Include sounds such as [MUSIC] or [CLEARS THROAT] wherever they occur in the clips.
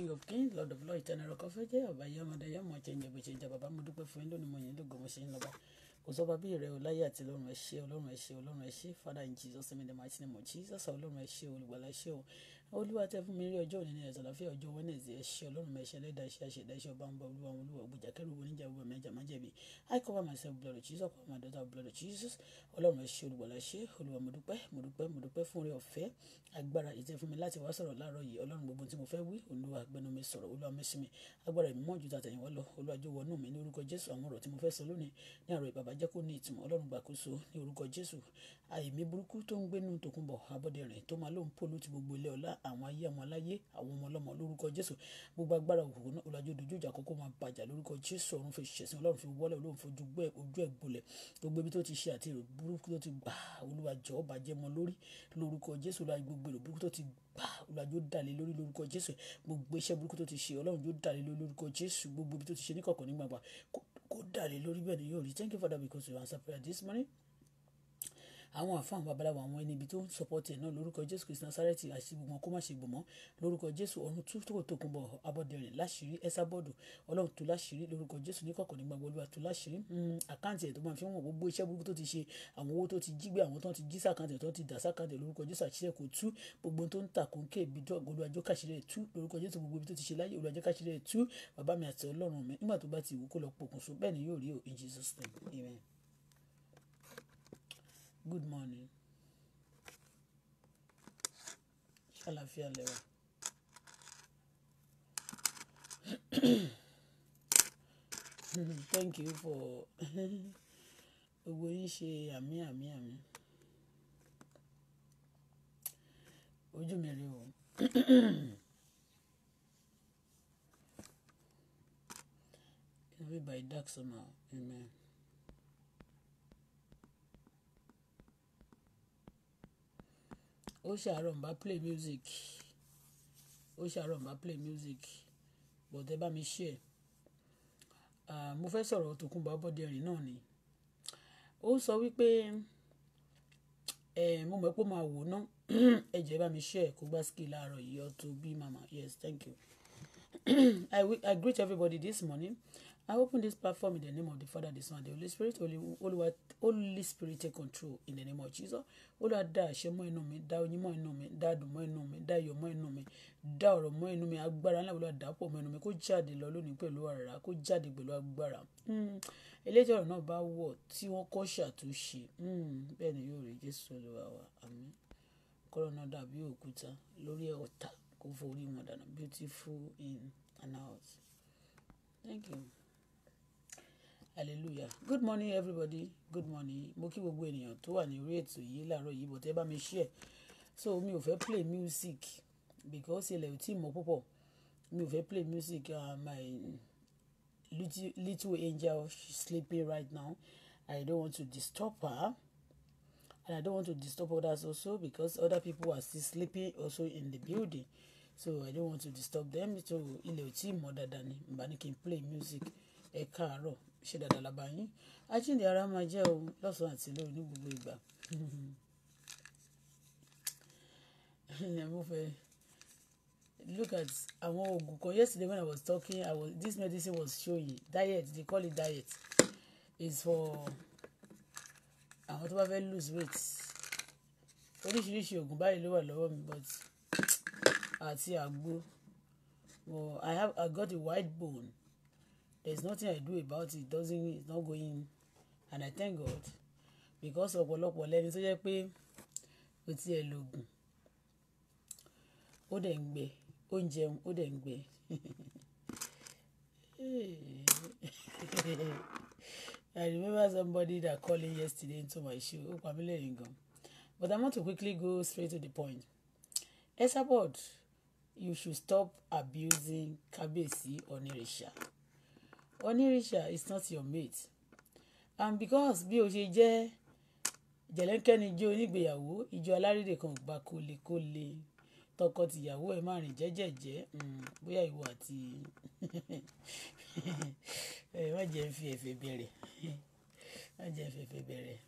king of kings lord of lords ìtẹnirọ kọfẹ jẹ ọba yẹ ọmọdé yẹ ọmọ ìjẹnjẹ bó ìjẹnjẹ bàbá mo dúpẹ́ fún yín lónìí mo yìn lógo mo ṣe ń lọba kò sọba bí rẹ o àti lọ́run ẹ ṣé Ọlọ́run ẹ ṣé Ọlọ́run ẹ ṣé father in jesus name the mighty name of jesus Ọlọ́run ẹ ṣé olùgbàlà ẹ ṣé o olúwa tẹ́ fún mi rí ọjọ́ òní ní ẹ̀sán láfíà ọjọ́ wẹ́nẹ̀sì ẹ̀ṣẹ̀ ọlọ́run mẹ́ṣẹ́ lẹ́dà ẹ̀ṣẹ̀ àṣẹ̀dá ẹ̀ṣẹ̀ ọba ń bá olúwa wọn olúwa ògbìjà kẹrù wọn níjà gbogbo mẹ́jà má jẹ̀bi I cover myself blood of Jesus cover my daughter blood of Jesus ọlọ́run ẹ̀ṣẹ̀ olùgbàlà ṣe olúwa mo dúpẹ́ mo dúpẹ́ mo dúpẹ́ fún rẹ ọ̀fẹ́ agbára ìtẹ́ fún mi láti wá sọ̀rọ̀ láàárọ̀ yìí ọlọ́run gbogbo tí mo fẹ́ wí olúwa gbẹnu mi sọ̀rọ̀ olúwa mẹ́sìn mi agbára ìmọ̀ ju tàtẹ̀yìnwá lọ olúwa jọ wọnú mi ní orúkọ Jésù àwọn ọ̀rọ̀ tí mo fẹ́ sọ lónìí ní àrò ìbàbá jẹ́ kó ní ìtumọ̀ ọlọ́run gbàkóso ní orúkọ Jésù àìmí burúkú tó ń gbénu tòkunbọ̀ abọ́dẹrìn tó máa lóun pòlù ti gbogbo ilé ọlá àwọn ayé àwọn aláyé àwọn ọmọ ọlọ́mọ lórúkọ Jésù gbogbo agbára òkùnkùn náà olùwàjò dojú ìjà kókó máa bàjá lórúkọ Jésù ọ̀run fi ṣẹ̀sìn ọlọ́run fi wọlé ọlọ́run fojú gbẹ ojú ẹ̀ gbolẹ̀ gbogbo ibi tó ti ṣe àti èrò burúkú tó ti gbà olùwàjò bàjẹ́ mọ́ lórí lórúkọ Jésù olùwàjò gbogbo èrò burúkú tó ti gbà olùwàjò dàlé lórí lórúkọ Jésù gbogbo iṣẹ́ burúkú tó ti ṣe ọlọ́run yóò dàlé lórí lórúkọ Jésù gbogbo ibi tó ti ṣe níkọ̀kọ̀ nígbàgbà kó àwọn àfáàn babaláwo àwọn ẹni ibi tó ń sọpọ́tì ẹ̀ náà lórúkọ jésù kristu nasareti àṣìgbòmọ kó má ṣe gbòmọ lórúkọ jésù ọ̀run tú tó tókun bọ̀ abọ́dẹrìn láṣìírí ẹ̀sàbọ́dù ọlọ́run tú láṣìírí lórúkọ jésù ní kọ̀kọ̀ nígbà olúwa tú láṣìírí hmm, àkáǹtì ẹ̀ tó máa fi wọn gbogbo iṣẹ́ burúkú tó ti ṣe àwọn owó tó ti jí gbé àwọn tó ti jí sàkáǹtì tó ti dà sàkáǹtì lórúkọ jésù àṣìṣe kò tú gbogbo tó ń ta kò ń ké ibi tó olúwa jọ káṣírí ẹ̀ tú lórúkọ jésù gbogbo ibi tó ti ṣe láyé olúwa jọ káṣírí ẹ̀ tú bàbá mi àti ọlọ́run mi nígbà tó bá ti wù kó lọ pokùnso bẹ́ẹ̀ ni yóò rí o in Jesus name amen. Good morning. Ṣàlàfíà lẹ́wà. [COUGHS] Thank you for [LAUGHS] gbogbo yín ṣe àmì àmì àmì. Ojú mi rè o. [COUGHS] by dark somehow. Amen. ó ṣàárọ̀ ń bá play music ó ṣàárọ̀ ń bá play music but ẹ bá mi share mo fẹ́ sọ̀rọ̀ Tòkunbọ̀ Abọ́dẹrìn náà ni ó sọ wípé mo mọ̀ pé ó máa wò ná ẹ jẹ́ bá mi share kó gbá skill láàárọ̀ yìí Auto B mama yes thank you [CLEARS THROAT] I, I greet everybody this morning. I open this platform in the name of the Father, the Son, and the Holy Spirit. Holy, Holy, Holy Spirit, take control in the name of Jesus. Olúwa dá àṣẹ mọ́ inú mi, dá oyin mọ́ inú mi, dá adùn mọ́ inú mi, dá iyọ̀ mọ́ inú mi, dá ọ̀rọ̀ mọ́ inú mi, agbára ńlá Olúwa dà pọ̀ mọ́ inú mi, kó jáde lọ lónìí pẹ̀lú àrà, kó jáde pẹ̀lú agbára. Hmm, Eléjọ́ ọ̀rọ̀ náà bá wọ̀ tí wọ́n kọ́ ṣàtúnṣe. Hmm, bẹ́ẹ̀ ni yóò rí Jésù Olúwa wa, àmín. Kọ́rọ̀ náà beautiful in and out. Thank you hallelujah good morning everybody good morning mo kí gbogbo ènìyàn tó wà ní orí ètò yìí láàárọ̀ yìí bọ̀tẹ́ bá mi share so mi ò fẹ́ play music because ilẹ̀ ò tí mọ́ púpọ̀ mi ò fẹ́ play music uh, my little, little angel she's sleeping right now i don't want to disturb her and i don't want to disturb others also because other people are still sleeping also in the building so i don't want to disturb them so ilẹ̀ ò tí mọ́ dáadáa ni mbà ni kí play music ẹ káàárọ̀ ṣe dáadáa lábá yín àjíǹde ara máa jẹ́ o lọ́sàn àti lóru ní gbogbo ìgbà. look at àwọn oògùn kan yesterday when I was talking I was this medicine was showing diet they call it diet is for àwọn tó bá fẹ́ lose weight oríṣiríṣi oògùn báyìí ló wà lọ́wọ́ mi but àti àgbo well I have I got a white bone there's nothing I do about it doesn't it's not going and I thank God because ọ̀pọ̀lọpọ̀ lẹ́ni tó jẹ́ pé kò tiẹ̀ lògùn ó dẹ̀ ń gbẹ ó ń jẹun ó dẹ̀ ń gbẹ [LAUGHS] I remember somebody that called in yesterday into my show ó pa mí lẹ́yìn gan but I want to quickly go straight to the point Esabod you should stop abusing Kábíyèsí Onírìṣà onírìṣà is not your mate and because bí o ṣe jẹ́ jẹ̀lẹ́ńkẹ́ni jẹ́ onígbèyàwó ìjọ alárédè kan gba kólekóle tọkọtìyàwó ẹ má rìn jẹ́jẹ̀jẹ́ hmm, bóyá ìwọ àti ẹ [LAUGHS] eh, má jẹ́ fi ẹ̀fẹ̀ bẹ̀rẹ̀ [LAUGHS] má jẹ́ fi ẹ̀fẹ̀ bẹ̀rẹ̀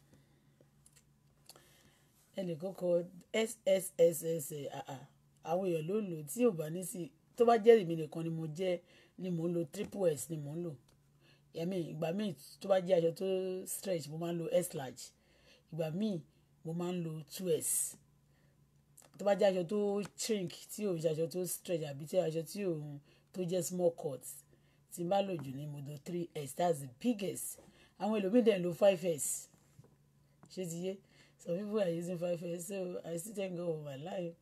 ẹnìkan kọ sssss àwọn èèyàn ló ń lò tí ò bá ní sí tó bá jẹ́ èmi ni mo jẹ́ ni mò ń lo triple s ni mò ń lò ẹ̀mí ìgbà míì tó bá jẹ́ aṣọ tó stretch mo máa ń lo s large ìgbà míì mo máa ń lo two s tó bá jẹ́ aṣọ tó shrink tí òun ṣe aṣọ tó stretch àbí tí aṣọ tí òun tó jẹ́ small cut tí n bá lò jù ní mo do three s that's the biggest àwọn ẹlòmíì dẹ̀ ń lo five s ṣé ti yé some people are using five s so I still thank God for my life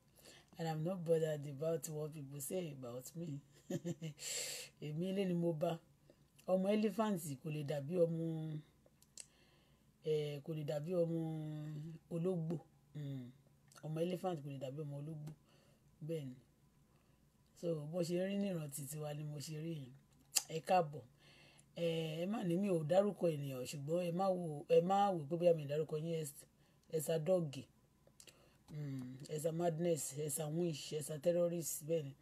and I'm not bothered about what people say about me [LAUGHS] èmi ilé ni mo bá ọmọ elephant kò lè dàbí ọmọ ẹ kò lè dàbí ọmọ ológbò hmm. ọmọ elephant kò lè dàbí ọmọ ológbò bẹ́ẹ̀ ni so bó ṣe rí ní ìrántí tiwa ni mo ṣe rí yìí ẹ káàbọ̀ ẹ ẹ má ní mi ò dárúkọ ènìyàn ṣùgbọ́n ẹ má wò ẹ má wò pé bóyá mi dárúkọ yín ẹ̀sà dọ́ọ̀gì hmm. ẹ̀sà madness ẹ̀sà wish ẹ̀sà terrorist bẹ́ẹ̀ ni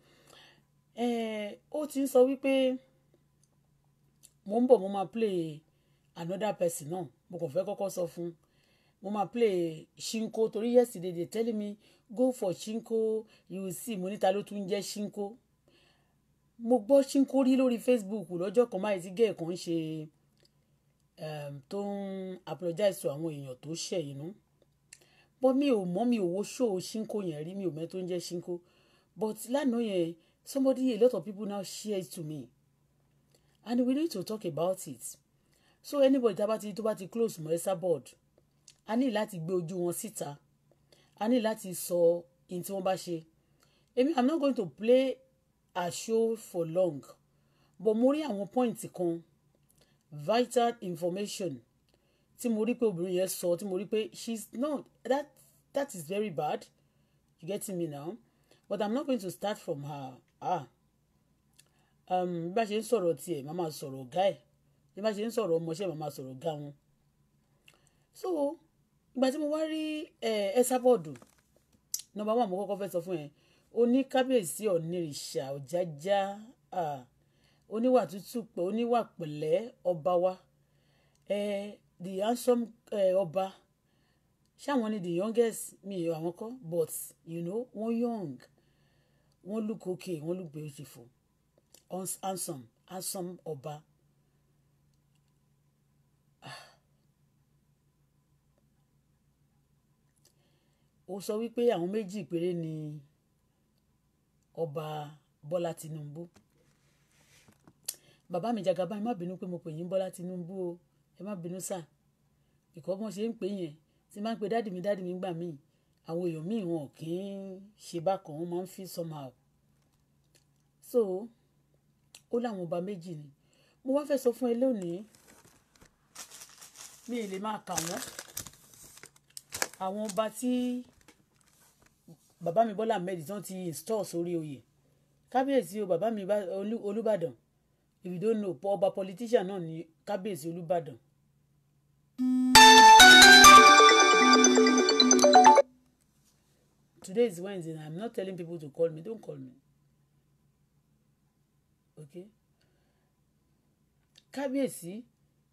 ẹ ó ti ń sọ wípé mo ń bọ̀ mo máa play another person náà mo kàn fẹ́ kọ́kọ́ sọ fún mo máa play shinko torí yesterday they tell me go for shinko you see mo níta ló tún jẹ́ shinko mo gbọ́ shinko rí lórí Facebook lọ́jọ́ kan báyìí tí gẹ́ẹ̀ kan ṣe ehm, tó ń apologize to àwọn èèyàn tó ṣẹ̀ inú bọ́ mi ò mọ̀ mi ò wo show shinko yẹn rí mi ò mẹ́ tó ń jẹ́ shinko but lánàá yẹn somebody a lot of people now share it to me and we need to talk about it so anybody tá a bá ti tó bá ti close mọ́ ẹ́sà board a ní láti gbé ojú wọn síta a ní láti sọ in tí wọ́n bá ṣe èmi i'm not going to play a show for long but mo rí àwọn point kan vital information tí mo rí pé obìnrin yẹn sọ tí mo rí pé she's not that that is very bad you get me now but i'm not going to start from her ah bí bá ṣe ń sọ̀rọ̀ tiẹ̀ màá máa sọ̀rọ̀ ọ̀gá ẹ̀ bí bá ṣe ń sọ̀rọ̀ ọmọọṣẹ́ màá máa sọ̀rọ̀ ọ̀gá wọn. so ìgbà tí mo wá rí ẹsàbọ̀dù nọ́mbà wà mo kọ́kọ́ fẹ́ sọ fún yẹn oní kábíyèsí ọ̀nìrìṣà ọ̀jájá oníwà tútù pẹ̀ oníwà pẹ̀lẹ́ ọba wa the handsome ọba ṣáwọn ni the youngest mi àwọn kọ́ but you know wọ́n young wọ́n look okay wọ́n look beautiful handsome handsome ọba ah. ó sọ wípé àwọn méjì péré ni ọba Bọ́lá Tinubu bàbá mi jagaba ẹ má bínú pé mo pè yín Bọ́lá Tinubu o ẹ má bínú sà ìkọ́ bí ṣe ń pè yẹn tí máa ń pe dáàdì mi dáàdì mi gbà míì àwọn èèyàn míì wọn kì í ṣe bákan wọn máa ń fi somehow so ó láwọn ọba méjì ni mo wá fẹ́ sọ fún ẹ lónìí mi ì lè máa kà wọ́n àwọn ọba tí bàbá mi Bọ́lá Ahmed tán ti install sórí oyè kábíyèsí o bàbá mi Olúbàdàn if you don't know ọba politician náà ni kábíyèsí Olúbàdàn. Today is Wednesday and I'm not telling people to call me don't call me. Okay. Kábíyèsí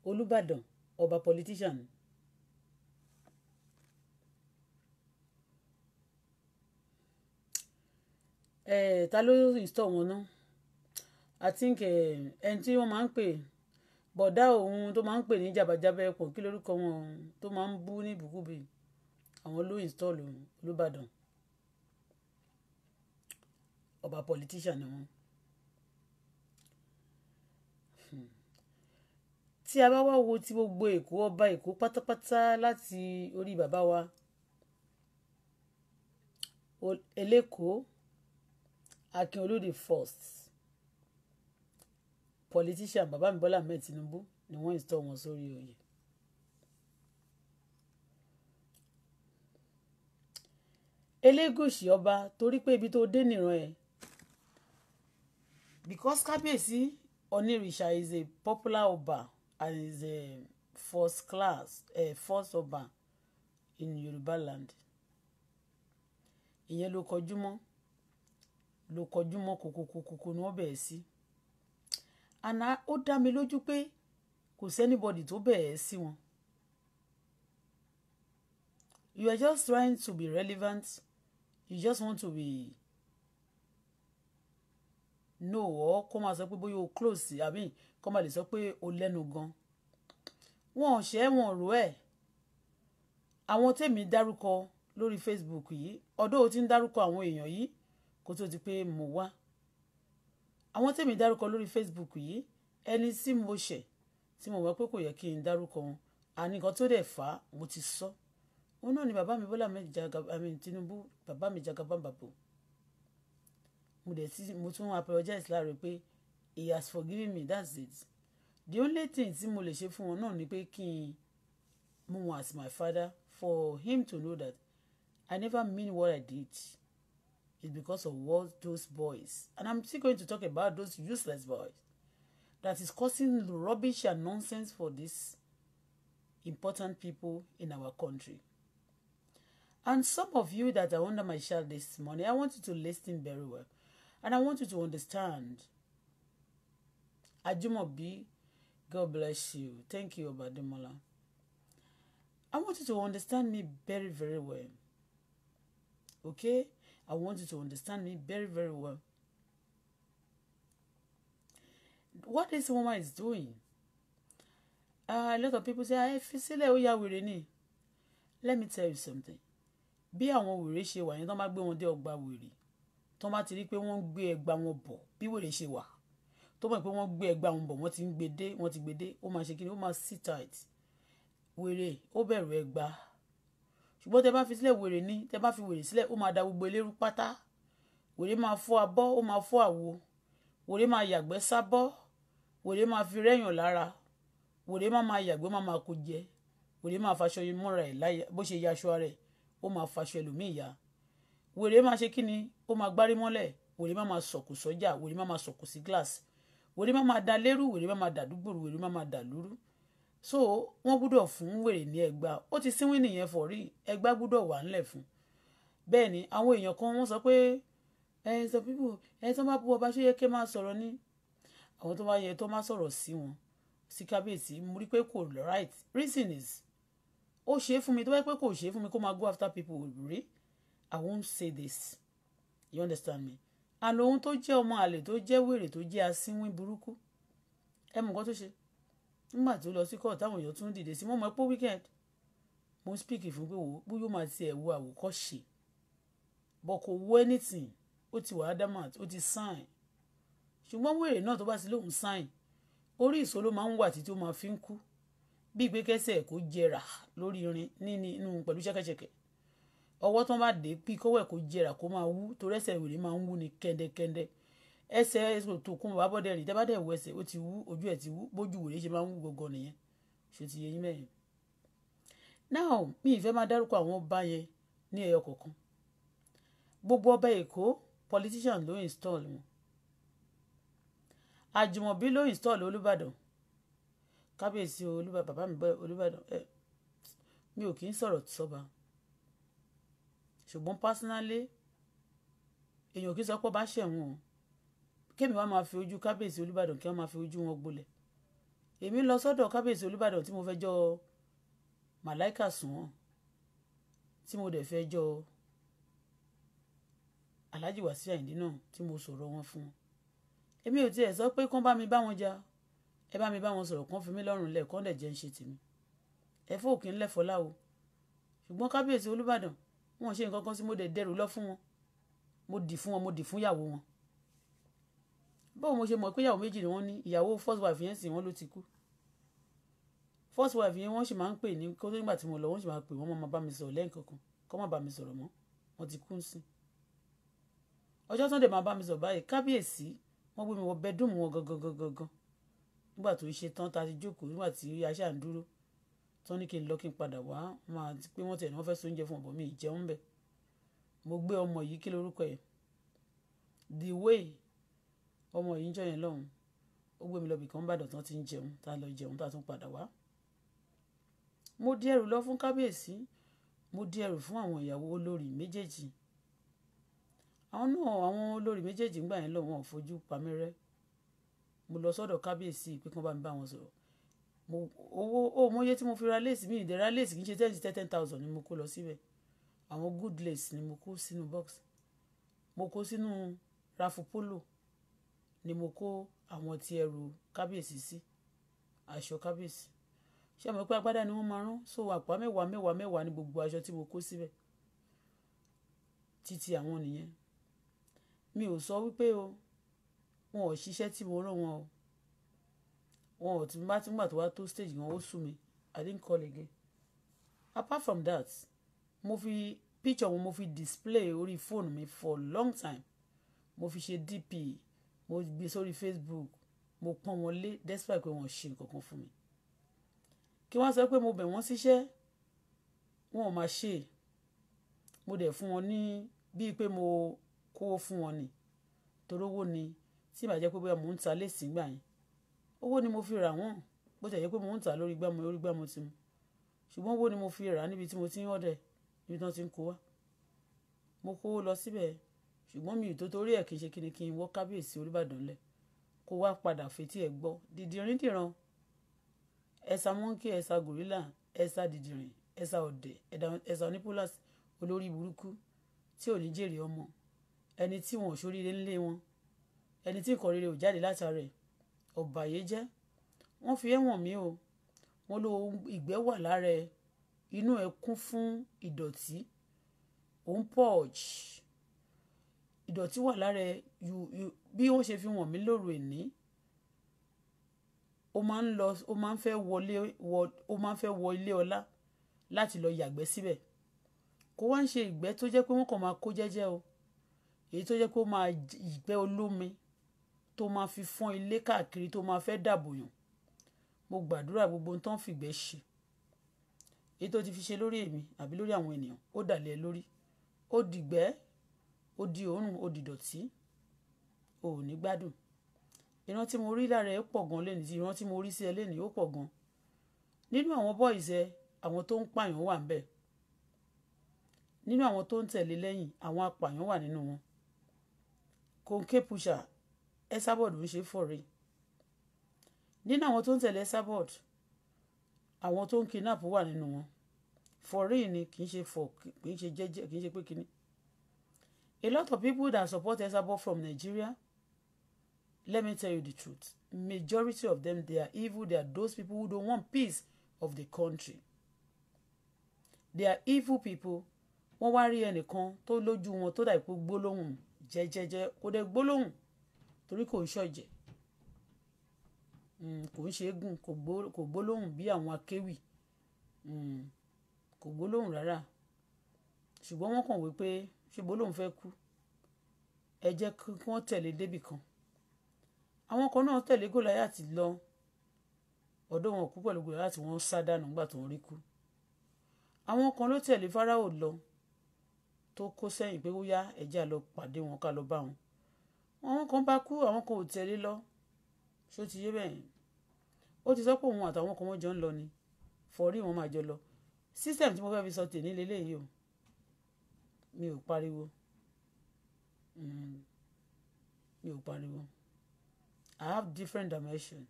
Olúbàdàn ọba politician. Eh, ta ló install wọn náà? I think ẹni tí wọ́n máa ń pè bọ̀dá òun tó máa ń pè ní jàbàjábá ẹ̀pọ̀ kí lórúkọ wọn tó máa ń bú ní ìbùkúbi àwọn ló install Olúbàdàn ọba politician ni wọn. tí a bá wá wo ti gbogbo èkó ọba èkó pátápátá láti orí bàbá wa eléko akin olóde first politician bàbá mi bọ́lá ahmed tinubu ni wọ́n install wọn sórí oyè. elégùsì ọba torí pé ibi tó dé nìran ẹ because kábíyèsí onírìṣà is a popular ọba As a first class a first ọba in Yoruba land ìyẹn ló kọjú mọ́ ló kọjú mọ́ kòkòkòkò ni wọ́n bẹ̀ẹ́ sí àná ó dá mi lójú pé kò sẹ́nibọ̀dì tó bẹ̀ẹ́ sí wọn you are just trying to be relevant you just want to be no ọ kó máa sọ pé bóyá o close i mean kọ́ máa lè sọ pé o lẹ́nu gan wọn ò ṣe é wọn ò rò ẹ̀ àwọn tèmi dárúkọ lórí Facebook yìí ọ̀dọ̀ o ti ń dárúkọ àwọn èèyàn yìí kó tó di pé mo wá àwọn tèmi dárúkọ lórí Facebook yìí ẹni tí mo ṣẹ̀ tí mo wá pé kò yẹ kí n dárúkọ wọn àní nǹkan tó dẹ̀ fà á mo ti sọ òun náà ni bàbá mi Bọ́lá mi jagaba Tinubu bàbá mi jagaba bàbò mo dẹ̀ ti mo tún apologize láàrin pé he has forgiven me that's it the only thing tí mo lè ṣe fún wọn náà ni pé kí n mú wọn as my father for him to know that I never mean what I did it's because of what those boys and I'm still going to talk about those useless boys that is causing rubbish and nonsense for these important people in our country. And some of you that are under my shadow this morning, I want you to listen very well. And I want you to understand Ajumobi, God bless you. Thank you, Obademola. I want you to understand me very, very well. Okay? I want you to understand me very, very well. What this woman is doing, uh, a lot of people say, I fi sílẹ̀ ó ya wèrè Let me tell you something. Bí àwọn wèrè ṣe wà yẹn, tán bá gbé wọn dé ọgbà wèrè, tán bá ti rí pé wọ́n ń gbé ẹgbà wọn bọ̀, bí wèrè ṣe wà tó mọ̀ pé wọ́n gbé ẹgbẹ́ àwọn bọ̀ wọ́n ti ń gbé dé wọ́n ti gbé dé ó máa ṣe kí ni ó máa sit tight wèrè ó bẹ̀rù ẹgbà ṣùgbọ́n tẹ bá fi sílẹ̀ wèrè ní tẹ bá fi wèrè sílẹ̀ ó máa da gbogbo eléru pátá wèrè máa fọ́ abọ́ ó máa fọ́ àwo wèrè máa yàgbẹ́ sábọ́ wèrè máa fi rẹ́yàn lára wèrè máa máa yàgbẹ́ máa máa kó jẹ wèrè máa faṣọ mọ́ra ẹ̀ láyà bó ṣe yaṣọ rẹ̀ ó máa faṣọ ẹlòmíì ya wèrè máa ṣe kí ni ó máa gbárí mọ́lẹ̀ wèrè máa máa sọ̀kù sọ́jà wèrè máa máa sọ̀kù sí gíláàsì wèrè má máa da lérú wèrè má máa dà dúgbòrò wèrè má máa dà lúrú so wọ́n gbúdọ̀ fún wèrè ní ẹgbà ó ti sínwìn nìyẹn fọ̀ rí ẹgbà gbúdọ̀ wà ńlẹ̀ fún bẹ́ẹ̀ ni àwọn èèyàn kan wọ́n sọ pé ẹ sọ pípò ẹ tó bá bú ọba ṣé yẹ kẹ́ máa sọ̀rọ̀ ní àwọn tó bá yẹ tó máa sọ̀rọ̀ sí wọn sí kábíyèsí mo rí pé kò right reason is ó ṣe é fún mi tó bá yẹ pé kò ṣe é fún mi kó máa go after people rí i won't say this you understand me àlòun tó jẹ́ ọmọ àlè tó jẹ́ wèrè tó jẹ́ asínwín burúkú ẹ mọ̀ nǹkan tó ṣe nígbà tó lọ sí kọ́ọ̀tù táwọn èèyàn tún dìde sí mọ́ mọ́ pé weekend mo ń speak fún pé wò ó bóyá ó máa wo àwòkọ́ṣe bọ̀ kò wo anything ó ti wà adamant ó ti sign ṣùgbọ́n wèrè náà tó bá ti lóun sign orí ìṣó ló máa ń wà títí ó máa fi ń kú bíi pé kẹsẹ̀ kó jẹrà lórí irin nínú pẹ̀lú ṣẹ́kẹ́ṣẹkẹ̀ ọwọ́ tó bá dé pí kówẹ̀ kó jẹrà kó máa wú torí ẹsẹ̀ wèrè máa ń wú ni kẹ́ndẹ́kẹ́ndẹ́ ẹsẹ̀ tòkun bàbá bọ́dẹ̀ rí tẹ́ bá dẹ̀ wọ ẹsẹ̀ ó ti wú ojú ẹ̀ ti wú bójú wèrè ṣe máa ń wú gọ̀gọ̀ nìyẹn ṣe ti yẹ yín mẹ́yìn. now mi ìfẹ́ máa dárúkọ àwọn ọba yẹn ní ẹyọ kọ̀ọ̀kan gbogbo ọba èkó politician ló install wọn àjùmọ̀bí ló install olúbàdàn kábíyèsí olúbàdàn bàbá mi bọ́ olúbàdàn ẹ mi ò kì í sọ̀rọ̀ sọ́ba ṣùgbọ́n personally èèyàn kì í sọ pé ọba ṣẹ̀wọ̀n kémi wá máa fi ojú kábíyèsí olúbàdàn kí wọ́n máa fi ojú wọn gbolẹ̀ èmi lọ sọ́dọ̀ kábíyèsí olúbàdàn tí mo fẹ́ jọ màláìkà sùn wọn tí mo dẹ̀ fẹ́ jọ alhaji wàsíù àyìndí náà tí mo sọ̀rọ̀ wọn fún wọn èmi ò tiẹ̀ sọ pé kán bá mi bá wọn jà ẹ bá mi bá wọn sọ̀rọ̀ kán fi mí lọ́rùn lẹ̀ kán dẹ̀ jẹ́ ń ṣe tèmi ẹ fóòkì ńlẹ̀ fọlá o ṣùgbọ́n kábíyèsí olúbàdàn wọn ṣe nǹkan kan sí mo dẹ̀ dẹrù lọ fún wọn mo dì fún wọn mo dì fún ìyàwó wọn báwo mo ṣe mọ̀ pé ìyàwó méjì ni wọ́n ní ìyàwó first wife yẹn sì wọ́n ló ti kú first wife yẹn wọ́n sì máa ń pè ní kó tó nígbà tí mo lọ wọ́n sì máa pè wọ́n máa bá mi sọ̀rọ̀ lẹ́ǹkankan kó má bá mi sọ̀rọ̀ mọ́ wọ́n ti kú ń sìn ọjọ́ tó ń dẹ̀ máa bá mi sọ̀rọ̀ báyìí kábíyèsí wọ́n gbé mi wọ bẹ́dùnmù wọn gangan gangan nígbà tó ṣe tán ta ti jókòó nígbà tí aṣáà ń dúró tán ní kí n lọ kí n padà wá wọn àti pé wọ́n tẹ̀ ní wọ́n fẹ́ sóúnjẹ fún ọ̀bọ̀ mi ìjẹun bẹ̀ mo gbé ọmọ yìí kí lorúkọ ẹ̀ the way ọmọ yìí ń jọ yẹn lọ́hùn ó gbé mi lọ bìkan bàdàn tán ti ń jẹun tá a lọ jẹun tá a tún padà wá mo di ẹrù lọ fún kábíyèsí mo di ẹrù fún àwọn ìyàwó olórí méjèèjì àwọn náà àwọn olórí méjèèjì ń gbà yẹn lọ wọn ò fojú pamẹ́rẹ́ mo lọ sọ́dọ̀ kábíyèsí pé bá mi bá wọn sọ̀rọ̀ owó ó mọyé tí mo fi ra lace mi ìdẹ́ra lace kì í ṣe ten to ten thousand ni mo kó lọ síbẹ̀ àwọn good lace ni mo kó sínú box mo kó sínú rafu polo ni mo kó àwọn ti ẹrù kábíyèsí sí aṣọ kábíyèsí ṣé mo pé agbádá ni wọ́n máa rán so àpá mẹ́wàá mẹ́wàá mẹ́wàá ni gbogbo aṣọ tí mo kó síbẹ̀ títí àwọn nìyẹn mi ò sọ wípé o wọn ò ṣiṣẹ́ tí mo rán wọn o wọn ò ti bá tí gbà tó wá tó stage wọn ó sú mi i didn't call again apart from that mo fi picture wọn mo fi display orí fóònù mi for long time mo fi ṣe dp mo gbé sórí facebook mo pọ́n wọn lé despite pé wọn ṣe nǹkan kan fún mi kí wọ́n sọ pé mo bẹ̀ wọ́n síṣẹ́ wọn ò máa ṣe mo dẹ̀ fún wọn ní bíi pé mo kó fún wọn ni torówó ni tí ìbàjẹ́ pé bóyá mò ń ta lẹ́sìn gbà yẹn owó ni mo fi rà wọ́n bó tẹ̀ yẹ pé mo ń tà lórí gbá mo lórí gbá ti mu ṣùgbọ́n owó ni mo fi rà níbi tí mo ti ń ọ̀dẹ̀ níbi tí wọ́n ti ń kó wá mo kówó lọ síbẹ̀ ṣùgbọ́n mi ì tó torí ẹ̀ kì í ṣe kíni kí n wọ́ kábíyèsí Olúbàdàn lẹ̀ kó wá padà fetí ẹ̀ gbọ́ dìdìrín dìran ẹ̀sà mọ́ńkì ẹ̀sà gòrílà ẹ̀sà dìdìrín ẹ̀sà ọ̀dẹ̀ ẹ̀sà onípólàs olórí burúkú tí ò ní jèrè ọmọ ẹni tí wọn ò ṣoríire ńlé wọn ẹni tí ìkọ̀rere ò jáde látara ẹ̀ ọ̀bàyéjẹ́ wọ́n fi ẹ̀wọ̀n mi o wọ́n lo ìgbẹ́ wà lára ẹ̀ inú ẹ̀ kún fún ìdọ̀tí òun purge ìdọ̀tí wà lára ẹ̀ bí wọ́n ṣe fi wọ̀n mí lóru ẹ̀ní ó máa ń lọ ó máa ń fẹ́ wọlé wọ ó ilé ọlá láti lọ yàgbẹ́ síbẹ̀ kó wá ń ṣe ìgbẹ́ tó jẹ́ pé wọ́n kàn máa kó jẹ́jẹ́ o èyí tó jẹ́ pé ó máa ìgbẹ́ olómi tó máa fi fọ́n ilé káàkiri tó máa fẹ́ dàbò yàn mo gbàdúrà gbogbo ohun tó ń fìgbẹ́ ṣe èyí tó ti fi ṣe lórí èmi àbí lórí àwọn ènìyàn ó dàlẹ́ lórí ó dìgbẹ́ ó di òórùn ó di dọ̀tí ò ní gbádùn ìran tí mo rí lára ẹ pọ̀ gan lẹ́nu tí ìran tí mo rí sí ẹ lẹ́nu ó pọ̀ gan nínú àwọn boys ẹ àwọn tó ń pààyàn wà ńbẹ̀ nínú àwọn tó ń tẹ̀lé lẹ́yìn àwọn apààyàn wà nínú wọn kòńké pusha Esabod ń ṣe for real nínú àwọn tó ń tẹ̀lé Esabod àwọn tó ń kidnap wà nínú wọn for real ni kì í ṣe for kì í ṣe jẹ́jẹ́ kì í ṣe pé kíní a lot of people that support Esabod from Nigeria let me tell you the truth majority of them they are evil they are those people who don't want peace of the country they are evil people wọ́n wá rí ẹnìkan tó lójú wọn tó dà ìpò gbólóhùn jẹ́jẹ́jẹ́ kó dé gbólóhùn torí kò ń ṣọ̀jẹ̀ hmm, kò ń ṣe é gùn kò gbólóhùn bí àwọn akéwì hmm, kò gbólóhùn rárá ṣùgbọ́n wọ́n kàn wí pé ṣe gbólóhùn fẹ́ kú ẹ jẹ́ kí wọ́n tẹ̀lé débì kan àwọn kan náà tẹ̀lé Gòláyátì lọ ọ̀dọ̀ wọn kú pẹ̀lú Gòláyátì wọ́n sá dànù nígbà tó ń rí kú àwọn kan ló tẹ̀lé Fáráò lọ tó kó sẹ́yìn pé ó yá ẹ̀jẹ̀ lọ pàdé wọn ká lọ bá wọn àwọn kan bá kú àwọn kan ò tẹ̀lé lọ ṣó ti yé bẹ́ẹ̀ ó ti sọ pé òun àtàwọn kan wọ́n jọ ń lọ ni fọ̀rí wọn máa jọ lọ system tí mo fẹ́ fi sọ tèmi lélẹ́yìí o mi ò pariwo hmm. mi ò pariwo I have different dimension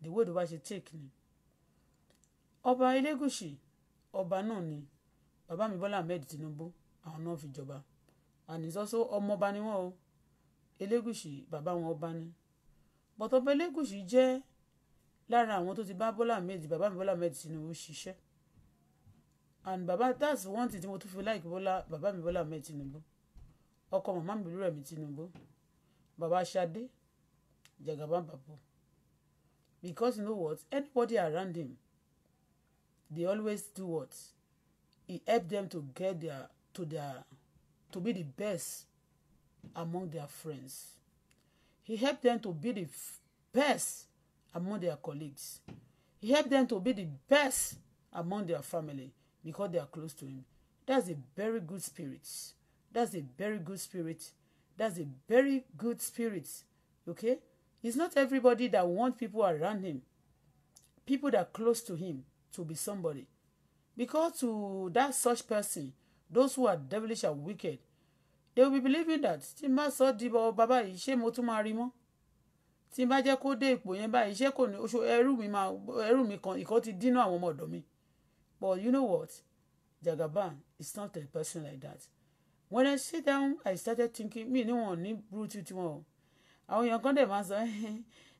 the way the way she take me. ọba Elégùṣì ọba náà ni bàbá mi Bọ́lá Ahmed Tinubu àwọn náà fi jọba and it's also ọmọọba ni wọ́n o Elégùṣì bàbá wọn ọba ni. Bọ̀tọ̀ ọba Elégùṣì jẹ́ lára àwọn tó ti bá Bọ́lá Ahmed bàbá mi Bọ́lá Ahmed Tinubu ṣiṣẹ́. And bàbá that's one thing tí mo tún fi like Bọ́lá bàbá mi Bọ́lá Ahmed Tinubu. Ọkọ màmá mi Olúrẹ̀mí Tinubu. Bàbá Ṣadé Jagaban Papo. Because you know what? Anybody around him, they always do what? He help them to get their to their to be the best among their friends. He helped them to be the best among their colleagues. He helped them to be the best among their family because they are close to him. That's a very good spirit. That's a very good spirit. That's a very good spirit. Okay? It's not everybody that wants people around him, people that are close to him to be somebody. Because to that such person, those who are devilish are wicked, they will be believing that tí n bá sọ di ọba báyìí ṣé mo tún máa rí mọ́ tí n bá jẹ́ kó dé ipò yẹn báyìí ṣé kò ní oṣù ẹrú mi máa ẹrú mi kan ìkọ́ ti dínà àwọn ọmọ ọ̀dọ́ mi but you know what Jagaban is not a person like that when I sit down I started thinking mi níwọ̀n ní burúkú tiwọn o àwọn èèyàn kan dẹ̀ máa sọ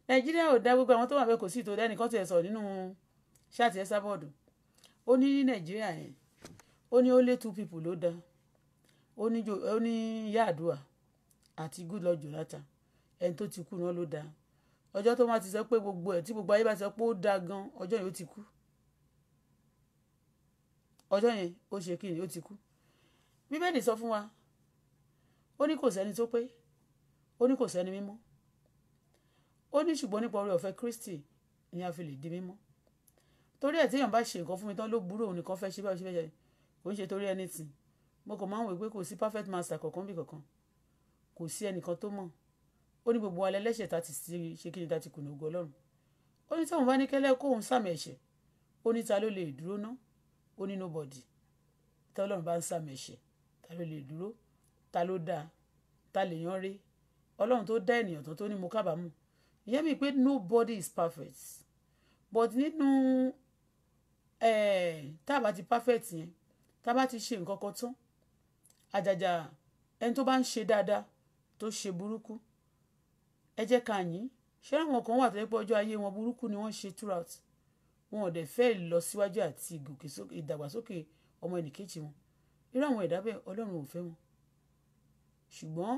Nàìjíríà ò dá gbogbo àwọn tó wà bẹ́ẹ̀ kò sí ìtòdá ẹnìkan tiẹ̀ sọ nínú ṣáàtì ẹ̀ sábọ̀dù ó ní ní Nàìjíríà yẹn ó ní ó lé two people ló dáa ó ní jò ó ní Yar'Adua àti Goodluck Jonathan ẹni tó ti kú náà ló dáa ọjọ́ tó máa ti sọ pé gbogbo ẹ̀ tí gbogbo ayé bá ti sọ pé ó dáa gan ọjọ́ yẹn ó ti kú ọjọ́ yẹn ó ṣe kí ni ó ti kú bíbélì sọ fún wa ó ní kò sẹ́ni tó pé ó ní kò sẹ́ni mímọ́ ó ní ṣùgbọ́n nípa oore ọ̀fẹ́ Kristi ni a fi lè di mímọ́ torí ẹ̀ téèyàn bá ṣe nǹkan fún mi tán ló burú òun nìkan fẹ́ ṣe báyìí ṣe bẹ́ẹ̀ kò ń ṣe torí anything mo kàn máa ń wò pé kò sí perfect master kankan bí kankan kò sí ẹnìkan tó mọ̀ ó ní gbogbo alẹ́ lẹ́sẹ̀ tá ti ṣe kí ni tá ti kùnà ògo ọlọ́run ó ní tóun bá ní kẹ́lẹ́ kóun sàmì ẹ̀ṣẹ̀ ó ní ta ló lè dúró ná ó ní nobody tí ọlọ́run bá ń sàmì ẹ̀ṣẹ̀ ta ló lè dúró ta ló dáa ta lè yan rí ọlọ́run tó dá ènìyàn tán tó ní mo kábàámọ̀ ìyẹn mi pé nobody is perfect but nínú eh, tá a bá ti perfect yẹn tá a bá ti ṣe nǹkan kan tán àjàjà ẹni tó bá ń ṣe dáadáa tó ṣe burúkú ẹ jẹ́ ká yìn ṣé àwọn kan wà tó yẹ pé ọjọ́ ayé wọn burúkú ni wọ́n ṣe throughout wọn ò dẹ̀ fẹ́ lọ síwájú àti ìdàgbàsókè ọmọ ẹnìkejì wọn irú àwọn ẹ̀dá bẹ́ẹ̀ ọlọ́run ò fẹ́ wọn ṣùgbọ́n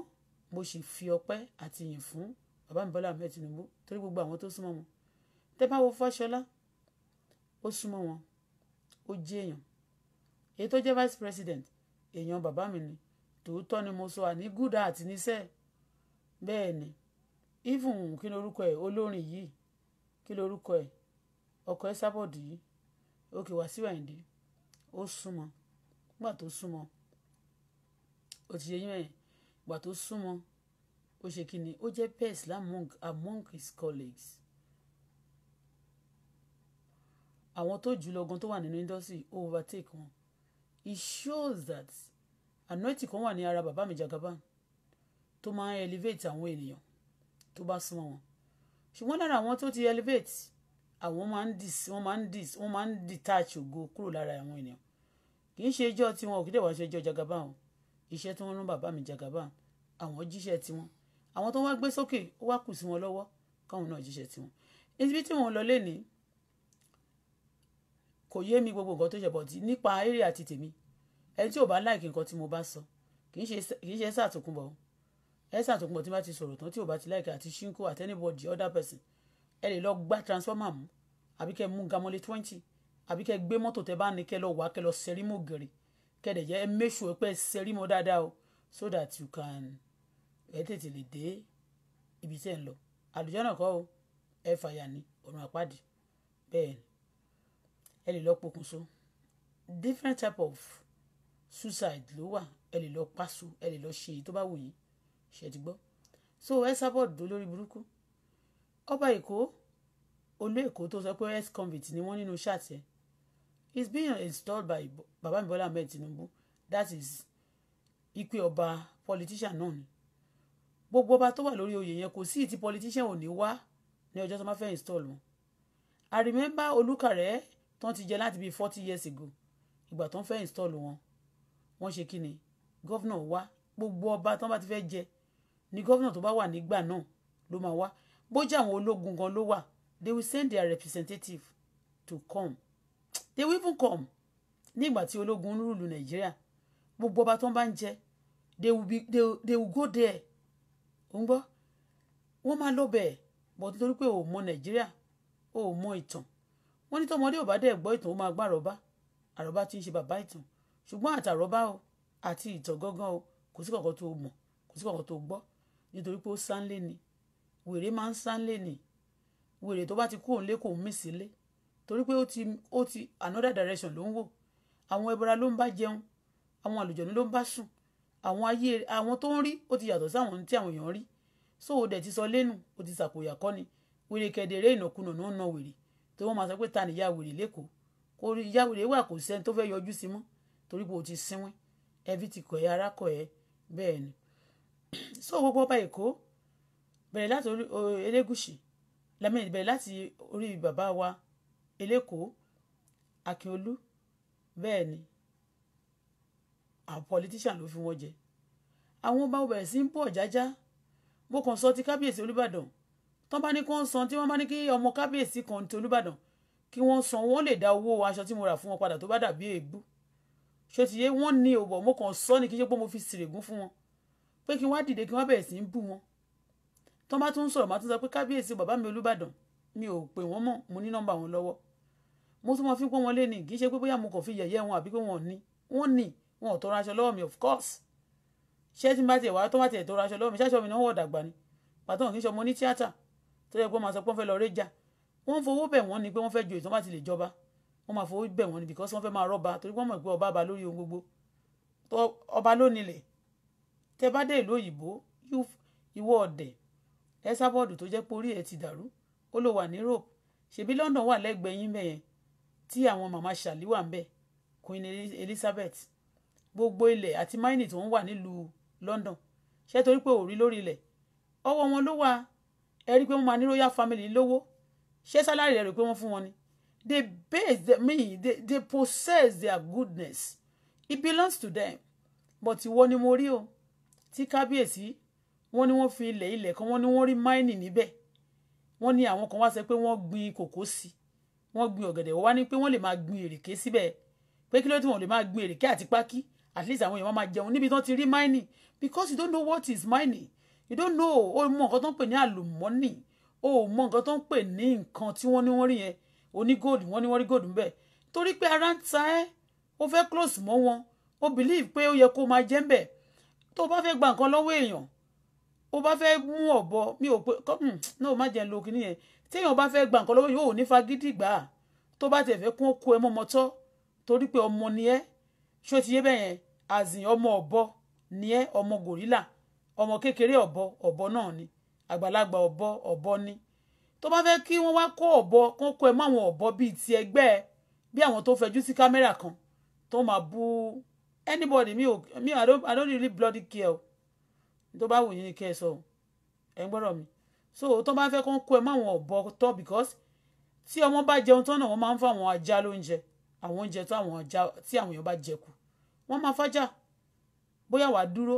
mo sì fi ọpẹ́ àti ìyìn fún bàbá mi Bọ́lá Ahmed Tinubu torí gbogbo àwọn tó súnmọ́ wọn tẹ́ bá wo Fáṣọlá ó súnmọ́ wọn ó jẹ́ èèyàn èyí tó jẹ́ vice president èèyàn bàbá mi ni tòótọ́ ni mo sọ àní gúdà àti níṣẹ́ bẹ́ẹ̀ ni even kí lorúkọ ẹ̀ olórin yìí kí lorúkọ ẹ̀ ọkọ ẹ̀ sábọ̀dì yìí òkè wá sí wàyíǹde ó súnmọ́ nígbà tó súnmọ́ ó ti ṣe yín mẹ́yìn nígbà tó súnmọ́ ó ṣe kí ni ó jẹ́ pest among among his colleagues àwọn tó jù lọ gan tó wà nínú industry ó overtake wọn it shows that anointing kan wà ní ara bàbá mi Jagaban tó máa ń elevate àwọn ènìyàn tó bá súnmọ́ wọn ṣùgbọ́n lára àwọn tó ti elevate àwọn máa ń dis wọ́n máa ń dis wọ́n máa ń detach ògo kúrò lára àwọn ènìyàn kì í ṣe ijọ́ tiwọn òkìdẹ̀ wá ṣe ijọ́ Jagaban o iṣẹ́ tí wọ́n rán bàbá mi Jagaban àwọn jíṣẹ́ tiwọn àwọn tó wá gbé sókè ó wá kù sí wọn lọ́wọ́ káwọn náà jíṣẹ́ tiwọn ibi tí wọ́n lọ lénìí kò yé mi gbogbo nǹkan tó ṣe bọ̀tí nípa eré àti tèmi ẹni tí ò bá láìkí nǹkan tí mo bá sọ kì í ṣe ẹsẹ̀ àtòkùnbọ̀ ẹsẹ̀ àtòkùnbọ̀ tí bá ti sọ̀rọ̀ tán tí ò bá ti láìkí àti ṣínkù at anybody other person ẹ lè lọ gbá transformer mú àbí kẹ́ mú gamọ́lé twenty àbí kẹ́ gbé mọ́tò tẹ́ bá ní kẹ́ lọ wá kẹ́ lọ sẹ́rí mọ́ gèrè kẹ́ dẹ̀ jẹ́ make so that you can ẹ tètè lè dé ibi tẹ́ ń lọ àlùjọ́ náà kọ́ o ẹ fàyà ní ọ̀run àpáàdì bẹ́ẹ̀ ni ẹ lè lọ pokùnso different type of suicide ló wà ẹ lè lọ paṣu ẹ lè lọ ṣe èyí tó bá wù yín ṣe ti gbọ́ so ẹ sábọ̀ dó lórí burúkú ọba èkó olú èkó tó sọ pé ex convict ni wọ́n nínú ṣáàtì is being installed by baba mi Bọ́lá Ahmed Tinubu that is ipe ọba politician náà ni gbogbo ọba tó wà lórí oyè yẹn kò sí ìtì politician ò ní wá ní ọjọ́ tó máa fẹ́ install wọn I remember olùkàrẹ́ tán ti jẹ láti bíi forty years ago ìgbà tán fẹ́ install wọn wọ́n ṣe kí ni gọ́vnà wá gbogbo ọba tán bá ti fẹ́ jẹ ni gọ́vnà tó bá wà nígbà náà ló máa wá bójú àwọn ológun gan ló wà they will send their representative to come they will even come nígbà tí ológun ń rúlu nàìjíríà gbogbo ọba tán bá ń jẹ they will be they, they will go there ò ń gbọ́ wọ́n máa lọ bẹ̀ẹ́ bọ̀ nítorí pé o ò mọ nàìjíríà o ò mọ ìtàn wọ́n ní tọmọdé ò bá dẹ̀ gbọ́ ìtàn ó máa gbọ́ àrọ́bá àrọ́bá tí ń ṣe bàbá ìtàn ṣùgbọ́n àtàrọ́bá o àti ìtàn gángan o kò sí kankan tó mọ̀ kò sí kankan tó gbọ́ nítorí pé ó sánlé ni wèrè máa ń sánlé ni wèrè tó bá ti kú òǹlé kò ń mì sílé torí pé ó ti ó ti another direction ló ń wò àwọn ẹbọra ló ń bá jẹun àwọn àlùjọ̀nú ló ń bá sùn àwọn ayé àwọn tó ń rí ó ti yàtọ̀ sáwọn tí àwọn èèyàn rí so ó dẹ̀ ti sọ lẹ́nu ó ti sàkóyà kọ́ni wèrè kẹ̀dẹ̀rẹ́ ìnàkunà náà ń na wèrè tí wọ́n máa sọ pé ta ni ìyá wèrè lẹ́kọ̀ọ́ kò rí ìyá wèrè wà kò sẹ́ni tó fẹ́ yọjú sí mọ́ torí pé o ti sinwín ẹbí ti kọ̀ ẹ́ ara kọ̀ ẹ́ bẹ́ẹ̀ ni. so gbogbo ọba èkó bẹ̀rẹ̀ láti elégùsì lẹ́mẹ̀ẹ́dì bẹ̀rẹ̀ láti orí bàbá wa elékòó akínolú bẹ́ẹ̀ ni àwọn politician ló fi wọ́n jẹ àwọn ọba bẹ̀rẹ̀ sí ń bọ̀ jájá mo kàn sọ ti kábíyèsí olúbàdàn tó bá ní kí wọ́n san tí wọ́n bá ní kí ọmọ kábíyèsí kan ti Olúbàdàn kí wọ́n san wọ́n lè dá owó aṣọ tí mo rà fún wọn padà tó bá dàbí èébú ṣé ti yé wọ́n ní òbọ̀ mo kàn sọ ni kí n ṣe pé mo fi sìrègún fún wọn pé kí wọ́n á dìde kí wọ́n bẹ̀rẹ̀ sí í bú wọn tó bá tún sọ̀rọ̀ má tún sọ pé kábíyèsí bàbá mi Olúbàdàn mi ò pè wọ́n mọ̀ mo ní nọ́mbà wọn lọ́wọ́ mo tún mọ fi pọ́n wọn lé ní kì í ṣe pé bóyá mo kàn fi yẹ̀yẹ́ wọn àbí pé wọn ní wọn ní wọn ò tọrọ aṣọ lọ́wọ́ mi of course ṣé tí n bá tiẹ̀ wá tó bá tiẹ̀ tọrọ aṣọ lọ́wọ́ mi ṣáṣọ mi náà wọ̀ dàgbà ni pàtó kì í ṣe ọmọ ní tíátà tó yẹ pé wọ́n máa sọ pé wọ́n fẹ́ lọ réjà wọ́n fowó bẹ̀ wọ́n ni pé wọ́n fẹ́ joyè tó bá ti lè jọba wọ́n máa fowó bẹ̀ wọ́n ni because wọ́n fẹ́ máa rọ́ba torí wọ́n mọ̀ pé ọba bá lórí ohun gbogbo tó ọba ló nílẹ̀ tẹ bá dé ìlú òyìnbó ìwọ ọ̀dẹ̀ ẹ sábọ́ọ̀dù tó jẹ́ pé orí ẹ̀ ti dàrú ó ló wà ní Europe ṣèbí London wà lẹ́gbẹ̀ẹ́ yín bẹ́yẹn tí àwọn màmá ṣàlí ń bẹ̀ Queen Elizabeth gbogbo ilẹ̀ àti máìnì tó ń wà nílùú London ṣé torí pé òrí lórí ilẹ̀ ọwọ́ wọn ló wà ẹ rí i pé wọ́n máa ní royal family lówó ṣé sálárì rẹ̀ rò pé wọ́n fún wọn ni they base me they, they possess their goodness it belongs to them but ìwọ ni mo rí o tí kábíyèsí wọ́n ní wọ́n fi ilẹ̀ ilẹ̀ kan wọ́n ní wọ́n rí máìnì níbẹ̀ wọ́n ní àwọn kan wá sọ pé wọ́n gbin kòkó sí wọ́n gbin ọ̀gẹ̀dẹ̀ wọ́n wá ní pé wọ́n lè máa gbin èrèké síbẹ̀ pé kí ló tí wọ́n lè máa gbin èrèké àti pákí at least àwọn èèyàn máa jẹun níbi tí wọ́n ti rí mining because you don't know what is mining you don't know o mọ nǹkan tó ń pè ní àlùmọ́nì o mọ nǹkan tó ń pè ní nǹkan tí wọ́n ní wọ́n rí yẹn oní gold wọ́n ní wọ́n rí gold ńbẹ̀ torí pé ara ń ta ẹ́ ó fẹ́ close mọ́ wọn ó believe pé ó yẹ kó máa jẹ́ ńbẹ̀ tó o bá fẹ́ gba nǹkan lọ́wọ́ èèyàn ó bá fẹ́ mú ọ̀bọ mi ò pé hmm, náà má jẹun lo kìnìyẹn téèyàn bá fẹ́ gba nǹkan lọ́wọ́ yóò ní fagídí gbà á tó bá tẹ̀ fẹ́ kún ó ẹ mọ́ torí pé ọmọ ni ẹ́ ṣó ti yé bẹ́yẹn àzìn ọmọ ọ̀bọ ni ẹ́ ọmọ gòrílà ọmọ kékeré ọ̀bọ ọ̀bọ náà ni àgbàlagbà ọ̀bọ ọ̀bọ ni tó bá fẹ́ kí wọ́n wá kó ọ̀bọ kó kó ẹ mọ́ àwọn ọ̀bọ bíi ti ẹgbẹ́ bí àwọn tó fẹjú sí kámẹ́rà kan tó máa bú anybody mi ò mi I don't, I don't really bloody care o tó bá wù yín ni ẹ sọ ẹ ń gbọ́dọ̀ mi so tó bá fẹ́ kó kó ẹ mọ́ àwọn ọ̀bọ tọ́ because tí ọmọ bá jẹun tán náà wọ́n máa ń fún àwọn ajá lóúnjẹ àwọn oúnjẹ tó àwọn ajá tí àwọn èèyàn bá jẹ kù wọ́n máa fájà bóyá wàá dúró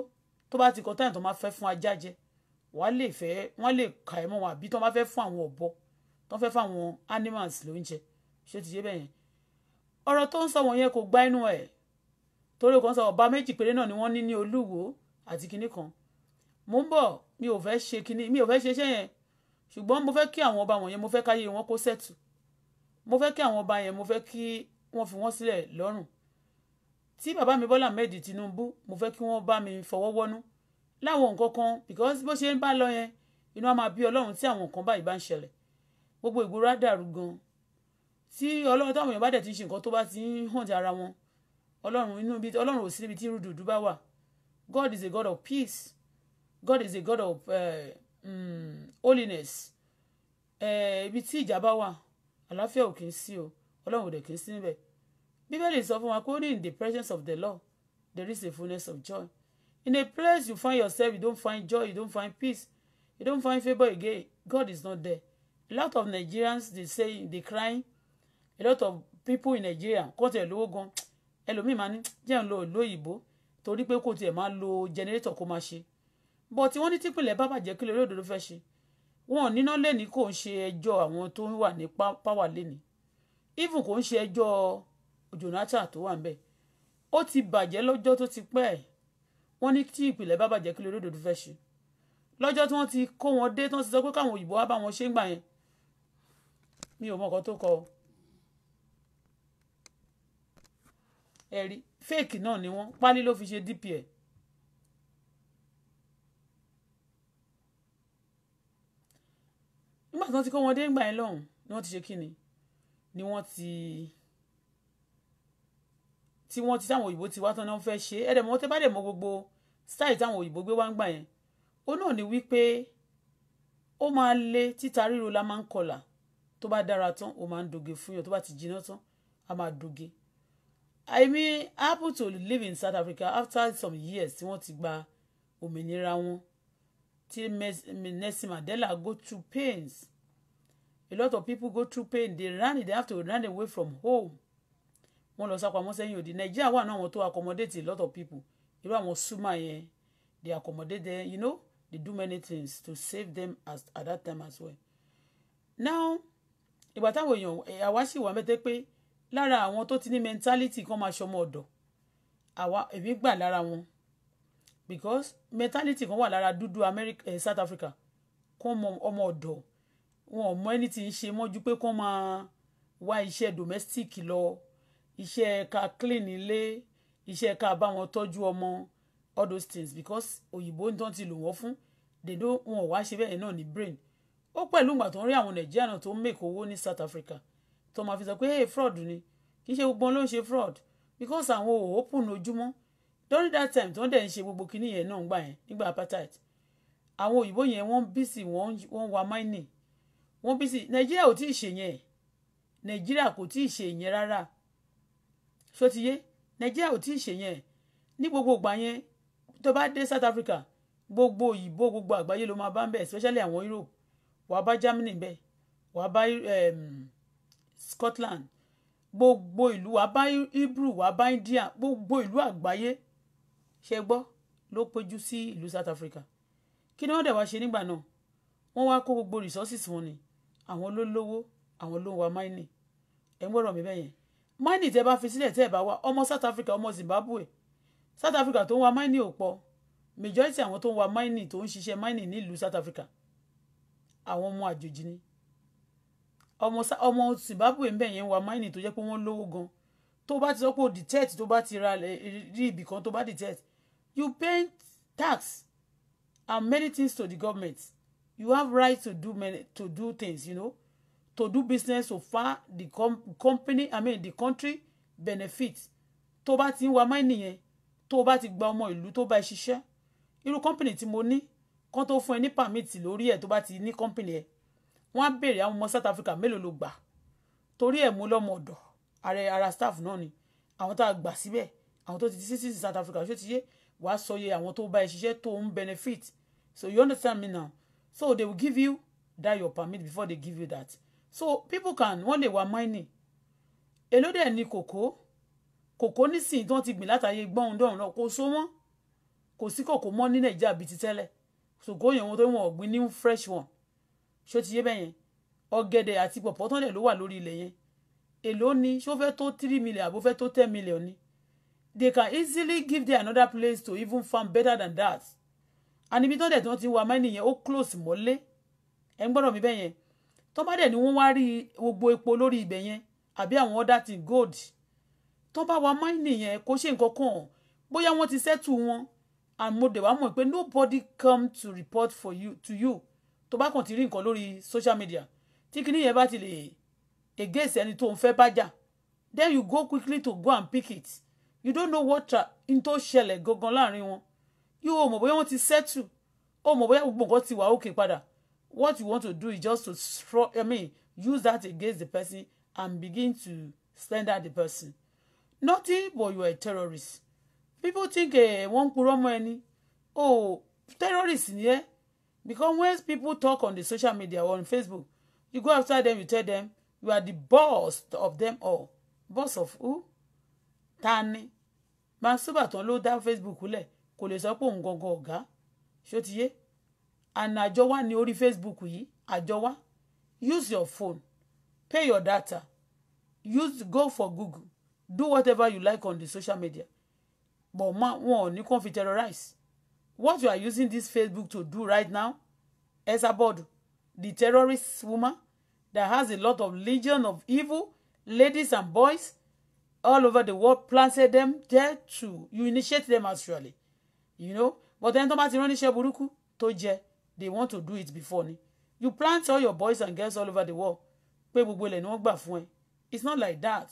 tó bá ti kọ táyà tó máa fẹ́ fún ajá jẹ wọ́n lè fẹ́ wọ́n lè kà ẹ́ mọ́ wọn àbí tó máa fẹ́ fún àwọn ọ̀bọ tó fẹ́ fún àwọn animals lóúnjẹ ṣé ti ṣe bẹ́ẹ̀ yẹn ọ̀rọ̀ tó ń sọ wọ̀nyẹn kò gbá inú ẹ̀ torí kan sọ ọba méjì péré náà ni wọ́n ní ní olúwo àti kinní kan mo ń bọ̀ mi ò fẹ́ ṣe kinní mi ò fẹ́ ṣe iṣẹ́ yẹn ṣùgbọ́n mo fẹ́ kí àwọn ọba wọ̀nyẹn mo fẹ́ káyé wọn kó sẹ́tù mo fẹ́ kí àwọn ọba yẹn mo fẹ́ kí wọ́n fi wọ́n sílẹ̀ lọ́rùn tí bàbá mi Bọ́lá Ahmed Tinubu mo fẹ́ kí wọ́n bá mi fọwọ́ wọ́nú láwọn nǹkan kan because bó ṣe ń bá lọ yẹn inú á máa bí Ọlọ́run tí àwọn nǹkan báyìí bá ń ṣẹlẹ̀ gbogbo ìgboro á dàrú gan tí Ọlọ́run táwọn èèyàn bá dẹ̀ ti ń ṣe nǹkan tó bá ti ń hàn ara wọn Ọlọ́run inú ibi Ọlọ́run ò sí níbi tí rúdùdú bá wà God is a God of peace God is a God of uh, um, holiness eh, ibi tí ìjà bá wà àlàáfíà ò kì í sí o Ọlọ́run ò dẹ̀ kì í sí níbẹ̀ bíbélì sọ fún wa pé ní in the presence of the Lord there is a fullness of joy in a place you find yourself you don't find joy you don't find peace you don't find favour again God is not there a lot of Nigerians dey say dey cry. a lot of people in Nigeria kọ́ tẹ̀ lówó gan ẹlòmíì máa ní jẹun lo ìlú torí pé kò tiẹ̀ máa lo jẹnẹrétọ̀ kó máa ṣe bọ́ tí wọ́n ní típìlẹ̀ bá bàjẹ́ kí lórí òdòdó fẹ́ ṣe wọn ò níná lẹ́ni kò ń ṣe ẹjọ́ àwọn tó ń wà ní páwà lẹ́ni even kò ń ṣe ẹjọ́ Jonathan tó wà níbẹ̀ ó ti bàjẹ́ lọ́jọ́ tó ti pẹ́ ẹ̀ wọ́n ní tí ìpìlẹ̀ bá bàjẹ́ kí lórí òdòdó fẹ́ ṣe lọ́jọ́ tí wọ́n ti kó wọn dé tí wọ́n ti sọ pé káwọn òyìnbó wá bá wọn ṣe ń gbà yẹn mi ò mọ nǹkan tó kọ ẹ̀rí fake náà ni wọ́n pálí ló fi ṣe dp ẹ̀ nígbà tí wọ́n ti kó wọn dé ń gbà yẹn lọ́hùn ni wọ́n ti ṣe kí ni ni wọ́n ti. Wọ́n tí wọ́n ti táwọn òyìnbó ti wá tán náà fẹ́ ṣe ẹ dẹ̀ mọ̀ tẹ́ bá dẹ̀ mọ̀ gbogbo style táwọn òyìnbó gbé wá ń gbà yẹn ó náà ní wípé ó máa le títa ríro la máa ń kọlà tó bá dára tán ó máa ń doge fún yàn tó bá ti jiná tán a máa doge I mean I happen to live in South Africa after some years tí wọ́n ti gba òmìnira wọn tí Nelson Mandela go through pains a lot of people go through pain they ran they have to run away from home wọ́n lọ sápamọ́ sẹ́yìn òdì nàìjíríà wà náà àwọn tó accommodate a lot of people irú àwọn súnmọ́ yẹn they accommodate them you know they do many things to save them as, at that time as well. now ìgbà táwọn èèyàn eh, àwa sì wà mẹ́tẹ́ pé lára àwọn tó ti ní mentality kan máa ṣọmọ ọ̀dọ̀ àwa èmi gbà lára wọn because mentality kan wà lára dúdú America, eh, South Africa kó mọ ọmọ ọ̀dọ̀ wọn ò mọ ẹni tí ń ṣe mọ́jú pé kó máa wá iṣẹ́ domestic lọ iṣẹ́ ká clean ilé iṣẹ́ ká bá wọn tọ́jú ọmọ all those things because òyìnbó ní tán ti lò wọ́n fún dèdó wọn ò wá ṣe bẹ́ẹ̀ náà ní brain ó pẹ̀lú ìgbà tó ń rí àwọn nàìjíríà náà tó ń make owó ní South Africa tó máa fi sọ pé hey fraud ni kì í ṣe gbogbo ló ń ṣe fraud because àwọn ò open ojúmọ́ during that time tó ń dẹ̀ ń ṣe gbogbo kinní yẹn náà gbà yẹn nígbà apartheid àwọn òyìnbó yẹn wọ́n busy wọ́n wa mining wọ́n busy nàìjíríà ò tí ì ṣe yẹn nàìjíríà kò tí ì ṣe yẹn rárá ṣó ti yé nàìjíríà ò tí ì ṣe yẹn ní gbogbo ìgbà yẹn tó bá dé south africa gbogbo òyìnbó gbogbo àgbáyé ló máa bá ń bẹ especially àwọn europe wàá bá germany bẹ wàá bá ehm, scotland gbogbo ìlú wàá bá hebrew wàá bá india gbogbo ìlú àgbáyé ṣe gbọ́ ló péjú sí ìlú south africa kí ni wọ́n dẹ̀ wá ṣe nígbà náà wọ́n wá kó gbogbo resources wọn ni àwọn ló àwọn ló ń ẹ̀ ń gbọ́dọ̀ mi bẹ́yẹn mining tẹ́ bá fi sílẹ̀ tẹ́ ẹ̀ bá wá ọmọ South Africa ọmọ Zimbabwe South Africa tó ń wa mining ò pọ̀ majority àwọn tó ń wa mining tó ń ṣiṣẹ́ mining nílùú South Africa àwọn ọmọ àjòjì ni ọmọ ọmọ Zimbabwe ń bẹ̀ yẹn ń wa mining tó jẹ́ pé wọ́n lówó gan tó bá ti sọ pé o detect tó bá ti ra rí ibì kan tó bá detect you pay tax and many things to the government you have right to do many to do things you know to do business so far the com company i mean the country benefit tó bá ti wa máìnì yẹn tó bá ti gba ọmọ Ilu tó bá ẹ ṣiṣẹ́ company tí mo ní kán tó fún ẹ permit lórí ẹ tó bá ti ní company ẹ wọ́n á béèrè àwọn South Africa mélòó ló gbà torí ẹ̀ mú lọ́mọ ọ̀dọ̀ ààrẹ ara staff náà ni àwọn tá a gbà síbẹ̀ àwọn ti sísí South Africa ṣó ti yé wàá sọ iye àwọn tó bá ẹ ṣiṣẹ́ benefit so you understand me now so they will give you that your permit before they give you that so people can wọ́n lè wá mining èló dẹ̀ ni kòkó kòkó nísìnyí tí wọ́n ti gbìn látàyè gbọ́n dọ̀rùn lọ kò so mọ́ kò sí kòkó mọ́ ní nàìjíríà bíi ti tẹ́lẹ̀ ṣògo yẹn wọn tó wọn ọ̀gbìn ní fresh one ṣó ti yé bẹ́ẹ̀ yẹn ọ̀gẹ̀dẹ̀ àti pọ̀pọ̀ tán lẹ̀ ló wà lórí ilẹ̀ yẹn èló ni ṣó fẹ́ tó three million àbó fẹ́ tó ten million ni they can easily give them another place to even farm better than that and ibi tán dẹ̀ tí wọ́n ti wà mining yẹn ó close mọ́lé ẹ̀ ń gbọ́dọ̀ mi bẹ́ẹ̀ yẹn tó bá dẹ̀ ni wọ́n wá rí gbogbo epo lórí ibẹ̀ yẹn àbí àwọn other thing gold tó bá wa máìnì yẹn kó ṣe nǹkan kan bóyá wọ́n ti settle wọn and mo dẹ̀ wá mọ̀ pé nobody come to report for you to you tó bá kàn ti rí nǹkan lórí social media tí kinní yẹn bá ti lè against ẹni tó ń fẹ́ bá jà then you go quickly to go and pick it you don't know what n tó ṣẹlẹ̀ gangan láàrin wọn yóò mọ̀ bóyá wọ́n ti settle ó mọ̀ bóyá gbogbo nǹkan ti wà òkè padà what you want to do is just to strong i mean use that against the person and begin to slander the person nothing but you are a terrorist people think eh, wọ́n one purọ́ mọ́ oh terrorists ni ẹ́ because when people talk on the social media or on Facebook you go after them you tell them you are the boss of them all boss of who tani Mark Zuckerberg tán ló dá Facebook kule, kule sa po pé òun gangan ọ̀gá ṣó and àjọ wa ní orí Facebook yìí àjọ wa use your phone pay your data use go for Google do whatever you like on the social media but ma wọn ò ní kàn fi terrorize what you are using this Facebook to do right now Esabod the terrorist woman that has a lot of legion of evil ladies and boys all over the world planted them there to you initiate them actually you know but then tó bá ti rán burúkú tó jẹ they want to do it before ni you plant all your boys and girls all over the world pé gbogbo ilẹ̀ ni wọ́n gbà fún ẹ it's not like that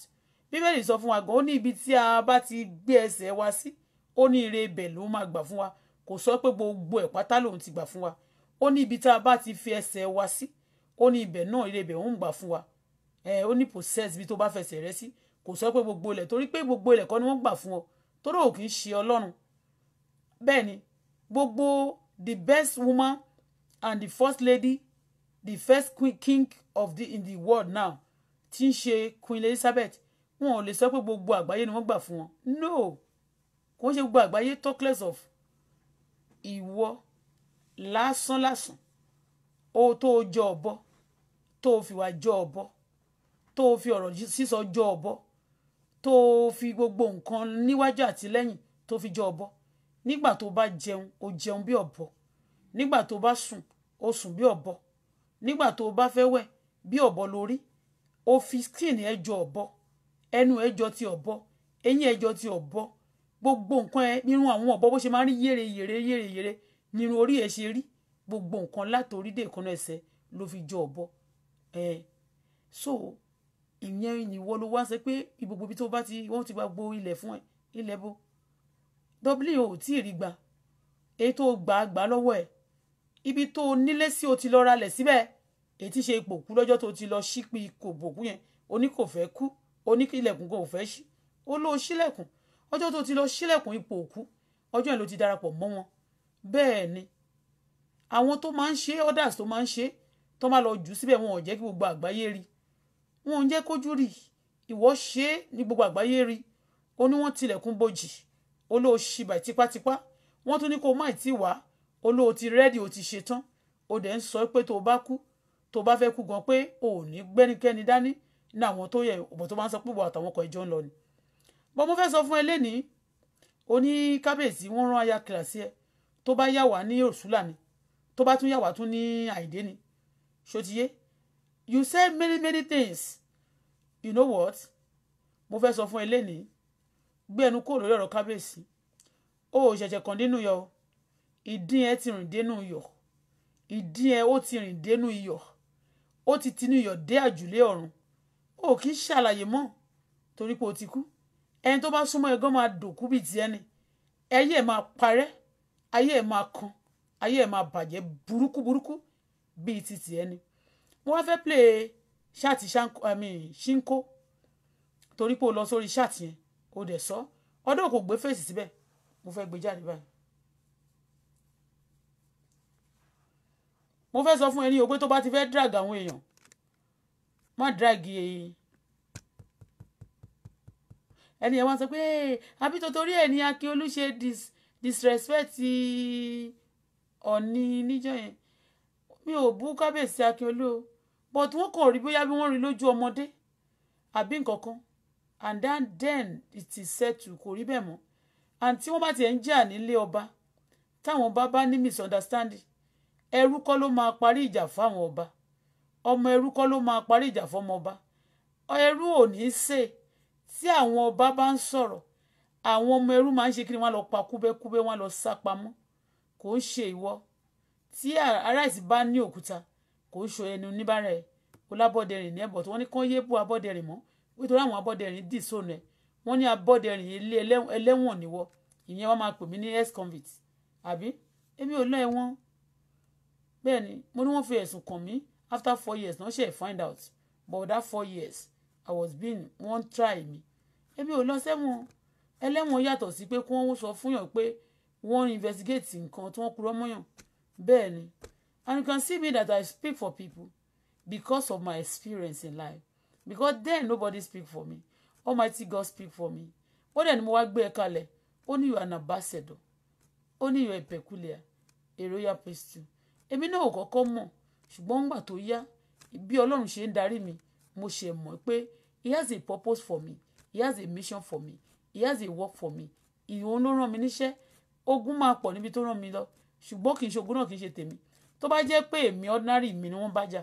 bíbélì sọ fún wa gan ó ní ibi tí a bá ti gbé ẹsẹ̀ wa sí ó ní ire ibẹ̀ ló máa gbà fún wa kò sọ pé gbogbo ẹ̀ pátá lòun ti gbà fún wa ó ní ibi tá a bá ti fi ẹsẹ̀ wa sí ó ní ibẹ̀ náà ire ibẹ̀ òun gbà fún wa ẹ ó ní process bí tó bá fẹsẹ̀ rẹ sí kò sọ pé gbogbo ilẹ̀ torí pé gbogbo ilẹ̀ kọ́ ni wọ́n gbà fún ọ torí ò kì í ṣe ọlọ́run ni gbogbo the best woman and the first lady the first queen king of the in the world now tí queen elizabeth wọn ò lè sọ pé gbogbo àgbáyé ni wọ́n gbà fún wọn no kò ń ṣe gbogbo àgbáyé talkless of Iwo, lásán lásán o to jobo, jọ ọ̀bọ tó o fìwà jọ ọ̀bọ tó o fi ọ̀rọ̀ sísọ jọ ọ̀bọ tó o fi gbogbo nǹkan níwájú àti lẹ́yìn tó fi jọ ọ̀bọ nígbà tó bá o jẹun bí ọ̀bọ nígbà tó bá sùn o sùn bí ọ̀bọ nígbà tó o bá fẹ́ wẹ̀ bí ọ̀bọ lórí o fi skin ẹ jọ ẹnu ẹ ti ọ̀bọ eyín ẹ ti ọ̀bọ gbogbo nǹkan ẹ irun àwọn ọ̀bọ bó ṣe máa ń rí yèrè yèrè yèrè yèrè nírun orí ẹ ṣe rí gbogbo nǹkan látòrí dé ìkànnà ẹsẹ̀ ló fi jọ ọ̀bọ ẹ so ìyẹn ìwọ ló wá ṣe pé gbogbo ibi tó bá ti wọn ti gba gbogbo ilẹ̀ fún ẹ ilẹ̀ bo w ò tí ì rí gbà èyí tó gbà á gbà lọ́wọ́ ẹ̀ ibi tó o nílé sí o ti lọ ralẹ̀ síbẹ̀ ètí ṣe ipò kú lọ́jọ́ tó ti lọ ṣípi kò bòkú yẹn oní kò fẹ́ kú oní ilẹ̀kùn kò fẹ́ ṣí ó lọ ṣílẹ̀kùn ọjọ́ tó ti lọ ṣílẹ̀kùn ipò òkú ọjọ́ yẹn ló ti darapọ̀ mọ́ wọn bẹ́ẹ̀ ni àwọn tó máa ń ṣe others tó máa ń ṣe tó máa lọ jù síbẹ̀ wọn ò jẹ́ kí gbogbo àgbáyé rí wọn ò jẹ́ kójú rí ìwọ ṣe é ní gbogbo àgbáyé rí ó ní wọ́n tilẹ̀kùn bojì ó lọ ṣì tipátipá wọ́n tún ní kó má ì tí wàá ó ti rẹ́dì ó ti ṣetán ó dẹ̀ ń sọ pé tó o bá kú tó o bá fẹ́ kú gan pé o ò ní gbẹ́nikẹ́ni dání ní àwọn tó yẹ ọ̀bọ̀ tó bá ń sọ pé ìwà àtàwọn ọkọ̀ ẹjọ́ ń lọ ni. bọ́ mo fẹ́ sọ fún ẹ lénìí kábíyèsí wọ́n rán aya kìlàsí ẹ tó bá yà wá ní òṣùlà ni tó bá tún yà wá tún ní àìdé ni ṣòtiyé you said many many things you know what mo fẹ́ sọ fún ẹ lénìí gbé ẹnu kúrò lórí ọ̀rọ̀ kábíyèsí o ò ṣẹ̀ṣẹ̀ kàn nínú yọ ìdí ẹ ti rìn dénú iyọ̀ ìdí ẹ ó ti rìn dénú iyọ̀ ó ti tinú iyọ̀ dé àjùlé ọ̀run o kì í ṣàlàyé mọ́ torí pé o ti kú ẹni tó bá súnmọ́ ẹ máa dòkú bíi tiẹ̀ ni ayé ẹ̀ máa parẹ́ ayé ẹ̀ máa kan ayé ẹ̀ máa bàjẹ́ burúkú burúkú bíi ti tiẹ̀ ni mo wá fẹ́ play ṣáàtì ṣínkó torí pé o lọ sórí ṣáàtì yẹn o dẹ̀ sọ ọdọ̀ kò gbé fèsì síbẹ̀ mo fẹ́ gbé jáde báyìí. mo fẹ́ sọ fún ẹni o pé tó bá ti fẹ́ drag àwọn èèyàn má drag èyí e. ẹni yẹn wá sọ pé àbí tòtórí ẹ̀ ní Akíọlù ṣe disrespect Ọ̀ọ̀ni níjọ́ yẹn mi ò bú kábíyèsí Akíọlù o but wọ́n kàn rí bóyá bí wọ́n rí lójú ọmọdé àbí nǹkan kan and then, then it is settled kò rí bẹ́ẹ̀ mọ́ and tí wọ́n bá tiẹ̀ ń jà nílé ọba táwọn bá bá ní misunderstanding ẹrú kọ́ ló máa parí ìjà fáwọn ọba ọmọ ẹrú kọ́ ló máa parí ìjà fọmọ ọba ẹrú ò ní ṣe tí àwọn ọba bá ń sọ̀rọ̀ àwọn ọmọ ẹrú máa ń ṣe kí ni wọ́n lọ pa kúbẹ́kúbẹ́ wọ́n lọ sá pamọ́ kò ń ṣe ìwọ tí aráàsì bá ní òkúta kò ń ṣe ẹnu níbàárà ẹ̀ kó lábọ́dẹrìn ní ẹ̀bọ̀ tí wọ́n ní kán yé bú abọ́dẹrìn mọ́ nítorí àwọn abọ́dẹrìn dì sóun ẹ̀ wọ́n ní abọ́dẹrìn ilé ẹlẹ́wọ̀n níwọ̀ ìyẹn wọ́n máa pè mí ní ex convict àbí èmi ò lọ ẹ̀wọ̀n bẹ́ẹ̀ ni mo ní wọ́n fi ẹ̀sùn kàn mí after four years náà ṣe é find out but that four years i was being one try me ebi ò lọ sẹ́wọ̀n ẹlẹ́wọ̀n yàtọ̀ sí pé kí wọ́n sọ fún yàn pé wọ́n investigate nǹkan tí wọ́n purọ́ mọ́yàn bẹ́ẹ̀ ni and you can see me that i speak for people because of my experience in life because then nobody speak for me almighty god speak for me ó dẹ̀ ni mo wá gbé ẹ e kalẹ̀ ó ní you are an ambassador ó ní you are a peculiar a royal priesthood èmi náà ò kọ́kọ́ mọ̀ ṣùgbọ́n nígbà tó yá bí Ọlọ́run ṣe ń darí mi mo ṣe mọ̀ pé he has a purpose for me he has a mission for me he has a work for me ìhun ló rán mi níṣẹ́ ogun máa pọ̀ níbi tó rán mi lọ ṣùgbọ́n kì í ṣe ogun náà kì í ṣe tèmi tó bá jẹ́ pé èmi ordinary mi ni wọ́n bá jà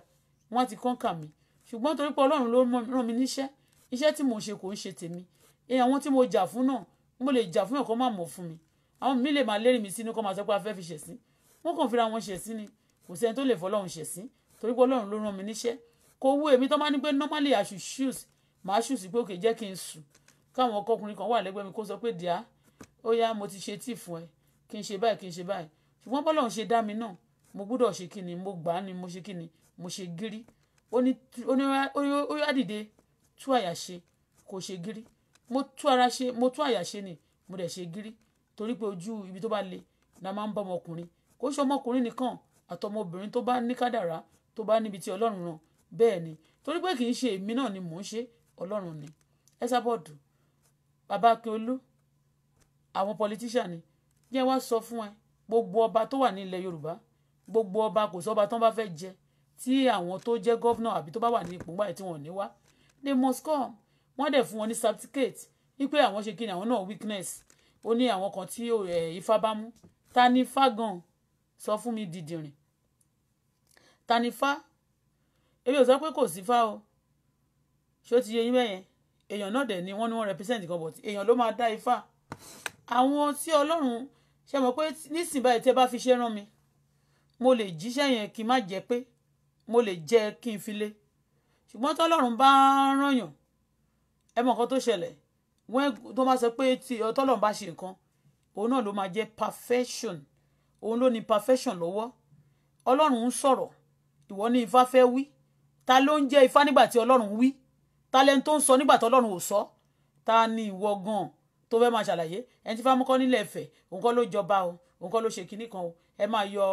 wọ́n ti kọ́ńkà mi ṣùgbọ́n torí pé Ọlọ́run ló rán mi níṣẹ́ iṣẹ́ tí mo ṣe kò ń ṣe tèmi èèyàn àwọn tí mo jà fún náà mo lè jà fún ẹ̀kọ́ má mọ̀ fún mi àwọn mi lè máa lérí mi sínú kọ́ máa sọ pé a fẹ́ fi ṣẹ̀sín wọ́n kàn fira wọn ṣẹ̀ sí ni kò sẹ́ni tó lè fọlọ́run ṣẹ̀ sí torí pé ọlọ́run ló rán mi níṣẹ́ kò wú èmi tó máa ní pé normally I should shoot màá shoot pé òkè jẹ́ kí n sùn káwọn ọkọkùnrin kan wà lẹ́gbẹ̀ẹ́ mi kó sọ pé díà ó yá mo ti ṣe tíì fún ẹ kí n ṣe báyìí kí n ṣe báyìí ṣùgbọ́n bọ́lọ́run ṣe dá mi náà mo gbúdọ̀ ṣe kí ni mo gbà á ni mo ṣe kí ni mo ṣe gírí ó dìde tú àyà ṣe kò ṣe gírí mo tú àyà ṣe ni mo dẹ̀ ṣe gírí torí pé ojú ibi tó bá le la máa ń bọ́ ọmọkùnrin kó ṣe ọmọkùnrin nìkan àtọmọbìnrin tó bá ní kádàrá tó bá níbi tí ọlọ́run ràn bẹ́ẹ̀ ni torí pé kì í ṣe èmi náà ni mò ń ṣe ọlọ́run ni ẹsàbọ̀dù bàbá akínolú àwọn politician ni jẹ́ wá sọ fún ẹ gbogbo ọba tó wà ní ilẹ̀ yorùbá gbogbo ọba kò sọba tán bá fẹ́ jẹ tí àwọn tó jẹ́ gọ́vnà àbí tó bá wà ní ipò ńgbà tí wọ́n ní wá they must come wọ́n dẹ̀ fún wọn ní certificate wípé àwọn ṣe kí ni àwọn náà weakness ó ní àwọn kan tí eh, Ifá bá mú ta ni fágan sọ fún mi dìdìrìn ta ni fá èmi ò sọ pé kò sí fá o ṣó ti yé yín èèyàn náà dẹ̀ ni wọ́n ní wọ́n represent kan but èèyàn ló máa dá ifá àwọn tí ọlọ́run ṣe mọ̀ pé nísìnyí tẹ́ bá fi ṣe rán mi mo lè jíṣẹ́ yẹn kí n má jẹ́ pé mo lè jẹ́ kí n fi lé ṣùgbọ́n tọ́lọ́run bá rán yàn ẹ mọ̀ nǹkan tó ṣẹlẹ̀ wọ́n tó máa sọ pé tí ọtọ́lọ́run bá ṣe nǹkan òun náà ló máa jẹ́ perfection òun ló ní perfection lọ́wọ́ ọlọ́run ń sọ̀rọ̀ ìwọ ní ifá fẹ́ wí ta ló ń jẹ́ ifá nígbà tí ọlọ́run wí ta lẹ́ni tó ń sọ nígbà tí ọlọ́run ò sọ ta ni ìwọ gan tó fẹ́ máa ṣàlàyé ẹni tí fámúkọ́ nílẹ̀ ẹ̀fẹ̀ òun kọ́ ló jọba o òun kọ́ ló ṣe kinní kan o ẹ máa yọ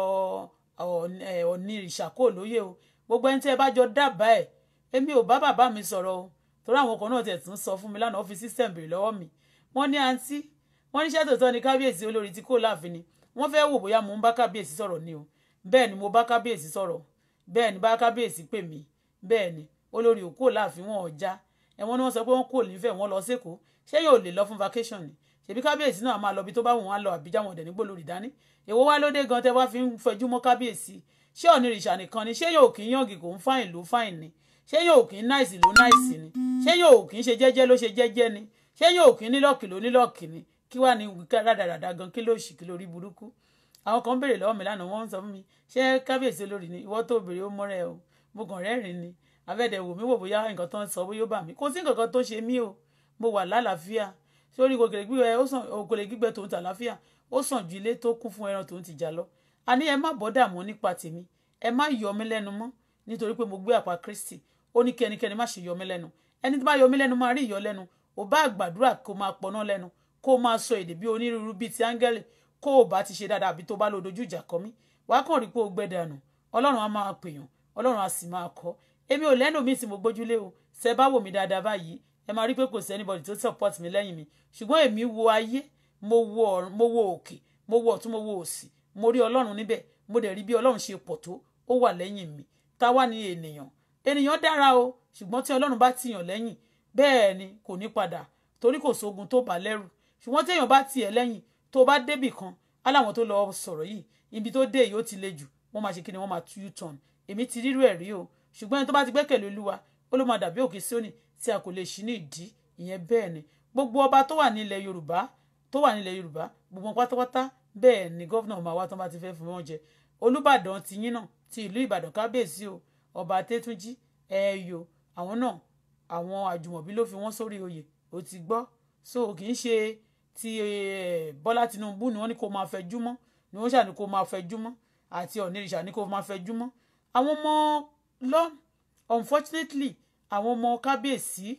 ọ̀ọ́nì ìṣàkó lóye o gbogbo ẹni tí ẹ bá jọ dábàá ẹ̀ èmi ò bá bàbá mi sọ̀rọ̀ o torí àwọn kan náà tẹ̀ tún sọ fún mi lánàá ọ́fíìsì sẹ́ǹbìrì lọ́wọ́ mi wọ́n ní àǹtí wọ́n níṣẹ́ tòótọ́ ni kábíyèsí olórí tí kò láàfin ni wọ́n fẹ́ wò bóyá mo ń bá kábíyèsí sọ̀rọ̀ ni o bẹ́ẹ̀ ni mo bá kábíyèsí sọ̀rọ̀ bẹ́ẹ̀ ni bá kábíyèsí pè mí bẹ́ẹ̀ ni olórí òkú láàfin wọn ọjà ẹ̀wọ̀n ni wọ́n sọ pé wọ́n kò nífẹ̀ẹ́ wọn lọ sẹ́kọ̀ọ́ ṣé yóò lè lọ fún vacation ni ṣèbí kábíyèsí náà máa lọ bí tó bá wọn á lọ àbíjà wọn dẹ̀ nígbò lórí dání èwo wá lóde gan tẹ wá fi ń fẹjú mọ́ kábíyèsí ṣé ọ̀nìrìṣà nìkan ni ṣé yóò kì í yàngì kò ń fáìn ló fáìn ni ṣé yóò kì í náìsì ló náìsì ni ṣé yóò kì í ṣe jẹ́jẹ́ ló ṣe jẹ́jẹ́ ni ṣé yóò kì nílọ́ọ̀kì ló nílọ́ọ̀kì ni kí wàá ní rádaràdà gan kí ló ṣì kí lórí burúkú àwọn kan béèrè lọ́wọ́ mi lánàá wọ́n ń sọ fún mi ṣé kábíyèsí olórí ni ìwọ tó béèrè ó mọ́rẹ́ o mo kàn rẹ́rìn-ín ni abẹ́dẹ̀ wò mí wò bóyá nǹkan tó ń sọ bóyá ó bà mí kò sí nǹkan kan tó ṣe mí o mo wà lálàáfíà sórí òkèlè gbígbẹ ó sàn òkèlè gbígbẹ tòun tà láfíà ó sàn ju ilé tó kún fún ẹran tòun ti jà lọ a ní ẹ má bọ́dà mọ́ nípa tèmi ẹ má yọ mí lẹ́nu mọ́ nítorí pé mo gbé àpá Kristi ó ní kí má ṣe yọ mí lẹ́nu ẹni tó bá yọ mí lẹ́nu máa rí ìyọlẹ́nu ò bá gbàdúrà kó máa pọná lẹ́nu kó máa sọ èdè bí onírúurú bíi ti áńgẹ́lì kó o bá ti ṣe dáadáa àbí tó bá lọ dojú ìjà kọ mí wàá kàn rí pé o gbẹ dànù ọlọ́run á máa pèèyàn ọlọ́run á sì máa kọ́ èmi ò lẹ́nu mi tí mo gbójúlé o ṣe bá wò mí dáadáa báyìí ẹ máa rí pé kò sí anybody tó support mi lẹ́yìn mi ṣùgbọ́n èmi wo ayé mo wo mo wo òkè mo wo ọ̀tún mo wo òsì mo rí ọlọ́run níbẹ̀ mo dẹ̀ rí bí ọlọ́run ṣe pọ̀ tó ó wà lẹ́yìn mi táwa ni ènìyàn ènìyàn dára o ṣùgbọ́n tí ọlọ́run bá tìyàn lẹ́yìn bẹ́ẹ̀ ni kò ní padà torí kò sógun tó bà lẹ́rù ṣùgbọ́n téèyàn bá tiẹ̀ lẹ́yìn tó bá débì kan aláwọn tó lọ sọ̀rọ̀ yìí ibi tó dé yìí ti le jù wọ́n máa ṣe kí ni wọ́n máa tú tàn èmi ti rírú ẹ̀ rí o ṣùgbọ́n ẹni tó bá ti gbẹ́kẹ̀lé olúwa ó ló máa dàbí òkè Síónì tí a kò lè ṣí ní ìdí ìyẹn bẹ́ẹ̀ ni gbogbo ọba tó wà nílẹ̀ Yorùbá tó wà nílẹ̀ Yorùbá gbogbo pátápátá bẹ́ẹ̀ ni gọ́vnà máa wá tán bá ti fẹ́ fún wọn jẹ Olúbàdàn ti yín náà ti ìlú Ìbàdàn kábíyèsí o ọba Adétúnjí ẹ̀ẹ́yò àwọn náà àwọn àjùmọ̀bí ló fi wọ́n sórí oyè ó ti gbọ́ so kì í ṣe ti eh, Bọ́lá Tinubu ni wọ́n ní kó máa fẹjú mọ́ ni wọ́n ṣàní kó máa fẹjú mọ́ àti ọ̀nìrìṣà ní kó máa fẹjú mọ́ àwọn ọmọ lọ unfortunately àwọn ọmọ kábíyèsí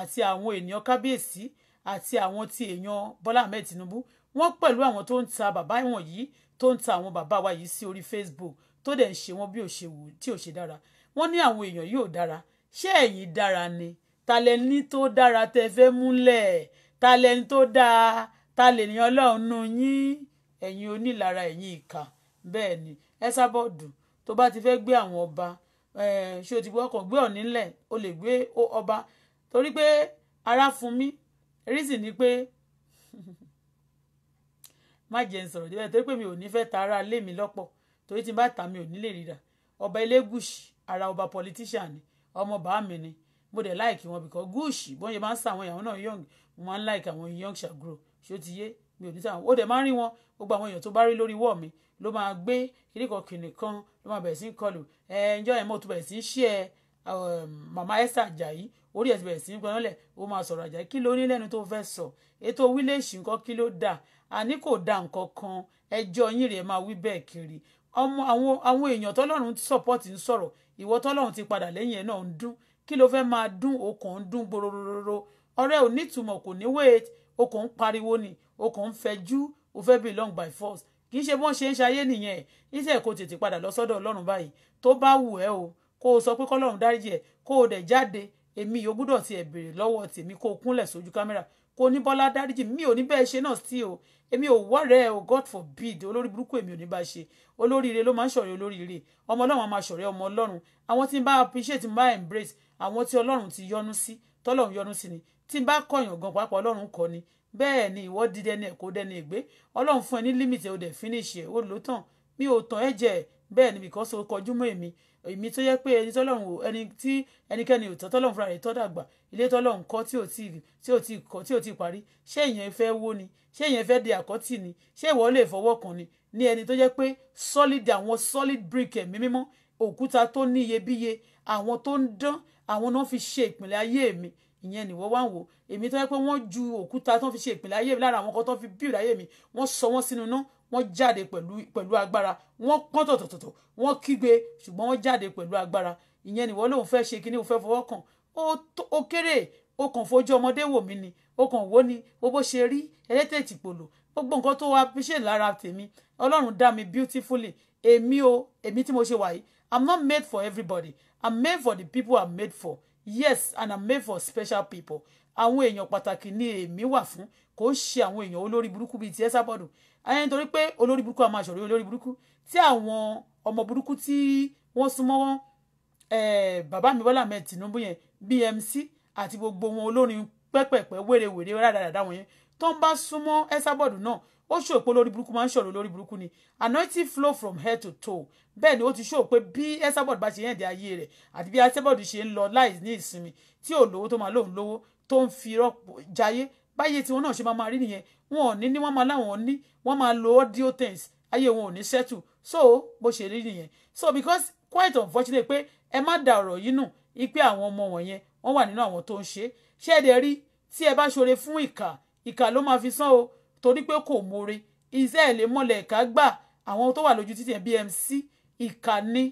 àti àwọn ènìyàn kábíyèsí àti àwọn ti èèyàn Bọ́lá Ahmed Tinubu wọ́n pẹ̀lú àwọn tó ń ta bàbá ìwọ̀n yìí tó ń ta àwọn bàbá wa yìí sí orí Facebook tó dẹ̀ ń ṣe wọ́n bí ò ṣe wù tí ò ṣe dára wọ́n ní àwọn èèyàn yìí ò dára ṣé ẹ̀yin dára ni ta lẹ ní tó dára tẹ fẹ́ múlẹ̀ ta lẹni tó dáa ta lènìyàn ọlọ́run nú yín ẹ̀yin onílara ẹ̀yin ìkà bẹ́ẹ̀ ni ẹsábọ́ọ̀dù tó bá ti fẹ́ gbé àwọn ọba ṣé o ti gbọ́ ọkàn gbé ọ̀ní ńlẹ̀ o lè gbé ọba torí pé ara fún mi reason ni pé [LAUGHS] má jẹ́ n sọ̀rọ̀ débẹ̀ torí pé mi ò ní fẹ́ ta ara lé mi lọ́pọ̀ torí tí n bá tà mi ò ní lè rírà ọba elégùsì ara ọba politician ni ọmọ bàá ni mo dẹ̀ láìkí wọn bìkọ́ gúùsì bọ́n ṣe máa ń sàwọn ìyàwó náà yọ̀ǹgì mo like àwọn young shall grow ṣé ó ti yé mi ò ní sáwọn ó dẹ̀ máa ń rí wọn gbogbo àwọn èèyàn tó bá rí lórí wọ́ mi ló máa gbé kíríkan kìnìún kan ló máa bẹ̀rẹ̀ sí í kọlù ẹ ǹjọ́ ẹ̀ mọ́ tó bẹ̀rẹ̀ sí í ṣí ẹ màmá um, Esther Ajayi orí ẹ̀ ti bẹ̀rẹ̀ sí í gbọ́nlẹ̀ ó máa sọ̀rọ̀ Ajayi kí ló ní lẹ́nu tó fẹ́ sọ ètò wíléèṣì nǹkan kí ló dà àní kò dà nǹkan kan ẹjọ́ yín rèé máa wí bẹ́ẹ̀ kiri àwọn èèyàn tọ́lọ́run support ń sọ̀rọ̀ ìwọ tọ́lọ́run ti padà lẹ́yìn ẹ̀ náà ń dún kí ló fẹ́ máa dún okùn ń dún gborororo ọ̀rẹ́ ò nítumọ̀ kò ní wéètì o kò ń pariwo ni o kò ń fẹjú o fẹ́ belong by force kì í ṣe bọ́n ṣe ń ṣayé nìyẹn níṣẹ́ kó tètè padà lọ sọ́dọ̀ ọlọ́run báyìí tó bá wù ẹ́ o kó o sọ pé kọ́lọ́run dáríjì ẹ̀ kó o dẹ̀ jáde èmi yóò gbúdọ̀ tiẹ̀ béèrè lọ́wọ́ tèmi kó o kúnlẹ̀ sójú kámẹ́rà kó o ní bọ́lá dáríjì mi ò ní bẹ́ẹ̀ ṣe náà sí o èmi ò wọ́rẹ́ o god forbid olórí burúkú èmi ò ní bá ṣe olóríire ló máa ń ṣọ̀rẹ́ olóríire ọmọ ọlọ́run máa ṣọ̀rẹ́ ọmọ ọlọ́run àwọn tí ń bá appreciate ń bá embrace àwọn tí ọlọ́run ti yọ́nú sí tọ́lọ́run yọ́nú sí ni tí n bá kọ̀yàn gan pàápàá ọlọ́run kọ ni bẹ́ẹ̀ ni ìwọ di dẹni ẹ̀kọ́ dẹni ègbé ọlọ́run fún ẹ ní límìtì ó dẹ̀ finish ẹ̀ ó lò tán mi ò tàn ẹ́ bẹ́ẹ̀ ni because ó kọjú mọ́ èmi èmi tó yẹ pé ẹni tọ́lọ́run ẹni tí ẹnikẹ́ni ò tọ́ tọ́lọ́run fúnra rẹ̀ tọ́ dàgbà ilé tọ́lọ́run kọ́ tí ò tí tí ò tí kọ́ tí ò tí parí ṣé èèyàn fẹ́ wó ni ṣé èèyàn fẹ́ di àkọ́tì ni ṣé ìwọ lè fọwọ́ kàn ni ní ẹni tó yẹ pé solid àwọn solid brick ẹ̀mí mímọ́ òkúta tó ní iyebíye àwọn tó ń dán àwọn náà fi ṣe ìpìlẹ̀ ayé mi ìyẹn nìwọ wá ń wò èmi tó yẹ pé wọ́n ju òkúta tó fi ṣe ìpìlẹ̀ ayé mi lára àwọn kan tó fi bíìlì ayé mi wọ́n sọ wọ́n sínú iná wọ́n jáde pẹ̀lú agbára wọ́n pọ́n tọ̀tọ̀tọ̀ wọ́n kígbe ṣùgbọ́n wọ́n jáde pẹ̀lú agbára ìyẹn nìwọ lòun fẹ́ ṣe kíní òun fẹ́ fọwọ́ kàn ó kéré ó kàn fojú ọmọdé wò mí ni ó kàn wò ni ó bó ṣe rí ẹlẹ́tẹ̀ tìpolò gbogbo nǹkan tó wá ṣe lára tèmi ọlọ́run dá mi beautifully èmi o èmi tí mo ṣe wà yìí i'm not made for everybody i'm made for the people i'm made for yes and i'm made for special people àwọn èèyàn pàtàkì ni èmi wà fún kò ń ṣe àwọn èèyàn olórí burúkú bíi ti ẹ sábọ̀dù ayé nítorí pé olórí burúkú a máa ṣọ̀rẹ́ olórí burúkú tí àwọn ọmọ burúkú tí wọ́n súnmọ́ wọn bàbá mi Bọ́lá mẹ́ẹ̀ Tinubu yẹn BMC àti gbogbo wọn olórin pẹ́pẹ̀pẹ́ wèrèwèrè rádaràdà wọn yẹn tó ń bá súnmọ́ ẹ sábọ̀dù náà ó ṣòro pé lórí burúkú máa ń ṣòro lórí burúkú ni anointing flow from head to toe bẹ́ẹ̀ ni ó ti ṣòro pé bí esabod bá ṣe yẹn dé ayé rẹ̀ àti bí esabod ṣe ń lọ láì ní ìsinmi tí ò lówó tó máa lóun lówó tó ń fi rọ́pò jayé báyé tiwọn náà ṣe máa máa rí nìyẹn wọn ò ní ní wọn máa láwọn ní wọn máa lo audio things ayé wọn ò ní settle so bó ṣe rí nìyẹn so because quite unfortunate pé ẹ má da ọ̀rọ̀ yìí nù ipe àwọn ọmọ wọ̀nyẹn wọ́n wà nínú àwọn tó ń ṣe ṣé ẹ dẹ̀ rí tí ẹ bá ṣoore fún ìkà ìkà ló máa fi san o torí pé kò more iṣẹ́ ẹ̀ lè mọ̀lẹ̀ ẹ̀ka gbà àwọn tó wà lójú títì ẹ̀ BMC ìkànnì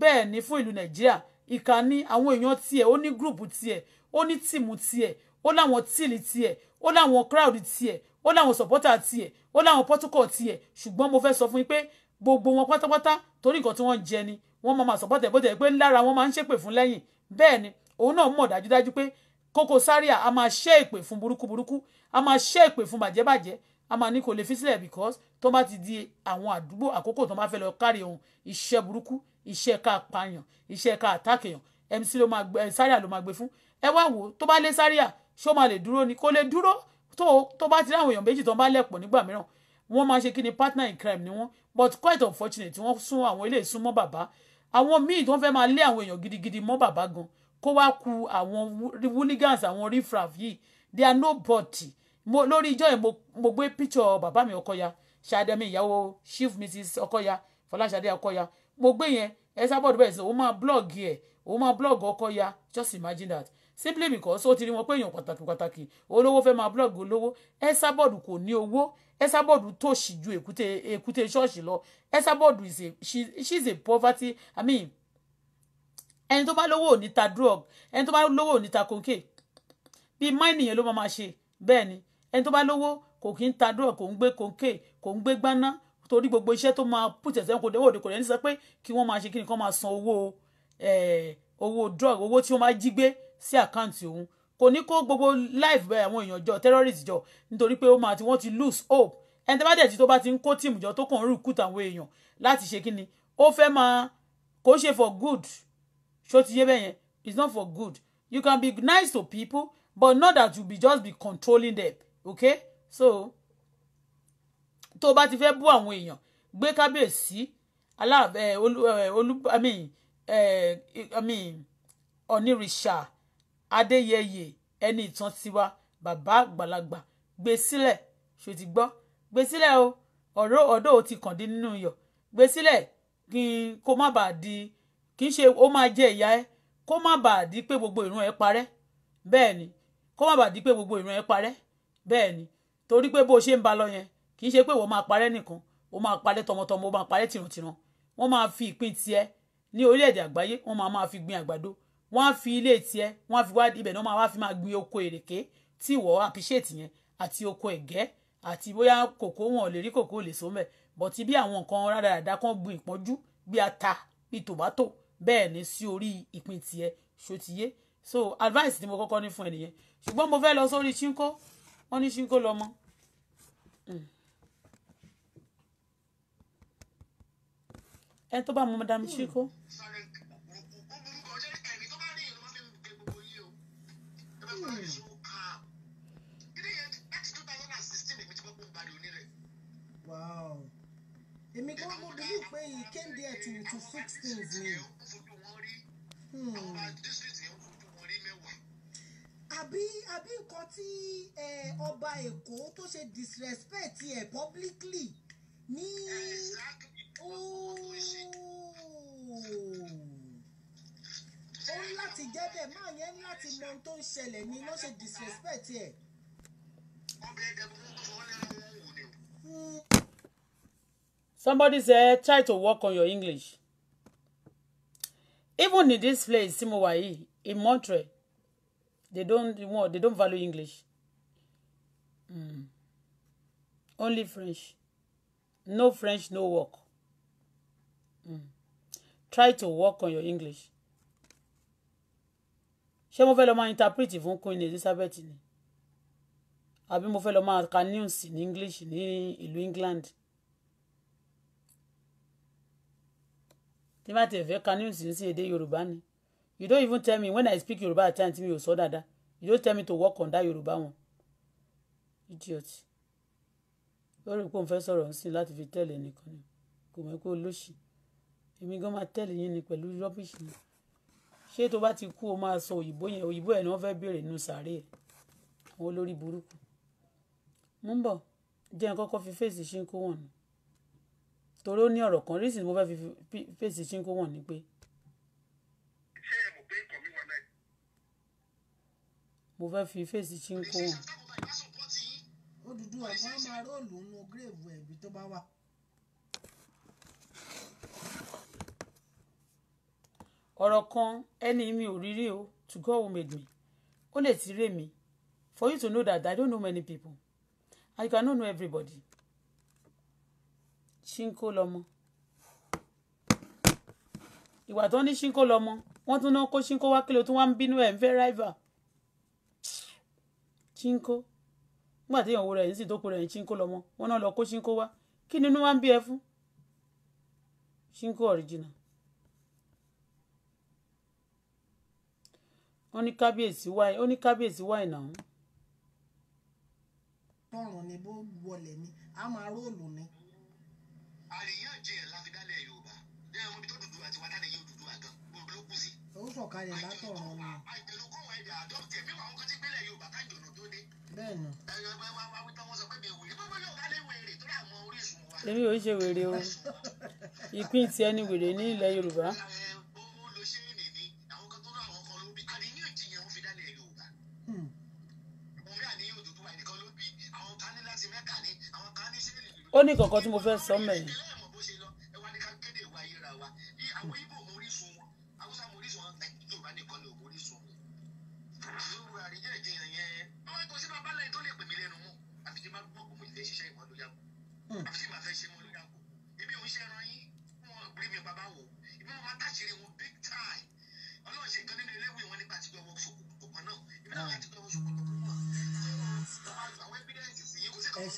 bẹ́ẹ̀ ni fún ìlú Nàìjíríà ìkànnì àwọn èèyàn tiẹ̀ ó ní gúrùpù tiẹ̀ ó ní tìmù tiẹ̀ ó láwọn tíìlì tiẹ̀ ó láwọn crowd tiẹ̀ ó láwọn supporter tiẹ̀ ó láwọn protocol tiẹ̀ ṣùgbọ́n mo fẹ́ sọ fún yín pé gbogbo wọn pátápátá torí nǹkan tí wọ́n jẹ ni wọ́n máa support ẹ̀ bó tẹ̀ pé lára wọn máa ń ṣépè fún lẹ́yìn bẹ́ẹ̀ ni òun náà mọ̀ dájúdájú pé Koko Zaria a máa ṣẹ́ ìpè fún burúkú burúkú a máa ṣẹ́ ìpè fún bàjẹ́bàjẹ́ a máa ní kò lè fi sílẹ̀ because tó bá ti di àwọn àdúgbò àkókò tó bá fẹ́ lọ kárí ohun iṣẹ́ burúkú iṣẹ́ ká pààyàn iṣẹ́ ká àtàkèyàn MC ló máa gbé sáríà ló máa gbé fún ẹ wá wò ó tó bá lé sáríà ṣé ó máa lè dúró ni kò lè dúró tó bá ti rí àwọn èèyàn méjì tó bá lẹ̀pọ̀ nígbà mìíràn wọ́n máa ṣe kí ni partner in crime ni wọ́n but quite unfortunate wọ́n sún àwọn ilé ìsún mọ́ bàbá àwọn míì tó ń fẹ́ máa lé àwọn èèyàn gidigidi mọ́ bàbá gan kó wá ku àwọn hooligans àwọn riffraff yìí they are nobody mo lórí ijọ́ yẹn mo gbé píṣọ bàbá mi ọkọya ṣàdẹ̀mí ìyàwó chief mrs ọkọya fọláṣadé ọkọya mo gbé yẹn ẹ sábọ̀dù bẹ́ẹ̀ sọ òun máa blọ́ọ̀gì ẹ̀ òun máa blọ́ọ̀gì ọkọya just imagine that simply because ó ti rí wọn pé èèyàn pàtàkì pàtàkì olówó fẹ́ máa blọ́ọ̀gì olówó ẹ sábọ̀dù kò ní owó ẹ sábọ̀dù tòṣì ju èkúté èkúté ṣọ́ọ̀ṣì lọ ẹ sábọ̀dù is a she is a poverty i mean ẹni tó bá lówó ò ní ta drug ẹni tó bá lówó ò ní ta cocaine bíi máìnì yẹn ló máa ṣe bẹ́ẹ̀ ni ẹni tó bá lówó kò kí ń ta drug kò ń gbé kòńkè kò ń gbé gbaná torí gbogbo iṣẹ́ tó máa pùtẹ̀ sẹ́wọ̀n kò dé òde kò dé ní sọ pé kí wọ́n máa ṣe kí nìkan máa san owó owó drug owó tí wọ́n máa jí gbé sí àkáǹtì òun kò ní kó gbogbo life bẹ àwọn èèyàn jọ terrorist jọ nítorí pé ó máa ti wọ́n ti lose hope ẹni tó bá dẹ̀ tí tó bá ti ń kó tíìmù jọ tó kàn ń recruit àwọn èèyàn láti ṣe kí ni ó fẹ́ máa kò ṣe for good ṣó ti yé bẹ́yẹn it's not for good you can be nice to people but not that you be just be controlling them okay so tó o bá ti fẹ́ bú àwọn èèyàn gbé kábíyèsí aláàbẹ̀ eh, olú eh, olú i mean eh, i mean onírìṣà adéyẹyẹ ẹni ìtàn tiwa bàbá àgbàlagbà gbé sílẹ̀ ṣó ti gbọ́ gbé sílẹ̀ o ọ̀rọ̀ ọ̀dọ́ ò ti kàn dín nínú yọ̀ gbé sílẹ̀ kí n kó má bàa di kì í ṣe ó máa jẹ ìyá ẹ kó má bàa di pé gbogbo ìran ẹ parẹ́ bẹ́ẹ̀ ni kó má bàa di pé gbogbo ìran ẹ parẹ́ bẹ́ẹ̀ ni torí pé bó ṣe ń ba lọ yẹn kì í ṣe pé wọ́n máa parẹ́ nìkan wọ́n máa parẹ́ tọmọtọmọ wọ́n máa parẹ́ tìrantìran wọ́n máa fi ìpín tiẹ̀ ní orílẹ̀-èdè àgbáyé wọ́n máa máa fi gbin àgbàdo wọ́n á fi ilé tiẹ̀ wọ́n á fi wá ibẹ̀ náà máa wá fi máa gbin oko èrèké tí ìwọ àpíṣètì yẹn àti oko ẹ̀gẹ́ àti bóyá kòkó wọn ò lè rí kòkó lè so mẹ́ bọ̀tí bí àwọn nǹkan rádaràda kan gbin ìpọ́njú bí ata bí tòmátò bẹ́ẹ̀ ni sí orí ìpín tiẹ̀ so advice ni mo kọ́kọ́ ní fún ẹ nìyẹn ṣùgbọ́n mo fẹ́ lọ sórí chinko wọ́n ní ṣíńkó lọ́mọ. ẹ tó bá mú madam ṣíńkó. Wow. Èmi kò mú believe pé he came there to to fix things ni. Hmm àbí àbí nǹkan tí ọba èkó tó ṣe disrespect ẹ publicly ní ó ń láti jẹ́ máa yẹn ń láti mọ ohun tó ń ṣẹlẹ̀ ni ló ṣe disrespect ẹ. Somebody said try to work on your English even in this place tí mo in Montreal they don't want they don't value English mm. only French no French no work mm. try to work on your English ṣé mo fẹ́ lọ máa interpret fún Queen Elizabeth ni àbí mo fẹ́ lọ máa ka news ní English ní ìlú England tí bá tiẹ̀ fẹ́ ka news ní sí èdè Yorùbá ni you don't even tell me when i speak Yoruba. at times you saw sọ you don't tell me to work on that Yoruba one idiot ó rí i pé òun fẹ́ sọ̀rọ̀ ń sìn láti fi tẹ̀lé nìkan ni kò mọ̀ pé olóṣì èmi gan máa tẹ̀lé yín ni pẹ̀lú rọ́bìṣì ni ṣé tó bá ti kú o máa sọ òyìnbó yẹn òyìnbó ẹ̀ ni wọ́n fẹ́ béèrè nínú sàárè ẹ̀ àwọn olórí burúkú mú ń bọ̀ jẹ́ ẹ̀ kọ́kọ́ fi fèsì ṣínkú reason mo fẹ́ fi fèsì ṣínkú wọ̀n ni mo fẹ́ fi fèsì chinko hàn. Odùduwà máa máa róòlù nínú gírèèvù ẹ̀bí tó bá wà. ọ̀rọ̀ kan ẹni mi ò rírí o to go who made me ó lè ti ré mi for you to know that I don't know many people and you cannot know everybody. ṣínkó lọmọ ìwà tó ní ṣínkó lọmọ wọ́n tún náà kó ṣínkó wá kí ló tún wá ń bínú ẹ̀ ń fẹ́ ráìvà. chinko nígbà tí ìyàwó rẹ̀ yìí sì tó pe rẹ̀ chinko wọn náà lọ kó chinko wá kí ni inú wa ń bí ẹ fún chinko original. wọ́n ní kábíyèsí wáyé ó ní kábíyèsí wáyé náà. ni bó wọlé ni a máa róòlù ni. Yorùbá tó dùdú àti tèmi wà wọn kan gbélé Yorùbá ká tó dé. bẹ́ẹ̀ni. ẹyọ ẹgbẹ́ wa wá wípé wọ́n sọ pé mi ò wèrè bọ́bọ́ yóò bá lé wèrè tó láwọn orísun wa. èmi ò ṣe wèrè o ìpín ti ẹni wèrè ní ilẹ̀ Yorùbá. ó ní kankan tí mo fẹ́ sọ mẹ́yìn. àṣírí wọn big time ọlọ́run ṣe kan nínú eléwé wọn nípa àtìgbà wọn ṣòkòtò kan náà ibi náà wọn ṣòkòtò kan náà àwọn evidence yìí ṣe yín kò ní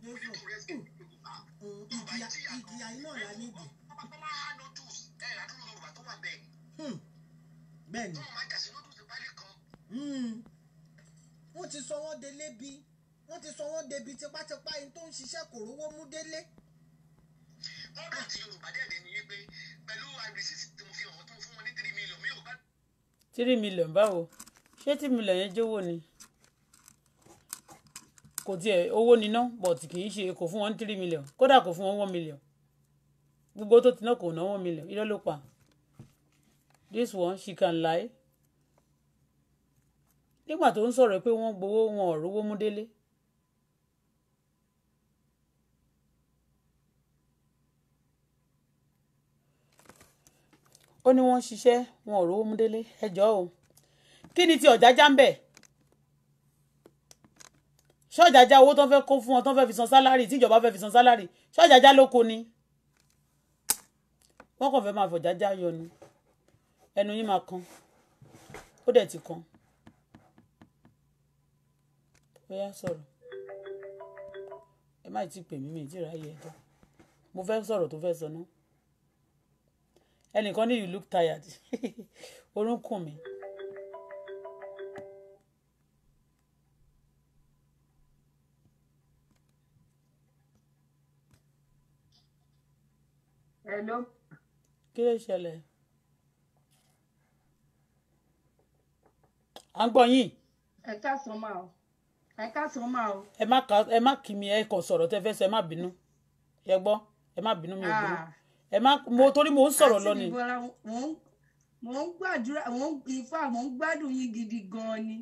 kò rẹ́sì ìgbìyà níbi. wọ́n hmm. hmm. wọ́n ti sọ wọ́n délé bí wọ́n ti sọ wọ́n débi tipátipá yìí tó ń ṣiṣẹ́ kò rówó mú délé. Hmm ọ̀rọ̀ ti Yorùbá dẹ̀ ní wípé pẹ̀lú àgbèsísì tí fi hàn tó fún wọn ní three million mi ò bá. three million báwo ṣé tí million yẹn jówó ni kò tiẹ̀ owó níná but kì í ṣe kò fún wọn ní three million kódà kò fún wọn one million gbogbo tó ti ná kò ná one million irọ́ ló pa this one she can lie nígbà tó ń sọ̀rọ̀ pé wọ́n gbowó wọn ò rówó mú délé ó ní wọ́n ń ṣiṣẹ́ wọn ò rówó mú délé ẹjọ́ o kí ni ti ọ̀jájá ń bẹ̀ ṣọ́ọ̀jájá owó tó ń fẹ́ kó fún wọn tó ń fẹ́ fi san sálárì tí ìjọba fẹ́ fi san sálárì ṣọ́ọ̀jájá ló kó ni wọ́n kàn fẹ́ máa fọ̀jájá yọ ni ẹnu yín máa kan ó dẹ̀ ti kan bóyá sọ̀rọ̀ ẹ má ti pè mí mi ìdíra yẹ ẹjọ́ mo fẹ́ sọ̀rọ̀ tó fẹ́ sọ náà. ẹnìkan ní you look tired [LAUGHS] orun hello. kí ló ṣẹlẹ̀. à ń gbọ́ yín. ẹ káàsán máa o ẹ káàsán máa o. ẹ má kí mi ẹ kàn sọ̀rọ̀ tẹ́ fẹ́ sọ ẹ má bínú ah. ẹ má mo torí mo ń sọ̀rọ̀ lọ mo ń gbàdúrà mo ń ifá mo ń gbádùn yín gidi gan ni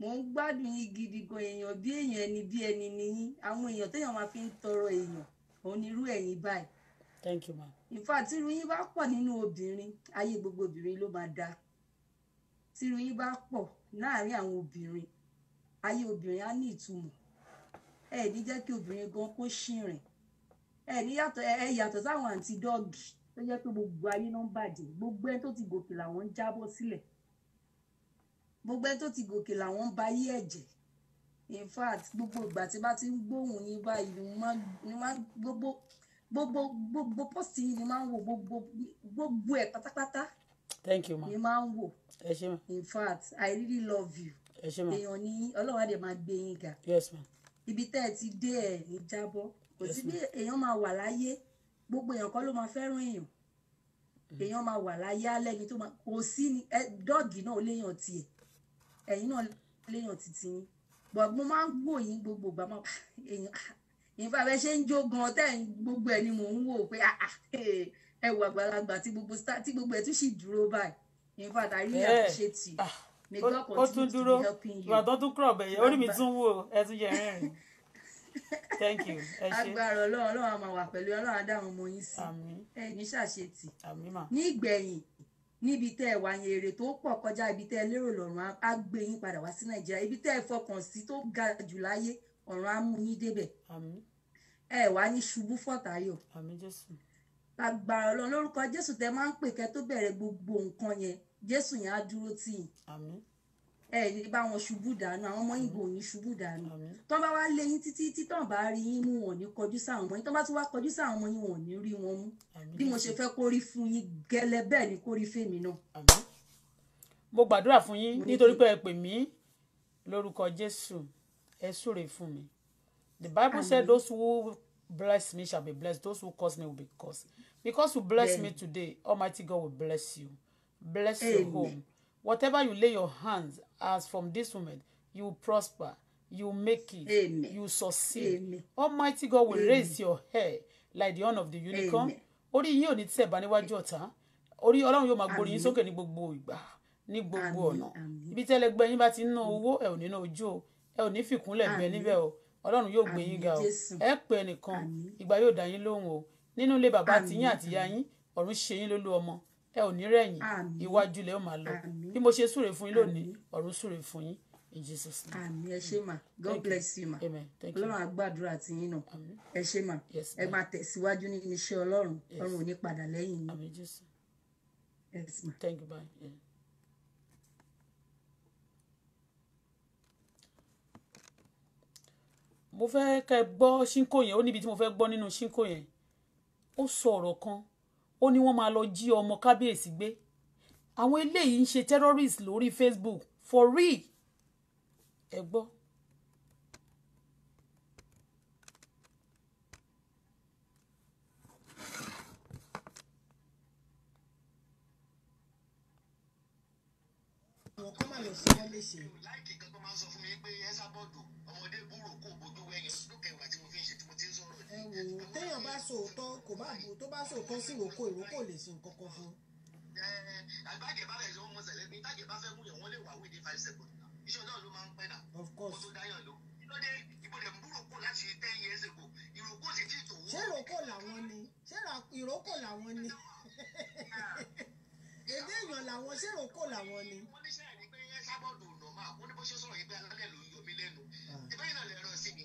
mo ń gbádùn yín gidi gan èèyàn bí èèyàn ẹni bí ẹni nìyí àwọn èèyàn téèyàn máa fi ń tọrọ èèyàn òun ni báyìí. thank you ma. in fact tírú yín bá pọ̀ nínú obìnrin ayé gbogbo obìnrin ló máa dáa tírú yín bá pọ̀ láàárín àwọn obìnrin ayé obìnrin á ní ìtumọ̀ ẹ ní jẹ́ kí obìnrin gan kó ṣìrìn ẹ ní ẹ yàtọ̀ sáwọn àǹtí dọ́ọ̀gì tó jẹ́ pé gbogbo ayé náà ń bàjẹ́ gbogbo ẹni tó ti gòkè làwọn ń jábọ́ sílẹ̀ gbogbo ẹni tó ti gòkè làwọn ń ba ayé ẹ̀jẹ̀ in fact gbogbo ìgbà tí bá ti ń gbóhùn yín báyìí ni máa gbogbo gbogbo gbogbo pọ́sì yìí ni máa wò gbogbo gbogbo ẹ̀ pátápátá thank you ma ni máa wò in fact i really love you èèyàn ní ọlọ́wàá máa gbé yín ga yes ma ibi tẹ́ ẹ ti dé ẹ̀ ní jábọ́ kò sí bí èèyàn máa wà láyé gbogbo èèyàn kọ́ ló máa fẹ́ràn èèyàn mm-hmm. èèyàn máa wà láyé alẹ́ ni tó máa kò sí ni dọ́ọ̀gì náà léèyàn tiẹ̀ ẹ̀yin náà léèyàn titi yín but mo máa ń wò yín gbogbo ìgbà máa èèyàn ìfà bẹ́ẹ̀ ṣe ń jó gan tẹ́ ń gbogbo ẹ̀ ni mò ń wò pé ah, ah, eh, ẹ wà àgbàlagbà tí gbogbo tí gbogbo ẹ̀ tún sì dúró báyìí ìfà tàrí appreciate you may God continue to be helping ó tún dúró ìwà tó tún kúrọ̀ bẹ̀yẹ orí mi tún wò ẹ tún yẹ rẹ́rìn-ín. [LAUGHS] thank you ẹ ṣe agbára ọlọ́run ọlọ́run a máa wà pẹ̀lú ọlọ́run adáhùn ọmọ yín sí ẹ̀yin ṣàṣetì nígbẹ̀yìn níbi tẹ́ ẹ wà yẹn èrè tó pọ̀ kọjá ibi tẹ́ ẹ lérò lọ́rùn á gbé yín padà wá sí nàìjíríà ibi tẹ́ fọkàn sí tó ga jù láyé ọ̀run á mú yín débẹ̀ ẹ wà ní ṣubú fọ̀tàyọ̀ agbára ọlọ́run lórúkọ jésù tẹ́ máa ń pè kẹ́ tó bẹ̀rẹ̀ gbogbo nǹkan yẹn jésù yẹn á dúró tì yín ẹ ní bá wọn ṣubú dànù àwọn ọmọ yìnbọn ò ní ṣubú dànù tó bá wá lé títí tí bá rí yín mú wọn ní kọjú sáwọn ọmọ yín tó bá tún wá kọjú sáwọn ọmọ yín wọn ní rí wọn mú bí mo ṣe fẹ́ kó rí fún yín gẹ́lẹ́ bẹ́ẹ̀ ni kó rí fèmí náà. mo gbàdúrà fún yín nítorí pé ẹ pè mí lórúkọ Jésù ẹ súre fún mi the Bible Amen. said those who bless me shall be blessed those who curse me will be cursed because you bless Amen. me today Almighty God will bless you bless Amen. your home whatever you lay your hands as from this moment, you prosper, you make it, Amen. you succeed. Amen. Almighty God will Amen. raise your hair like the horn of the unicorn. Orí yín ò ní tẹ̀ bá níwájú ọ̀tá. Orí Ọlọ́run yóò máa gbórí yín sókè ní gbogbo ìgbà, ní gbogbo ọ̀nà. Ibi tẹ́lẹ̀gbẹ́ yín bá ti ń ná owó, ẹ ò ní ná ojú o, ẹ ò ní fìkúnlẹ̀ bẹ níbẹ̀ o. Ọlọ́run yóò gbé yín ga o. Ẹ pẹ́ nìkan, ìgbà yóò dá yín lóhùn o. Nínú ilé bàbá tiyín àtìyá yín, ọ̀run ṣe yín lólú ọmọ ẹ ò ní rẹ̀yìn iwájú lẹ ó máa lọ bí mo ṣe súre fún yín lónìí ọ̀run súre fún yín in Jesus name. àmín ẹ ṣé ma God bless you ma ọlọ́run àgbàdúrà ti yín nà ẹ ṣé ma ẹ máa tẹ̀síwájú ní iṣẹ́ ọlọ́run ọ̀run ò ní padà lẹ́yìn yín. Yes, ma. mo fẹ́ kẹ́ gbọ́ ṣínkò yẹn ó níbi tí mo fẹ́ gbọ́ nínú ṣínkò yẹn ó sọ ọ̀rọ̀ kan ó ní wọ́n máa lọ jí ọmọ kábíyèsí gbé àwọn eléyìí ń ṣe terrorist lórí Facebook for real ẹ gbọ́. ọmọdé búrò kó bójú wẹ̀yìn lókè ìwà tí mo fi ẹ wò ó téèyàn bá sòótọ́ kò bá bò tó bá sòótọ́ sí ìrókò ìrókò lè ṣe nǹkan kan fún. àgbàjẹ́ bá rẹ̀ ṣe wọ́n mọ sẹ̀lẹ̀ ní tájẹ́ bá fẹ́ mú yẹn wọ́n lè wà wíde five seconds náà iṣẹ́ náà ló máa ń pẹ́ náà kó tó dáyàn ló lóde ìbọdẹ múròkó láti ten years ago ìrókò sì ti tò wọ́n. ṣé ìrókò làwọn ni ṣé ìrókò làwọn ni [LAUGHS] èdè èèyàn làwọn ṣé ìrókò làwọn ni. wọ́n ní sẹ́yìn ní pé sábọ̀dù ọ̀nà máa wọ́n ní bó ṣe sọ̀rọ̀ yìí pé alálẹ̀ ló ń yọ mí lẹ́nu ah. ìbẹ́yìn náà lè rán sí mi.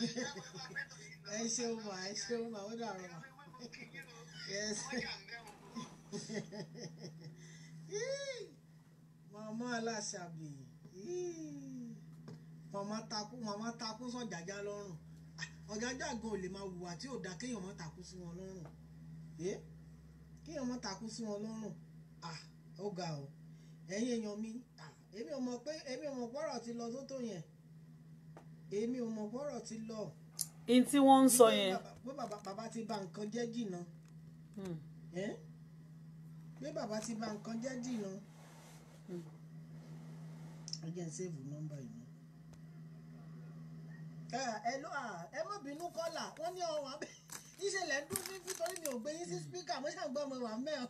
ẹ ṣeun mà ẹ ṣeun mà ó dàrú mà màmá aláṣàbí màmá takú màmá takú sọjàjà lọ́rùn ọjàjà gan ò máa wùwà tí ò dá kéèyàn má takú sí wọn lọ́rùn kéèyàn má takú sí wọn lọ́rùn ó ga ọ ẹ̀yin èèyàn mi èmi ò mọ̀ pé èmi ò mọ̀ pọ̀rọ̀ ti lọ tó yẹn èmi ò mọ̀ bọ́rọ̀ ti lọ. n tí wọ́n ń sọ yẹn. pé bàbá ti bà nǹkan jẹ́ jìnnà. pé hmm. bàbá ti bà nǹkan jẹ́ jìnnà. ọjọ́ ń sèvù nọ́mbà yìí. ẹ ló à ẹ má bínú kọ́là wọ́n ní ọwọ́ abẹ́ ìṣẹ̀lẹ̀ ń dún fífi torí mi ò gbé yín sí hmm. spíkà mo ṣàgbọ́ ọmọ ìwà mẹ́ọ̀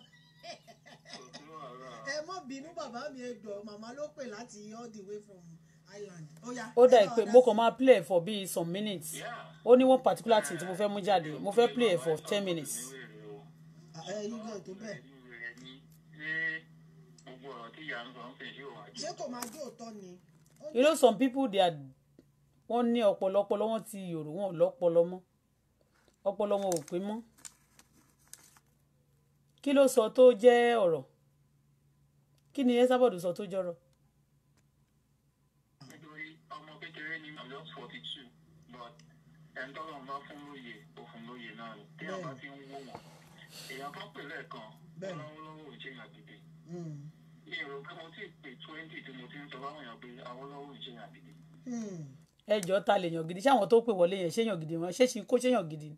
ẹ má bínú bàbá mi ẹ jọ̀ọ́ màmá ló pè láti all the way from ó dà pé mo kàn máa play for bíi some minutes ó ní one particular thing tí mo fẹ́ mú jáde mo fẹ́ play for ten minutes. Ah, you know some people they are wọ́n ní ọpọlọ ọpọlọ wọn ti yòrò wọn lọ́pọlọ mọ́ ọpọlọ wọn ò pé mọ́ kí ló sọ tó jẹ́ ọ̀rọ̀ kí ni ẹ sábọ̀dù sọ tó jọ̀rọ̀. ẹni tọ́lọ̀ ń bá fún lóye òfin lóye náà ni bí àbá ti ń wó wọn èèyàn kan pè lẹ́ẹ̀kan ọlọ́wọ́lọ́wọ́ ò jẹ́yàn gidi mi ò rò pé mo ti pè twenty tí mo ti ń sọ báwọn èèyàn pé Awólọ́wọ̀ ò jẹ́yàn gidi. Hmm. ẹjọ́ ta lè yàn gidi ṣáwọn tó pè wọlé yẹn ṣéyàn gidi wọn ṣé ṣinkó ṣéyàn gidi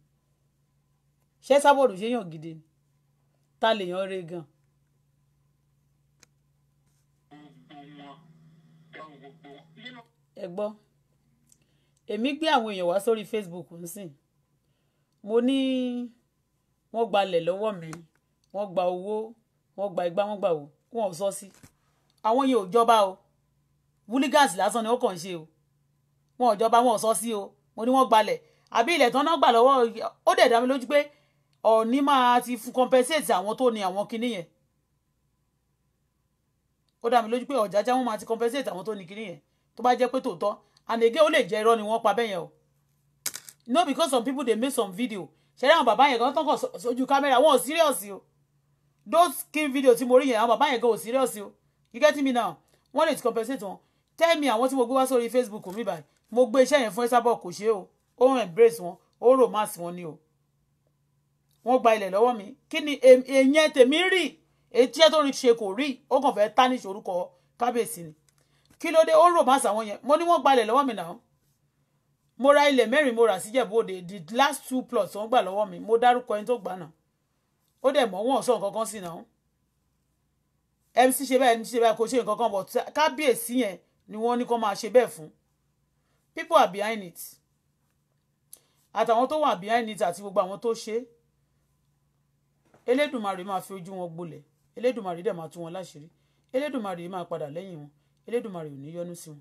ṣé sábọ̀dù ṣéyàn gidi ta lè yàn re gan. ẹ gbọ́ èmi gbé àwọn èèyàn wá sórí Facebook nsìn mo ní wọ́n gbalẹ̀ lọ́wọ́ mi wọ́n gba owó wọ́n gba igbá wọ́n gba owó wọn ò sọ sí àwọn yẹn ò jọba o wúlígàsì lásán ni wọ́n kàn ń ṣe o wọn ò jọba wọn sọ sí o mo ní wọ́n gbalẹ̀ àbí ilẹ̀ tán náà gbà lọ́wọ́ ó dẹ̀ dá mi lójú pé ọ̀ọ́ni máa ti compensate àwọn tó ni àwọn kinní yẹn ó dá mi lójú pé ọ̀jájá wọn máa ti compensate àwọn tó ní kinní yẹn tó bá jẹ́ pé tòótọ́ and again ó lè jẹ́ irọ́ ni wọ́n pa bẹ́yẹn o no because some people dey make some video ṣẹlẹ àwọn bàbá yẹn kan tán kàn sójú kámẹ́rà wọn ò serious o those skin video tí mo rí yẹn àwọn bàbá yẹn kan ò serious o you get me now wọ́n lè compensate wọn tell me àwọn tí mo gbé wá sórí facebook mi báyìí mo gbé iṣẹ́ yẹn fún Esabod kò ṣe o ó ń embrace wọn ó romance wọn ni o wọ́n gba ilẹ̀ lọ́wọ́ mi kí ni èèyàn tèmi rí etí ẹ̀ tó rí ṣe kò rí ó kàn fẹ́ tánìṣ orúkọ kábíyèsí ni kí ló dé ó romance àwọn yẹn mo ní wọ́n gbalẹ̀ lọ́wọ́ mi náà mo ra ilẹ̀ mẹ́rin mo rà síjẹ̀bú the last two plots wọ́n gbà lọ́wọ́ mi mo dárúkọ ẹni tó gbà náà ó dẹ̀ mọ̀ wọ́n sọ nǹkan kan sí náà mc ṣe báyìí mc ṣe báyìí kò ṣe nǹkan kan bọ̀ kábíyèsí yẹn ni wọ́n ní kó máa ṣe bẹ́ẹ̀ fún people are behind it àtàwọn tó wà behind it àti gbogbo àwọn tó ṣe elédùnmarè máa fi ojú wọn gbolẹ̀ elédùnmarè dẹ̀ máa tú wọn láṣìírí elédùnmarè máa padà lẹ́yìn wọn elédùnmarè ò ní yọ́nú sí wọn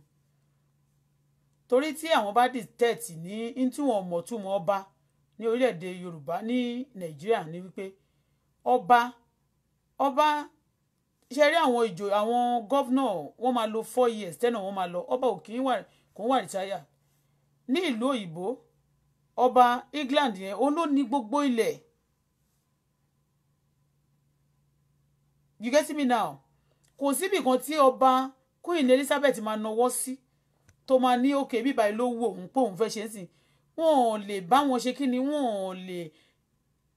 torí tí àwọn bá detect ní ntí mọ̀túmọ̀ ọba ní orílẹ̀-èdè yorùbá ní nàìjíríà ní wípé ọba ọba ṣe rí àwọn ìjò àwọn gọ́vnà wọ́n máa lo four years tẹ́nà wọ́n máa lọ ọba ò kì í wà kò ń wà rìtáyà ní ìlú òyìnbó ọba england yẹn òun ló ní gbogbo ilẹ̀ you get me now kò síbì kan tí ọba queen elizabeth máa nawọ́ sí tó máa ní òkè bíbá ló wù òun pé òun fẹ́ ṣe é sìn wọn ò lè bá wọn ṣe kí ni wọn ò lè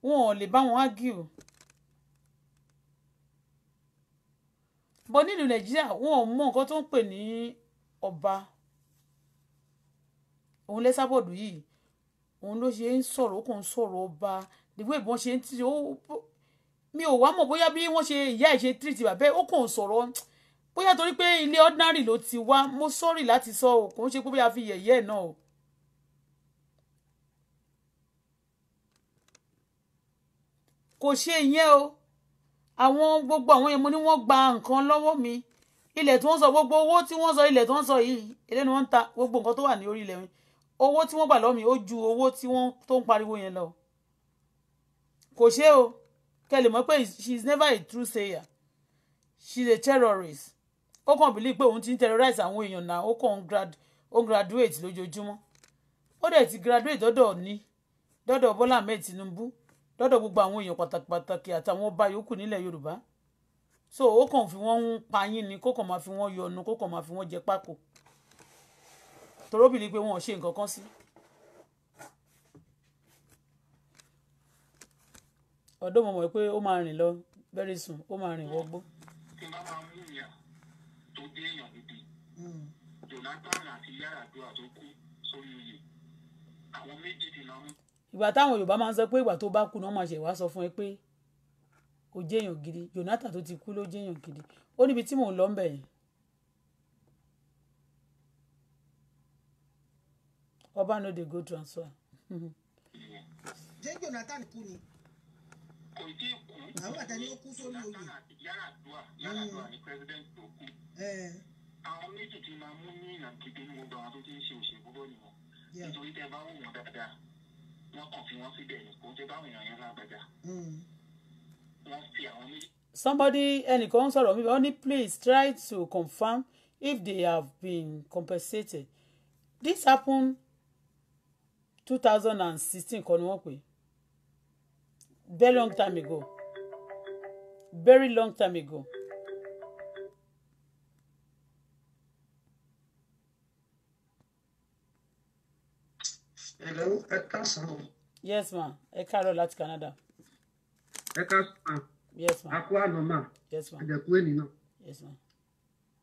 wọn ò lè bá wọn argue. bọ́ nílùú nàìjíríà wọn ò mọ nǹkan tó ń pè ní ọba òun lẹ́sàbọ̀dù yìí òun ló ṣe ń sọ̀rọ̀ ó kàn ń sọ̀rọ̀ ọba ìwé ìbọn ṣe ń tì ó mi ò wá mọ̀ bóyá bí wọ́n ṣe ìyá ẹ̀ ṣe tìrìtì bàbá ó kàn ń sọ̀rọ̀ bóyá torí pé ilé ordinary ló ti wá mo sọ́rì láti sọ ò kò ń ṣe pé bóyá fi yẹ̀yẹ́ ẹ̀ náà o. kò ṣe ìyẹn o àwọn gbogbo àwọn yẹn mo ní wọ́n gba nǹkan lọ́wọ́ mi ilẹ̀ tí wọ́n sọ gbogbo owó tí wọ́n sọ ilẹ̀ tí wọ́n sọ yìí ilé ni wọ́n ń ta gbogbo nǹkan tó wà ní orí ilẹ̀ mi owó tí wọ́n gbà lọ́wọ́ mi ó ju owó tí wọ́n tó ń pariwo yẹn lọ kò ṣe o kẹ́ lè pé she is never a true sayer she is a terrorist ó kàn bílí pé òun ti ń terrorize àwọn èèyàn náà ó kàn ó graduate lójoojúmọ́ ó dẹ̀ ti graduate dọ́dọ̀ ní dọ́dọ̀ Bọ́lá Ahmed Tinubu dọ́dọ̀ gbogbo àwọn èèyàn pàtàkì pàtàkì àtàwọn ọba yòókù nílẹ̀ Yorùbá so ó kàn fi wọ́n ń payín ni kó kàn máa fi wọ́n yọnu kó kàn máa fi wọ́n jẹ pákó toróbìlì pé wọn ò ṣe nǹkan kan sí. ọ̀dọ́ mo mọ̀ pé ó máa rìn lọ very soon ó máa rìn wọgbó. ìbámu ń jẹ́ èèyàn gidi hmm. Jonathan àti Yar'Adua tó kú sórí oyè àwọn méjì ti náà. ìgbà táwọn Yorùbá máa ń sọ pé ìgbà tó bá kú náà máa ṣe wá sọ fún ẹ pé ó jẹ́ èèyàn gidi Jonathan tó ti kú ló jẹ́ èèyàn gidi ó níbi tí mò ń lọ ń yẹn. ọba no dey go transfer. jẹ́ Jonathan kú ni kò tí ì kú. àwọn àtàlẹ́ ó kú sórí oyè. Yar'Adua Yar'Adua ni president tó kú. àwọn méjì ti máa mú ní ìlànà gidi ní gbogbo àwọn tó ti ń ṣe òṣèlú lónìí wọn. nítorí tẹ bá wò wọn dáadáa wọn kàn fi wọn síbẹ̀ ní tẹ bá wọn yàn yẹn lágbàdá. Hmm. wọn fi àwọn méjì. somebody ẹnìkan sọ̀rọ̀ mi ó ní please try to confirm if they have been compensated this happened two thousand and sixteen kọ́ ni wọ́n pè é very long time ago very long time ago. Hello, ẹ káàsán. Yes ma, ẹ káàárọ̀ láti Canada. Ẹ káàsán ma. Yes ma. Àkó àná ma. Yes ma. Àdẹ̀kú ènì náà. Yes ma.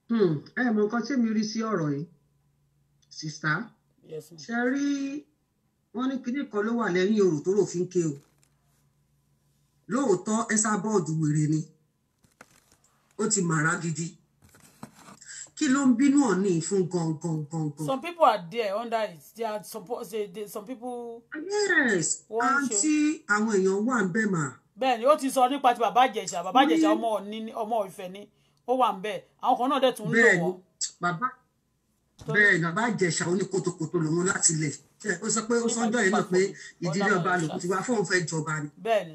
Hmm. Eh, nǹkan tí mi rí sí ọ̀rọ̀ yìí, Yes ma. Sherry, rí wọ́n ní kinní kan ló wà lẹ́yìn òrò tó o lóòótọ́ ẹ́sà bọ́ọ̀dù wèrè ni ó ti màrá gidi kí ló ń bínú ọ̀ní fún gangan gangan. some people are there under it they are support say they, some people. yes àǹtí àwọn èèyàn wà ń bẹ̀ mà. bẹ́ẹ̀ ni ó ti sọ nípa ti bàbá ìjẹ̀ṣà bàbá ìjẹ̀ṣà ọmọ ọ̀ní ọmọ ìfẹ́ ni ó wà ń bẹ̀ àwọn kan náà dẹ̀ tún ń lò wọ́n. bàbá bẹ́ẹ̀ ni bàbá ìjẹ̀ṣà ó ní kótókótó lòun láti lẹ̀ ó sọ pé ó sọ́jọ́ yìí náà pé ìdílé ọba lòun ti wá fóun fẹ́ jọba ni. bẹ́ẹ̀ ni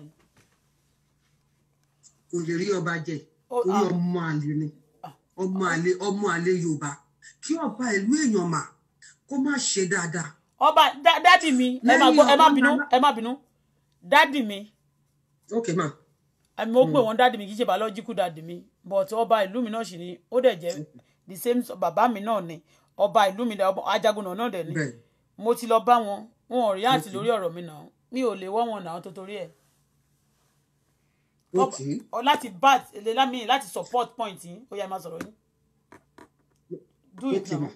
kò lè rí ọba jẹ oh, orí ah. ọmọ àlè ni ah, ọmọ ah. àlè ọmọ àlè yorùbá kí ọba ìlú èèyàn mà kó má ṣe dáadáa. ọba dádì mi ẹ má gbọ́ ẹ má bínú ẹ má bínú dádì mi. ok ma. àmì ó pè mm. wọ́n dádì mi kì í ṣe biological dádì mi but ọba ìlú mi náà sì ni ó dẹ̀ jẹ́ the same bàbá mi náà ni ọba ìlú mi ajagunà náà dẹ̀ ni mo ti lọ bá wọn wọn ò rí àti lórí ọ̀rọ̀ mi náà mi ò lè wọ́ wọn náà tó torí ẹ̀ láti bat lámì láti support point yín ó yá máa sọ̀rọ̀ yín. do it now.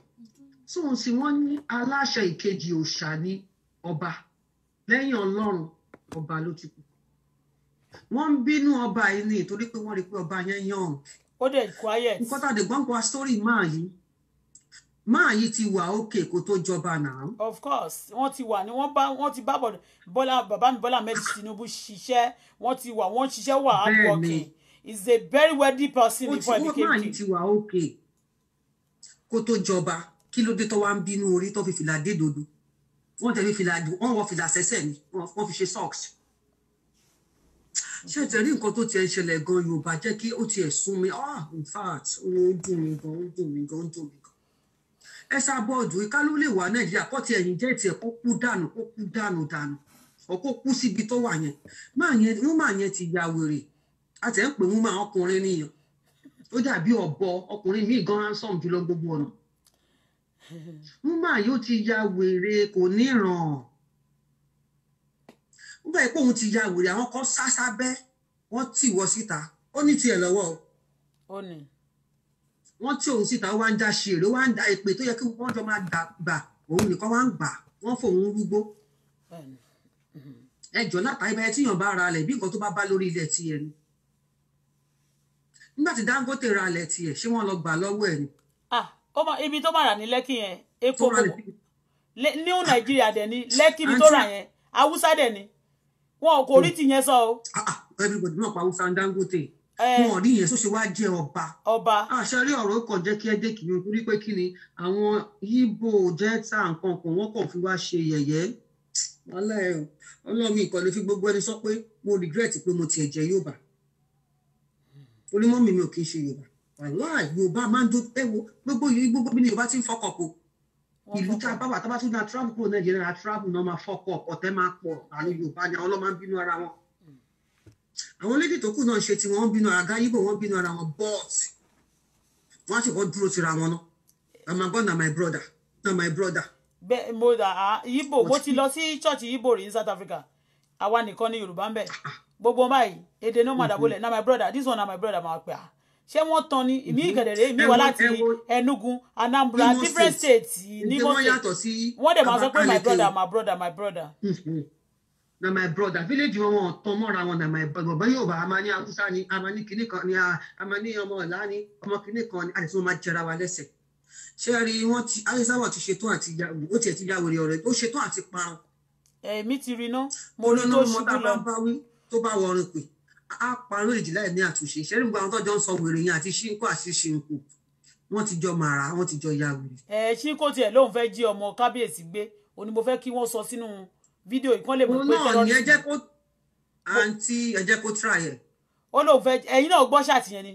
sóun sì wọ́n ní aláṣẹ ìkejì òòṣà ní ọba lẹ́yìn ọlọ́run ọba ló ti kú wọ́n ń bínú ọba yìí ni nítorí pé wọ́n rí pé ọba yẹn yàn. ó dẹ̀ quiet. nǹkan tá a dẹ̀ gbọ́n pa sórí máa yìí máa yìí ti wà òkè kó tó jọba náà. of course wọ́n ti wà ní wọ́n bá wọ́n ti bá bọ́lá bàbá mi bọ́lá mẹ́tì tinubu ṣiṣẹ́ wọ́n ti wà wọ́n ṣiṣẹ́ wà á wọ̀kì is a very wealthy person before he became king. wọ́n máa yìí ti wà òkè kó tó jọba kí ló dé tó wá ń bínú orí tó fi fìlà dé dodo wọ́n tẹ̀lé fìlà wọ́n wọ fìlà sẹ́sẹ̀ ni wọ́n fi ṣe socks. ṣé o nǹkan tó tiẹ̀ ṣẹlẹ̀ gan-an yorùbá jẹ́ kí ó tiẹ̀ sún mi ah, ẹsà bọ́ọ̀dù ìkálú lè wà nàìjíríà kọ́ ti ẹ̀yìn jẹ́ẹ̀tì ẹ̀ kó kú dànù kó kú dànù dànù ọ̀ kú síbi tó wà yẹn wúmà yẹn ti ya wèrè àti ẹ̀ ń pè wúmà ọkùnrin nìyẹn ó dàbí ọ̀bọ ọkùnrin míì gan hansom jùlọ gbogbo ọ̀nà wúmà yóò ti ya wèrè kò níran nígbà yìí pé òun ti ya wèrè àwọn kan sásábẹ́ wọ́n tì wọ́ síta ó ní tiẹ̀ lọ́wọ́ o. ó ní wọ́n tí òun síta wá ń já ṣe èrè wá ń da èpè tó yẹ kí wọ́n jọ máa gbà òun nìkan wá ń gbà wọ́n fòun rúgbó ẹjọ́ mhm. látàrí báyẹn tíyàn bá ra alẹ̀ bí nǹkan tó bá bá lórí ilẹ̀ tiẹ̀ ni nígbà tí Dangote ra alẹ̀ tiẹ̀ ṣé wọ́n lọ gbà lọ́wọ́ ẹ̀ ni. ah ọmọ ibi tó bá rà ní lẹ́kì yẹn epo new Nàìjíríà dẹ̀ ni lẹ́kì ibi tó rà yẹn Haúsá dẹ̀ ni wọn kò rí hmm. tìyẹn sọ o. Ah, ah, everybody náà pa Haúsá Dangote wọn ò rí eh, yẹn sóṣe wá jẹ ọba ọba àṣàrí ah, ọ̀rọ̀ kan jẹ́ kí ẹ dé kìíní torí pé kí ni àwọn yíbo jẹta nǹkan kan wọn kàn fi wá ṣe yẹ̀yẹ́ wàhálà ẹ o ọlọ́run mi ìkànnì fi gbogbo ẹni sọ pé mo regret pé mo tiẹ̀ jẹ Yorùbá torí mọ́ mi mi ò kì í ṣe Yorùbá wàhálà Yorùbá máa ń do ẹ wo gbogbo yìí gbogbo bí ni Yorùbá ti ń fọkàn po ìlú tá a bá wà tá a bá tún náà travel kúrò Nàìjíríà travel náà máa fọkàn ọ̀tẹ̀ máa pọ̀ àwọn Yorùbá ni àwọn ọlọ́mọ àwọn lédè tó kù náà ṣe tí wọn bínú ara gáyíbò wọn bínú ara wọn but wọn á sì kọ́ dúró tira wọn náà mama god na my brother na my brother. bẹ́ẹ̀ mo dà yíbò mo ti lọ sí church yíbò rí ní South Africa àwa nìkan ní Yorùbá ń bẹ ah, ah. gbogbo báyìí èdè no mada bolẹ na my brother this one na my brother máa pè á ṣé wọ́n tan ni ìmí mm-hmm. ìkẹ̀dẹ̀rẹ̀ ìmí wá láti Enugu Anambra different states ní mọ́tò wọ́n dẹ̀ máa sọ pé my brother my brother my brother. Mm-hmm. na my brother village wọn wọn tán mọ́ra wọn na my brother bọ́n yóò bá a máa ní haúsá ni a máa ní kinní kan ni a máa ní ọmọ ọ̀la ni ọmọ kinní kan ni a lè tún máa jẹra wa lẹ́sẹ̀ ṣé rí wọn ti alisawa ti ṣetán àti ó tiẹ̀ ti yàwèrè ọ̀rẹ́ ó ṣetán àti parun. èmi ti rí ná. mo ní ní ọmọ tá a bá bá wí tó bá wọrin pè á parun èjì láì ní àtúnṣe ṣé rí gbogbo àwọn tọ́jọ́ ń sọ wèrè yẹn àti ṣínkù àti ṣínkù wọ́n ti jọ màrà wọ́n ti jọ yàwèrè. ẹ ṣínkù tiẹ̀ lóun fẹ́ jí ọmọ kábíyèsí gbé òní mo fẹ́ kí wọ́n sọ sínú fídíò ìkan lè mọ̀ pé terrorist. òun náà ni ẹ jẹ́ kó àǹtí ẹ jẹ́ kó try ẹ̀. ó lóun fẹ́ ẹ̀yin náà gbọ́ ṣàtìyẹn ni.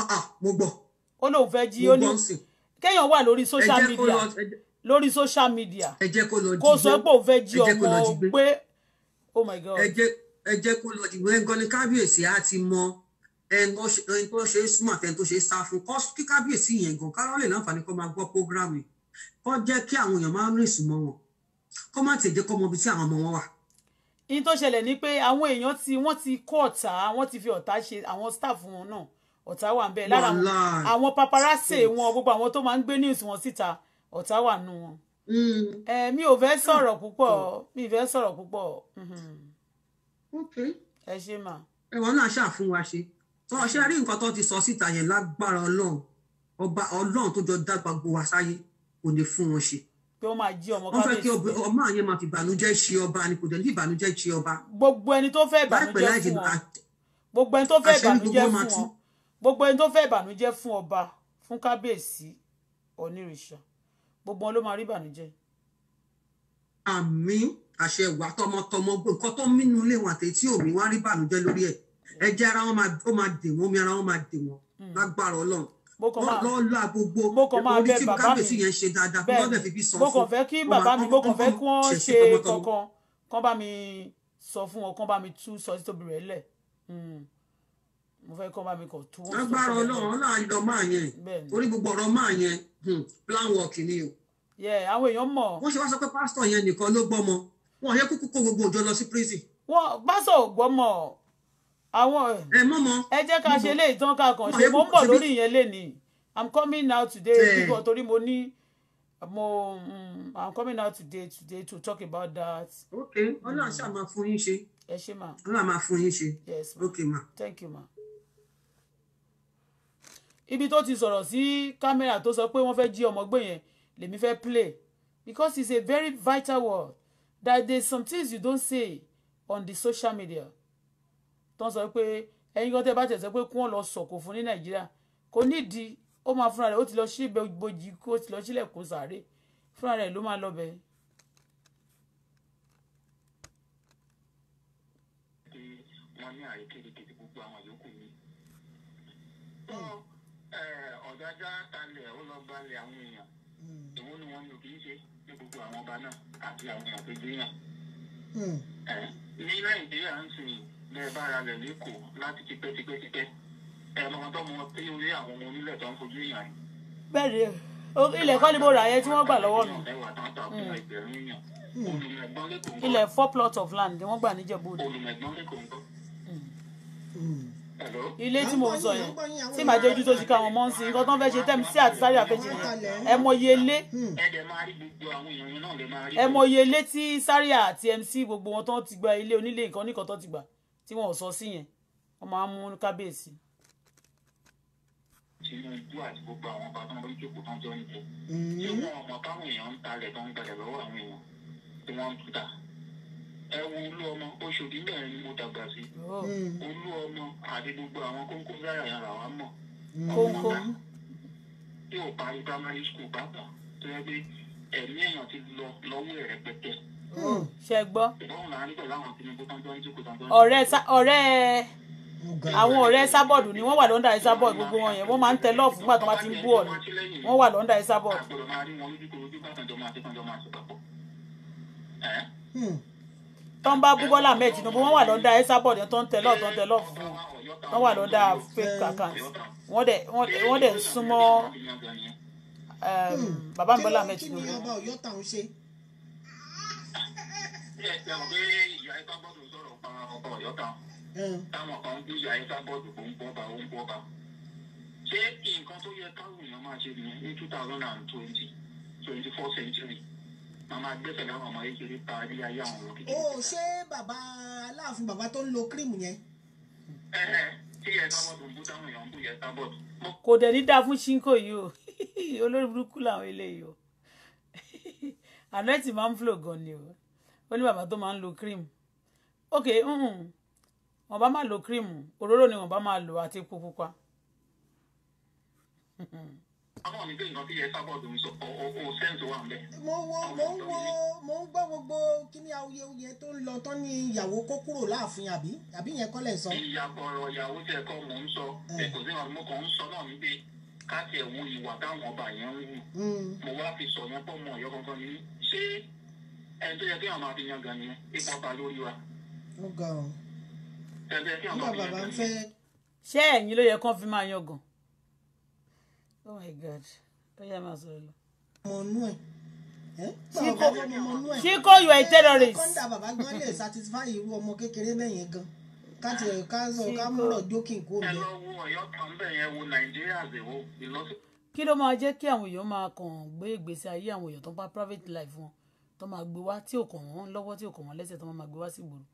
Ah, ah, mo gbọ́. ó lóun fẹ́ jí ó ní kéèyàn wà lórí social media lórí social media kó sọ pé òun fẹ́ jí ọmọ pé oh my god. ẹ jẹ́ kó lọ dìbò ẹ̀ ń gan ni kábíyèsí á ti mọ ẹni tó ṣe é súnmọ́ àti ẹni tó ṣe é sá fún kọ́ kí kábíyèsí yẹn gan kárọ́lẹ̀ láǹfààní kó máa gbọ́ prógráàmù kó jẹ́ kí àwọn èèyàn máa ń rìn sùn mọ́ wọn kọ́ má tètè kọ́ mọ ibi tí àwọn ọmọ wọn wà. in tó ṣẹlẹ̀ ni pé àwọn èèyàn tí wọ́n ti kọ́ ọ̀tá wọ́n ti fi ọ̀tá ṣe àwọn staff wọn náà ọ̀tá wà ń lára àwọn paparazzi wọn gbogbo àwọn tó máa ń gbé news wọn síta ọ̀tá wà nù wọn. Mm. Hmm. Hmm. mi ò fẹ́ sọ̀rọ̀ púpọ̀ mi ò fẹ́ sọ̀rọ̀ púpọ̀. ẹ ṣe mà. ẹ̀wọ̀n náà ṣàfún wa ṣe tọ́ ṣe rí nǹkan tó ti sọ síta yẹn lágbára ọlọ́run ọba ọlọ́run tó jọ dá gbogbo wa sáyé kò ní fún wọn ṣe pé wọ́n máa jí ọmọ kábíyèsí. wọ́n fẹ́ kí ọmọ yẹn máa fi ìbànújẹ́ ṣe ọba ni kò dé ní ìbànújẹ́ ṣe ọba. gbogbo ẹni tó fẹ́ ìbànújẹ́ fún wọn gbogbo ẹni tó fẹ́ ìbànújẹ́ fún wọn gbogbo ẹni tó fẹ́ ìbànújẹ́ fún ọba fún kábíyèsí onírìṣà gbogbo wọn ló máa rí ìbànújẹ́. àmín àṣẹ ìwà tọmọtọmọ gbogbo nǹkan tó mínú ilé wọn àtẹ̀tí òmí wọn rí ìbànújẹ́ lórí ẹ̀ ẹ̀jẹ̀ ara wọn máa dè wọn omi ara wọn máa dè wọn hmm. lágbára Ọlọ́run mo kàn máa lọ la gbogbo mo kàn máa bẹ bàbá mi bẹ́ẹ̀ mo kàn fẹ́ kí bàbá mi mo kàn fẹ́ kí wọ́n ṣe kankan kán bá mi sọ fún wọn kán bá mi tú sọ títóbi rẹ̀ lẹ̀ hmm. mo fẹ́ kán bá mi kàn tú. agbára Ọlọ́run Ọlọ́run àjọ máa yẹn orí gbogbo ọ̀rọ̀ máa yẹn hmm, plan work ni o. yẹ àwọn èèyàn mọ̀. wọ́n ṣe wá sọ pé pásítọ̀ yẹn nìkan ló gbọ́mọ wọn yẹ kúkú kó gbogbo òjò lọ sí prison. wọn pásítọ̀ ò gbọ́mọ àwọn ẹ jẹ́ ká ṣe eléyìí tán ká kàn ṣe mo ń bọ̀ lórí ìyẹn lénìí i'm coming now today eh. because torí mo ní mo mm, i'm coming out today today to talk about that. ok ọlọ́run ṣáà máa fún yín ṣe. ẹ ṣé ma. ọlọ́run máa fún yín ṣe. yes ma ok ma. thank you ma. ibi tó ti sọ̀rọ̀ sí kámẹ́rà tó sọ pé wọ́n fẹ́ jí ọmọ gbé yẹn lèmi fẹ́ play because it's a very vital word that there's some things you don't say on the social media tó ń sọ pé ẹ̀yin kan tẹ́ bá tẹ̀ sọ pé kí wọ́n lọ sọ̀kò fún ní nàìjíríà kò nídìí ó máa fúnra rẹ̀ ó ti lọ sí ibojì kó ti lọ sílẹ̀ kó sàárè fúnra rẹ̀ ló máa lọ bẹ̀. wọ́n ní àyè kékeré gbogbo àwọn yòókù mi. tó ọ̀dájà kalẹ̀ ó lọ balẹ̀ àwọn èèyàn ìwọ hmm. ni wọn ní o kì í ṣe ní gbogbo àwọn ọba náà àti àwọn àpèjì náà. Hmm. ní nàìjíríà ń sìn yìí lẹ́ẹ̀ bá ara rẹ̀ lẹ́kọ̀ọ́ láti tipẹ́ tipẹ́ tipẹ́ ẹ̀ mọ̀ tó mọ pé orí àwọn ọmọ onílẹ̀ tó ń fojú ìyàn yìí. bẹ́ẹ̀ ilẹ̀ kọ́ ni mo rà yẹn tí wọ́n gbà lọ́wọ́ mi. Hmm. Hmm. ilẹ̀ four plot of land ni wọ́n gbà níjẹ̀bú òde. Hmm. ilé tí mo sọ yẹn tí màá jẹ́ ojú tó ti ká wọn mọ́ ń sin nǹkan tó ń fẹ́ ṣe tẹ́mi sí àti sáré àfẹ́jì yẹn ẹ mọye ilé ẹ mọye ilé tí sáré àti mc gbogbo wọn tó ti gba ilé onílé nǹkan oníkan tó ti gbà tí wọn ò sọ sí yẹn wọn máa ń mú kábíyèsí. Tinubu àti gbogbo àwọn bàbá wọn jókòó tán jọ níbo tí wọn ọmọ báwọn èèyàn ń talẹ̀ tó ń gbẹlẹ̀ lọ́wọ́ àwọn èèyàn tí wọ́n ń ta ẹ wo olú ọmọ oṣòdì mẹ́rin ni mo dàgbà sí oh. mm-hmm. olú ọmọ àti gbogbo àwọn kóńkó lára yẹn là wá mọ̀ mm-hmm. kóńkó tí ò parí primary school bàbá tó yẹ pé ẹ̀mí èèyàn ti lọ lọ́wọ́ rẹpẹtẹ. Hmm, ṣe gbọ́. ọ̀rẹ́ ọ̀rẹ́ àwọn ọ̀rẹ́ sábọ̀dù ni wọ́n wà lọ́ndà ẹ̀sábọ̀dù gbogbo wọn yẹn wọ́n máa ń tẹ lọ́ọ̀fù nígbà tí wọ́n bá ti ń bú ọ̀nà wọ́n wà lọ́ndà ẹ̀sábọ̀dù. Hmm, tó ń bá bú Bọ́lá Ahmed Tinubu wọ́n wà lọ́ndà ẹ̀sábọ̀dù tó ń tẹ lọ́ọ̀fù tó ń tẹ lọ́ọ̀fù wọ́n wà lọ́ndà fake account wọ́n dẹ̀ ń súnmọ́ hmm, ehm, bàbá mi Bọ́lá Ahmed Tinubu. kí ni ọba Ọ̀yọ́ tàwọn ṣe bí ẹ sẹ́wọ̀n pé ìyá ifá bọ́ọ̀dù sọ̀rọ̀ pa ọkọ ọ̀yọ́ kan táwọn kan bí ìyá ifá bọ́ọ̀dù kò ń bọ́ ba ó ń bọ́ ba ṣé nǹkan tó yẹ káwọn èèyàn máa ṣe nìyẹn ní two thousand and twenty twenty four century màmá gbẹ́sẹ̀ láwọn ọmọ o ṣé bàbá aláàfin bàbá tó ń lo kírìmù yẹn. ẹ ẹ tí ẹ sábọ̀dù ń bú táwọn èèyàn ń bú yẹ sábọ̀dù. kò dẹ̀ ní dá fún ṣínkò yìí o [LAUGHS] olórí burúkú làwọn eléyìí o [LAUGHS] àná ẹ̀ ti máa ń flò gan ni o ó ní bàbá tó máa ń lo cream ok wọ́n bá máa lo cream òróró ni wọ́n bá máa lo àti epo pupa. àwọn mi gbé nǹkan tí ẹ sábọ̀dù ń sọ o sẹ́ǹsì wà ń bẹ̀. mo wo mo ń wo mo ń gbọ́ gbogbo kíní awuyewuye tó ń lọ tán ní ìyàwó kó kúrò láàfin àbí àbí yẹn kọ́ lẹ̀ sọ. ìyàpọ̀ ọ̀rọ̀ ìyàwó tẹ̀ kọ́ mò ń sọ eh. kò sí ọ̀rọ̀ mo kàn ń sọ náà ní pé káàkiri ẹ̀wọ̀n ìwà táwọn ọba yẹn ń wù hmm. mo wá fi sọ̀rọ̀ pọ̀ mọ́ ọ̀yọ́ kankan ní ṣé ẹni tó yẹ kí àwọn máa fi yan gan nìyẹn ipò ọba lórí wa. ó ga ọ nígbà bàbá ń fẹ́. ṣé ẹ̀yin ló yẹ kán fi máa yan gan. oh my god ó yá máa sọ̀rọ̀ lọ. ọmọ inú ẹ̀. Chiko you are a terrorist. kọ́ńdà bàbá gan lè satisfy irú ọmọ kékeré bẹ́yẹn gan káti ẹ̀ka sọ ká mọ̀rọ̀ jókìn kó mi. ẹ lọ wo Ọ̀yọ́ kan bẹ́ẹ̀ yẹn wo Nàìjíríà zèwọ ìlọsí. kí ló máa jẹ́ kí àwọn èèyàn máa kàn gbé ìgbésí ayé àwọn èèyàn tó ń pa private life wọn tó máa gbé wá tí ò kàn wọ́n lọ́wọ́ tí ò kàn wọ́n lẹ́sẹ̀ tó máa gbé wá sí ìgboro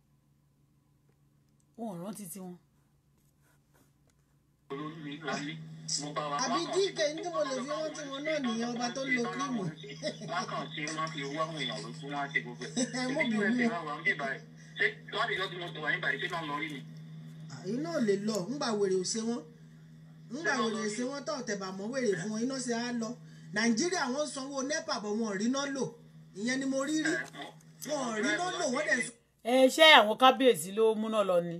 wọn ò rántí tiwọn. àbí díkẹ̀ ní tí mo lè fi wọ́n tí wọn náà nìyẹn ọba tó ń lo kírímù. lákàntí máa fi owó àwọn èèyàn ló fún wọn àti gbogbo ẹ̀. ẹ mú mi mú ṣé láti lọ́ọ́ tí mo tọ̀ wá nígbà yìí ṣé máa ń lọ rí mi. iná ò lè lọ ńgbà wèrè ò ṣe wọn ńgbà wèrè ò ṣe wọn tó ọ̀tẹ̀bà mọ́ wèrè fún wọn iná ṣe á lọ nàìjíríà wọn sanwó nepa bọ̀ wọn ò rí náà lò ìyẹn ni mo rí rí wọn rí lọ́nà wọ́n dẹ̀. ẹ ṣé àwọn kábíyèsí ló múná lọ ni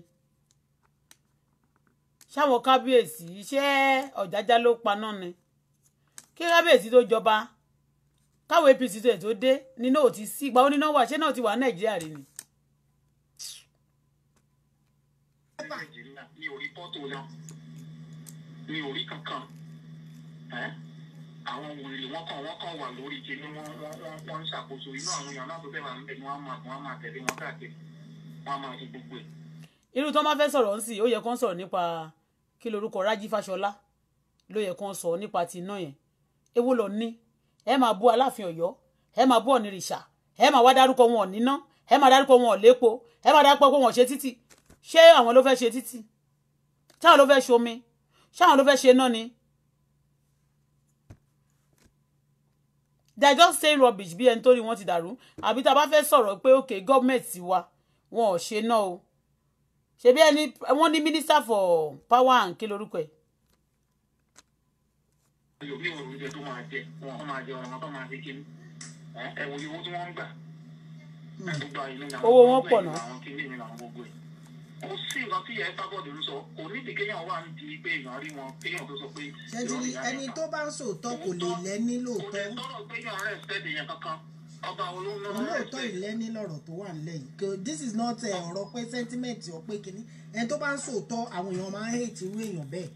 ṣáwọn kábíyèsí ṣé ọ̀jájá ló paná ni kí kábíyèsí tó jọba káwọn APC tó ẹ̀ tó dé nínú òtí sí ìgbà oníná wà ṣé náà ti wà Nàìjíríà rí ni. mi ò rí pọ́tò náà mi ò rí kankan àwọn wèrè wọn kàn wọn kàn wà lórí kíní wọn wọn wọn wọn ń ṣàkóso inú àwọn èèyàn náà tó fẹ́ wà níbẹ̀ ni wọ́n á máa wọ́n á máa tẹ̀lé wọn káàkiri wọ́n á máa ṣe gbogbo ẹ̀. irú tó máa fẹ́ sọ̀rọ̀ ńsì ó yẹ kó ń sọ̀rọ̀ nípa kí lorúkọ Rájí Fáṣọlá ló yẹ kó ń sọ nípa ti iná yẹn ewu lọ ní ẹ máa bú Aláàfin Ọ̀yọ́ ẹ máa bú Ọ̀nìrìṣà ẹ máa wá dárúkọ wọn níná ẹ máa dárúkọ wọn lépo ẹ máa dárúkọ wọn ṣe títì ṣé àwọn ló fẹ́ ṣe títì ṣáwọn ló fẹ́ ṣomi ṣáwọn ló fẹ́ ṣe náà ni they just say rubbish bí ẹni tó rí wọn ti dàrú àbí tá a bá fẹ́ sọ̀rọ̀ pé ok government ti wa wọn ò ṣe náà o ṣebí ẹni wọ́n ní minister for power and kí lorúkọ ẹ̀ yòókì wo oúnjẹ tó máa jẹ wọn máa jẹ ọ̀nà tó máa fi kí ẹ wo owó tí wọ́n ń gbà. owó wọn pọ̀ náà ó sì nǹkan tí ẹ sábọ̀ dòdò sọ kò nídìí kéèyàn wà nídìí pé èèyàn rí wọn kéèyàn tó sọ pé. ṣẹ́ni ẹni tó bá ń sòótọ́ kò lè lẹ́ni lóòótọ́. kò lè tọrọ pé rẹ̀ sẹ́ni yẹn kankan ọba olóńgbò rẹ̀ sẹ́ni. olóòótọ́ ìlẹ́ni lọ̀rọ̀ tó wà nílẹ̀ yìí this is not eh, ọ̀rọ̀ pé sentiment ọ̀ pé kínní ẹni tó bá ń sòótọ́ àwọn èèyàn máa ń hate irú èèyàn bẹ́ẹ̀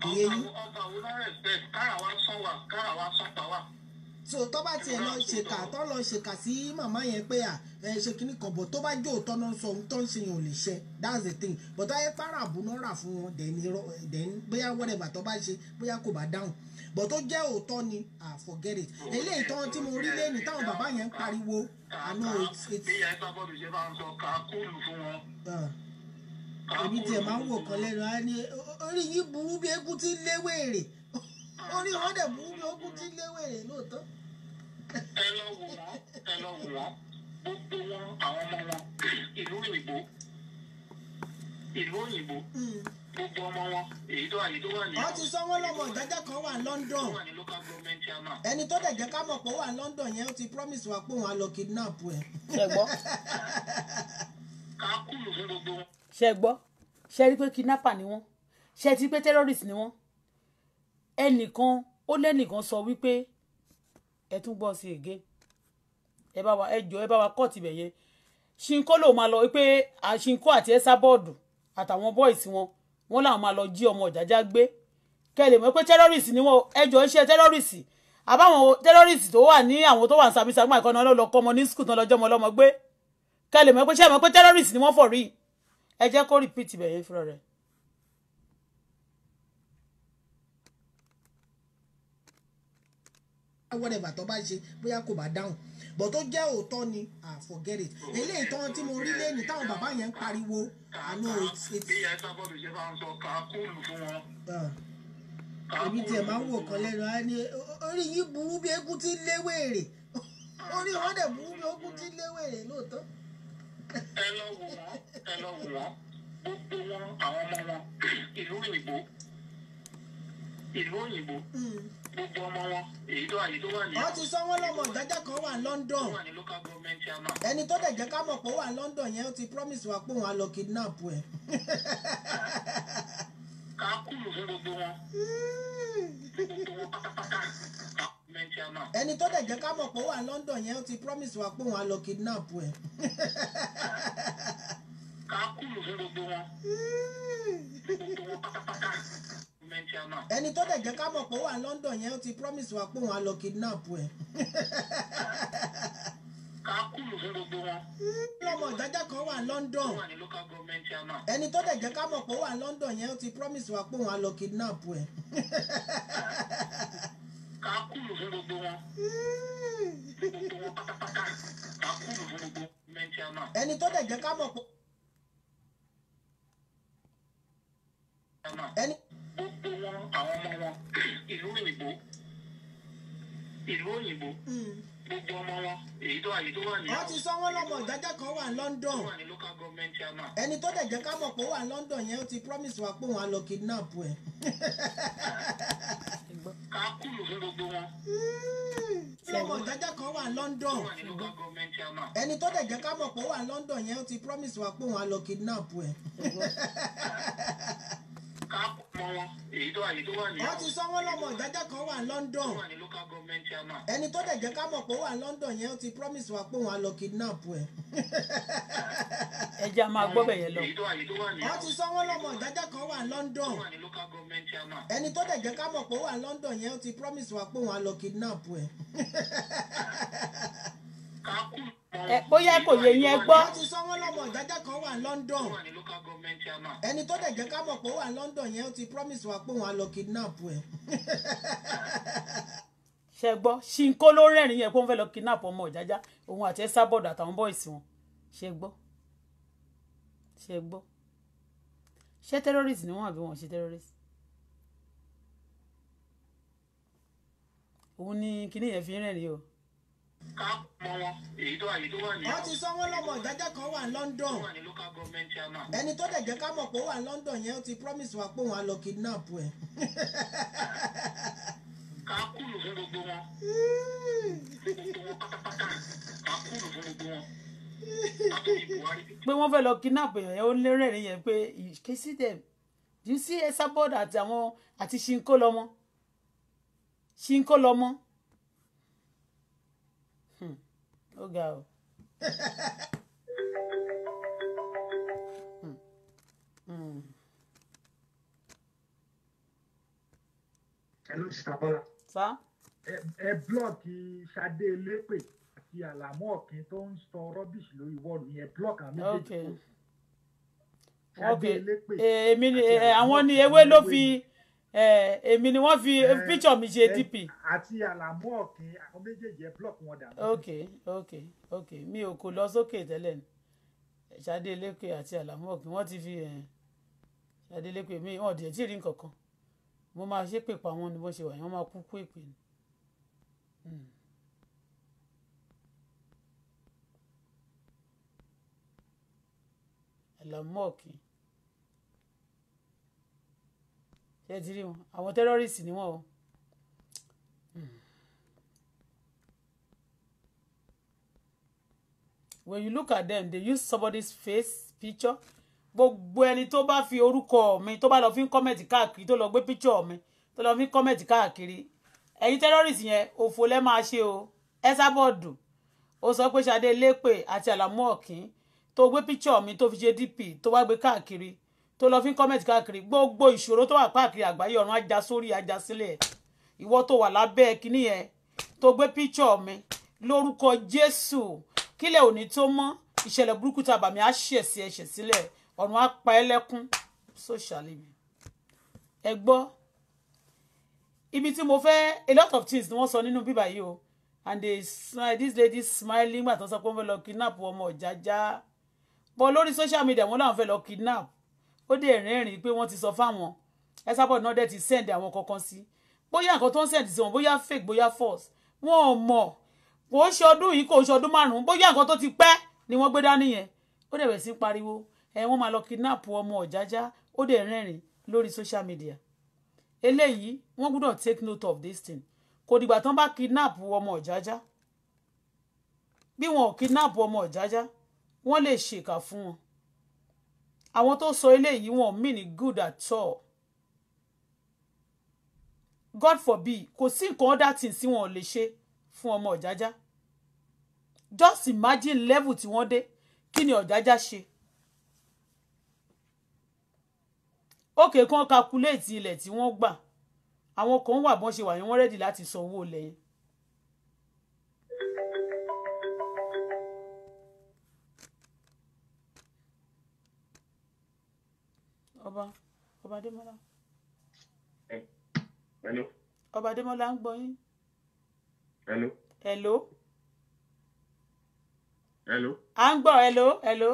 kò yẹ yín. ọba olóńgbò rẹ̀ sẹ́ni kára wa so tó bá tiẹ̀ lọ ṣèkà tó lọ ṣèkà sí màmá yẹn pé à ẹ ṣe kíní kan bọ̀ tó bá jó òótọ́ náà sọ tó ń ṣe yẹn lè ṣe that's the thing but ayé farabu náà rà fún wọn then then bóyá whatever tó bá ṣe bóyá kò bá dáhùn but tó jẹ́ òótọ́ ni ah forget it eléyìí tán tí mo rí lẹ́nu táwọn bàbá yẹn ń pariwo àná ètí. bí ẹgbẹ́ bọ́ọ̀lù ṣe bá ń sọ kàkúrù fún wọn èmi tiẹ̀ máa ń wò kan lẹ́nu á orí yìí burú bí eégún léwèrè orí wọn dẹ̀ burú bí ogún tí léwèrè lóòótọ́. ẹ lọ wò wọn ẹ lọ wò wọn gbogbo wọn àwọn ọmọ wọn ìlú òyìnbó ìlú òyìnbó hmm. gbogbo ọmọ wọn èyí tó wà ní tó wà ní. wọ́n ti sọ wọ́n lọ́mọ ìdájọ́ kan wà London ẹni tó dẹ̀ jẹ́ ká mọ̀ pé ó wà London yẹn ó ti promise wa pé òun á lọ kidnap ẹ̀. ṣe gbọ́. ṣe gbọ́ ṣe rí pé kidnapper ni wọ́n ṣe ti pé terrorist ni wọ́n ẹnìkan ó lẹ́nìkan sọ wípé ẹ tún gbọ́ sí ege. ẹ bá wa ẹ jọ ẹ bá wa kọ́ tibẹ̀ yẹn ṣinkó ló máa lọ wípé àṣinkó àti ẹsà bọ́ọ̀dù àtàwọn bọ́ìsì wọn wọn làwọn máa lọ jí ọmọ Ọ̀jájá gbé kẹlẹ̀ mọ́ pé tẹ́rọ́rìsì ni wọn ẹjọ́ ń ṣe tẹ́rọ́rìsì àbáwọn tẹ́rọ́rìsì tó wà ní àwọn tó wà ní sàmìsà gbọ́n àìkọ́nà lọ́ọ́ lọ kọ́ ọmọ ní skul tán lọ́jọ́ ọmọ ọlọ́mọ gbé kẹlẹ̀ mọ́ pé ṣé ni wọ́n fọ̀ rí ẹ jẹ́ kó rìpíìtì bẹ̀yẹ fúnra rẹ̀. whatever tó bá ṣe bóyá kò bá dáhùn bọ̀ tó jẹ́ òótọ́ ni ah forget it eléyìí tán tí mo rí lẹ́nu táwọn bàbá yẹn ń pariwo àánú etí. ìyá sábọ́dù ṣe bá ń sọ kàákùlù fún wọn. èmi tiẹ̀ máa ń wò kan lẹ́nu á ní orí yìí burú bí eégún tí ń léwèrè [LAUGHS] orí wọn dẹ̀ burú bí eégún tí ń léwèrè lóòótọ́. ẹ lọ wò wọn ẹ lọ wò wọn gbogbo wọn àwọn ọmọ wọn [CLEARS THROAT] ìlú òyìnbó ìlú òyìnbó. Mm gbogbo ọmọ wọn èyí tó wà yìí tó wà ní. wọ́n ti sọ wọ́n lọ́mọ ìdájọ́ kan wà ní London. ẹni tó dẹ̀ jẹ́ ká mọ̀ pé ó wà ní London yẹn ó ti promise wa pé òun á lọ kidnap ẹ̀. [LAUGHS] ká kúlù fún gbogbo wọn gbogbo wọn pátápátá ẹni tó dẹ̀ jẹ́ ká mọ̀ pé ó wà ní London yẹn ó ti promise wa pé òun á lọ kidnap ẹ̀. [LAUGHS] ká kúlù fún gbogbo wọn gbogbo wọn pátápátá ẹni tó dẹ̀ jẹ́ ká mọ̀ pé ó wà London yẹn ó ti promise wa pé òun á lọ kidnap ẹ̀. ká kúlù fún gbogbo wọn. lọ́mọ ìdájà kan wà London ẹni tó dẹ̀ jẹ́ ká mọ̀ pé ó wà London yẹn ó ti promise wa pé òun á lọ kidnap ẹ̀. ká kúlù fún gbogbo wọn. gbogbo wọn pátápátá ká kúlù ẹni tó dẹ̀ jẹ́ ká mọ̀ pé. ẹni gbogbo wọn àwọn ọmọ wọn ìlú òyìnbó ìlú òyìnbó hmm. gbogbo ọmọ wọn èyí tó àyè tó wà ní. wọ́n ti sọ wọ́n lọ́mọ ìdájọ́ kan wà ní London ẹni tó dẹ̀ jẹ́ ká mọ̀ pé ó wà ní London yẹn ó ti promise wa pé òun á lọ kidnap ẹ̀. ká kùlù fún gbogbo wọn. lọ́mọ hmm. ìdájọ́ kan wà ní London ẹni tó dẹ̀ jẹ́ ká mọ̀ pé ó wà ní London yẹn ó ti promise wa pé òun á lọ kidnap ẹ̀ ká mọ wọn èyí tó wọ́n ti sọ lọ́mọ ìdájọ́ kan wà ní London ẹni tó dẹ̀ jẹ́ ká mọ̀ pé ó wà ní London yẹn ó ti promise wa pé òun á lọ kidnap ẹ̀. [LAUGHS] ẹja máa gbọ́ bẹ̀yẹn lọ. wọ́n ti sọ lọ́mọ ìdájọ́ kan wà ní London ẹni tó dẹ̀ jẹ́ ká mọ̀ pé ó wà ní London yẹn ó ti promise wa pé òun á lọ kidnap ẹ̀. [LAUGHS] bóyá kò yẹ yín ẹ gbọ́. wọ́n ti sọ wọ́n lọ́mọ ìjájá kan wà ní London ẹni tó dẹ̀ jẹ́ ká mọ̀ pé ó wà ní London yẹn ó ti promise wa pé òun á lọ kidnap ẹ̀. [LAUGHS] ṣe gbọ́ ṣìnkó ló rẹ́rìn yẹn pé òun fẹ́ lọ kidnap ọmọ ìjájá òun àti Esabod àtàwọn bọ́ìsì wọn ṣe gbọ́ ṣe gbọ́ ṣé terrorist ni wọ́n àbí wọ́n ṣe terrorist. òun ni kinní yẹn fi ń rẹ́rìn o ká mọ wọn èyí wọ́n ti sọ wọ́n lọ́mọ ìdájọ́ kan wà London. ẹni tó dẹ̀ jẹ́ ká mọ̀ pé ó wà London yẹn ó ti promise wa pé òun á lọ kidnap ẹ̀. [LAUGHS] ká kúlù fún gbogbo wọn pé wọ́n fẹ́ lọ kidnap èèyàn ó lérè ní yẹn pé ké dem do you see Esabod àti àwọn àti ṣinkó lọmọ ṣinkó lọmọ ó ga o. hello sábàlá. sá. ẹ blọọkì Ṣadé elépè àti Àlàmú Ọ̀kín tó ń sọ rọ́bìṣì lórí wọ́ọ̀lù yẹn blọọkì àwọn méjèèjì. ok ok èmi ni àwọn ni ewé ló fi. Okay. Eh, èmi ni wọ́n fi eh, picture mi ṣe eh, dp. àti àlàmú ọ̀kìn àwọn méjèèjì ẹ block wọn dànù. ok ok ok mi ò kò lọ sókè tẹ́lẹ̀ ni ṣadé eléke àti àlàmú ọ̀kìn wọ́n ti fi ṣadé eléke mi wọ́n dẹ̀ tí ì rí nǹkankan mo máa ṣépè pa wọn ni bó ṣe wà yẹn wọ́n máa kú kú èpè ni. Hmm. àlàmú ọ̀kìn. ṣe ti rí wọn àwọn terrorist ni wọn o. Hmm. when you look at them they use somebody's face picture gbogbo ẹni tó bá fi orúkọ mi tó bá lọ fi ń kọ́mẹ̀tì káàkiri tó lọ gbé picture mi tó lọ fi ń kọ́mẹ̀tì káàkiri ẹ̀yin terrorist yẹn òfò lẹ́ máa ṣe o ẹ sábọ̀dù ó sọ pé Ṣadé lépè àti Àlàmú Ọ̀kín tó gbé picture mi tó fi ṣe DP tó wá gbé káàkiri tó lọ fi ń kọ́mẹ̀tì káàkiri gbogbo ìṣòro tó wà káàkiri àgbáyé ọ̀run ajá sórí ajá sílẹ̀ ìwọ tó wà lábẹ́ kínní yẹn tó gbé píchọ̀ mi lórúkọ Jésù kílẹ̀ òní tó mọ́ ìṣẹ̀lẹ̀ burúkú tàbà mi á ṣẹ̀sí ẹ̀ṣẹ̀ sílẹ̀ ọ̀run á pa ẹ́ lẹ́kún sóṣàlì mi ẹ gbọ́ ibi tí mo fẹ́ a lot of things ni wọ́n sọ nínú bíbá yìí o and they this lady smiling gbàtọ́ sọ pé wọ́n fẹ́ lọ kidnap ọmọ Ọ̀jájá but lórí social media wọ́n láwọn fẹ́ lọ kidnap ó dé rẹ́rìn pé wọ́n ti sọ fáwọn Esabod náà dẹ̀ ti send àwọn kankan sí bóyá nǹkan tó ń send sí wọn bóyá fake bóyá false wọn ò mọ̀ kò ó ṣe ọdún yìí kò ó ṣe ọdún márùn-ún bóyá nǹkan tó ti pẹ́ ni wọ́n gbé dání yẹn ó dẹ̀ bẹ̀rẹ̀ sí pariwo ẹ̀ wọ́n máa lọ kidnap ọmọ ọ̀jájá ó dẹ̀ rẹ́rìn lórí social media eléyìí wọ́n gbọ́dọ̀ take note of this thing kò dìgbà tán bá kidnap ọmọ ọ̀jájá bí wọn ò kidnap ọmọ ọ̀jájá wọ́n lè ṣèkà fún wọn àwọn tó sọ eléyìí wọn mean it good at all god forbid kò sí nǹkan other thing tí wọn ò lè ṣe fún ọmọ ọ̀jájá just imagine level tí wọ́n dé kí ni ọ̀jájá ṣe òkè kan calculate ilẹ̀ tí wọ́n gbà àwọn kan wà bọ́n ṣe wà yẹn wọ́n rẹ́dì láti san owó ọba ọba adémọlá. hello. ọba adémọlá ń gbọ́ yín. hello. hello. hello. à ń gbọ́ hello hello.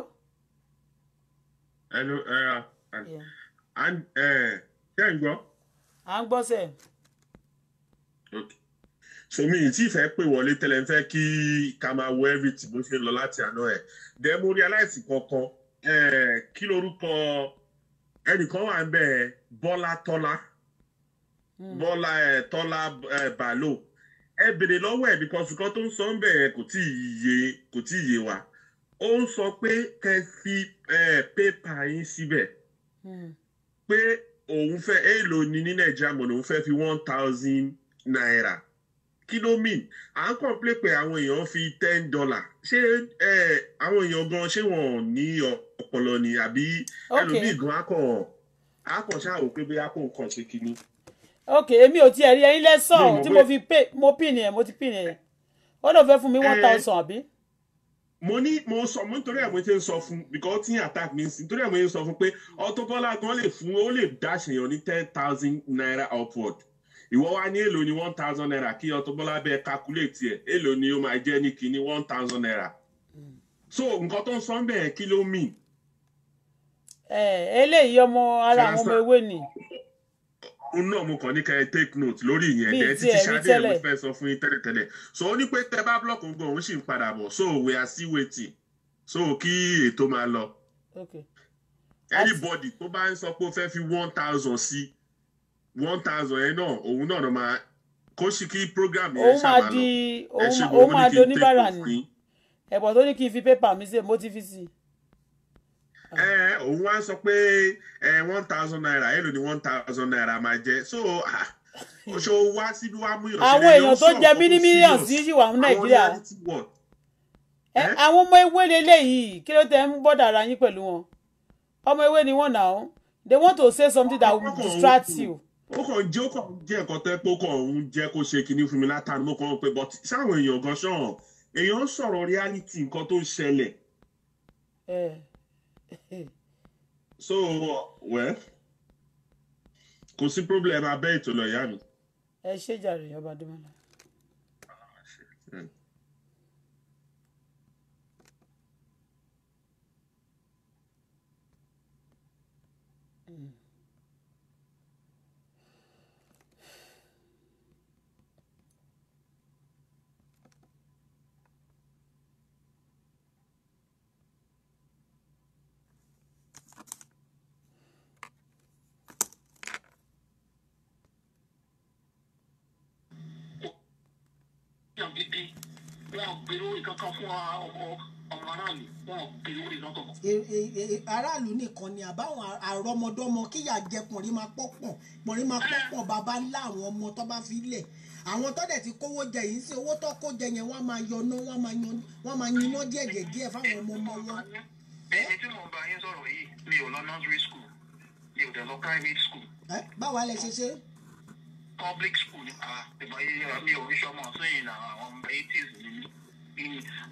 hello à ń ṣe ń gbọ́. à ń gbọ́ sẹ́ẹ̀. ok somi yìí tí ìfẹ́ pè wọlé tẹ́lẹ̀ ń fẹ́ kí ká máa wo everything bó ṣe ń lọ láti àná ẹ̀ dẹ́mú realize kankan kí lorúkọ ẹnìkan wà ń bẹ bọ́lá tọ́lá hmm. bọ́lá tọ́lá bàlò ẹ bèrè lọ́wọ́ ẹ̀ because nǹkan tó ń sọ ń bẹ̀ kò tí ì yé kò tí ì yé wa ó ń sọ pé kẹ fi pépà yín síbẹ̀ hmm. pé òun fẹ́ èèlò ni ní nàìjíríà mọ̀ lòun fẹ́ fi one thousand naira kí ló mean à ń kàn pé pé àwọn èèyàn fi ten dollar ṣé àwọn èèyàn gan ṣé wọn ò ní yọ ọpọlọ ni àbí ẹlòmíì gan akàn akàn ṣáà wò pé bóyá kò kàn ṣe kinní. ok èmi ò tiẹ̀ rí ẹyin lẹ́sàn-án tí mo fi pè mo pin yẹn mo ti pin yẹn ó lóun fẹ́ fún mi eh, one thousand àbí. mo ní mo sọ mo nítorí àwọn tí ń sọ fún because tí attack mi nítorí àwọn tí ń sọ fún pé Auto Bola gan lè fún ó lè dáṣèyàn ní ten thousand naira upward ìwọ wá ní èlò ní one thousand naira kí Auto Bola bẹ calculate ẹ èlò ni ó máa jẹ ní kíní one thousand naira hmm. so nǹkan tó ń sọ ń bẹ̀ kí ló mean eléyìí ọmọ ara àwọn ọmọ ewé ni. n náà mo kàn ní ká ẹ take note lórí ìyẹn ẹ̀dẹ́ títí ṣáájú ẹ̀ mo fẹ́ sọ fún yín tẹ́lẹ̀tẹ́lẹ̀ so ó ní pé tẹ bá block ogun òun sì ń padà bọ̀ so we are still waiting so kí ètò máa lọ. anybody tó bá ń sọ pé ó fẹ́ fi one thousand sí one thousand yẹn náà òun náà ló máa kó sì kí program yẹn ṣàbàlọ ẹ ṣe gbogbo ní kí n take off ní. ẹ̀bọ̀ tó ní kí n fi pépà mi ṣe mo ti fi sí i. Eh, òun wá sọ pé eh, one thousand naira èlò ni one thousand naira máa jẹ so ṣo wá síbi wá mú ìrọ̀lẹ́ àwọn èèyàn tó jẹ mílí mílíọ̀nù sí yìí wà ní nàìjíríà eh, àwọn ọmọ ewé lélẹ́yìí kí ló tẹ́ ń bọ́dà ara yín pẹ̀lú wọn ọmọ ewé ni wọ́n nà ó they want to say something that will distract you ó kàn jẹ́ ó kàn jẹ́ nǹkan tẹ́ pé ó kàn ń jẹ́ kó ṣe kinní fún mi látàrí mo kàn ń pè but sáwọn èèyàn gan ṣọ̀hàn èèyàn ń sọ̀rọ̀ reality nǹkan tó ń ṣẹlẹ̀ [LAUGHS] so well kò sí problem abẹ́ ètò lọ́ọ̀yà mi. ẹ ṣe wọn bèrè orí kankan fún ọkọ ọmọ aráàlú wọn bèrè orí kankan. aráàlú nìkan ni àbáwọn àrọmọdọ́mọ kíyà jẹ pọnrin máa pọpọ pọnrin máa pọpọ bàbá ńlá àwọn ọmọ tó bá fi lẹ àwọn tó dẹ̀ ti kówó jẹ yìí sí owó tó kó jẹ yẹn wọ́n máa yọná wọ́n máa yiná díẹ̀ díẹ̀ fáwọn ọmọ ọmọ wọn. ẹni tí mo bá yín sọ̀rọ̀ yìí mi ò lọ nursery school mi ò dẹ̀ lọ private school. báwa lẹ ṣe ṣe public school nípa ìbáyé mi ò rí sọmọ sẹ́yìn náà àwọn ọmọ eighties ni mí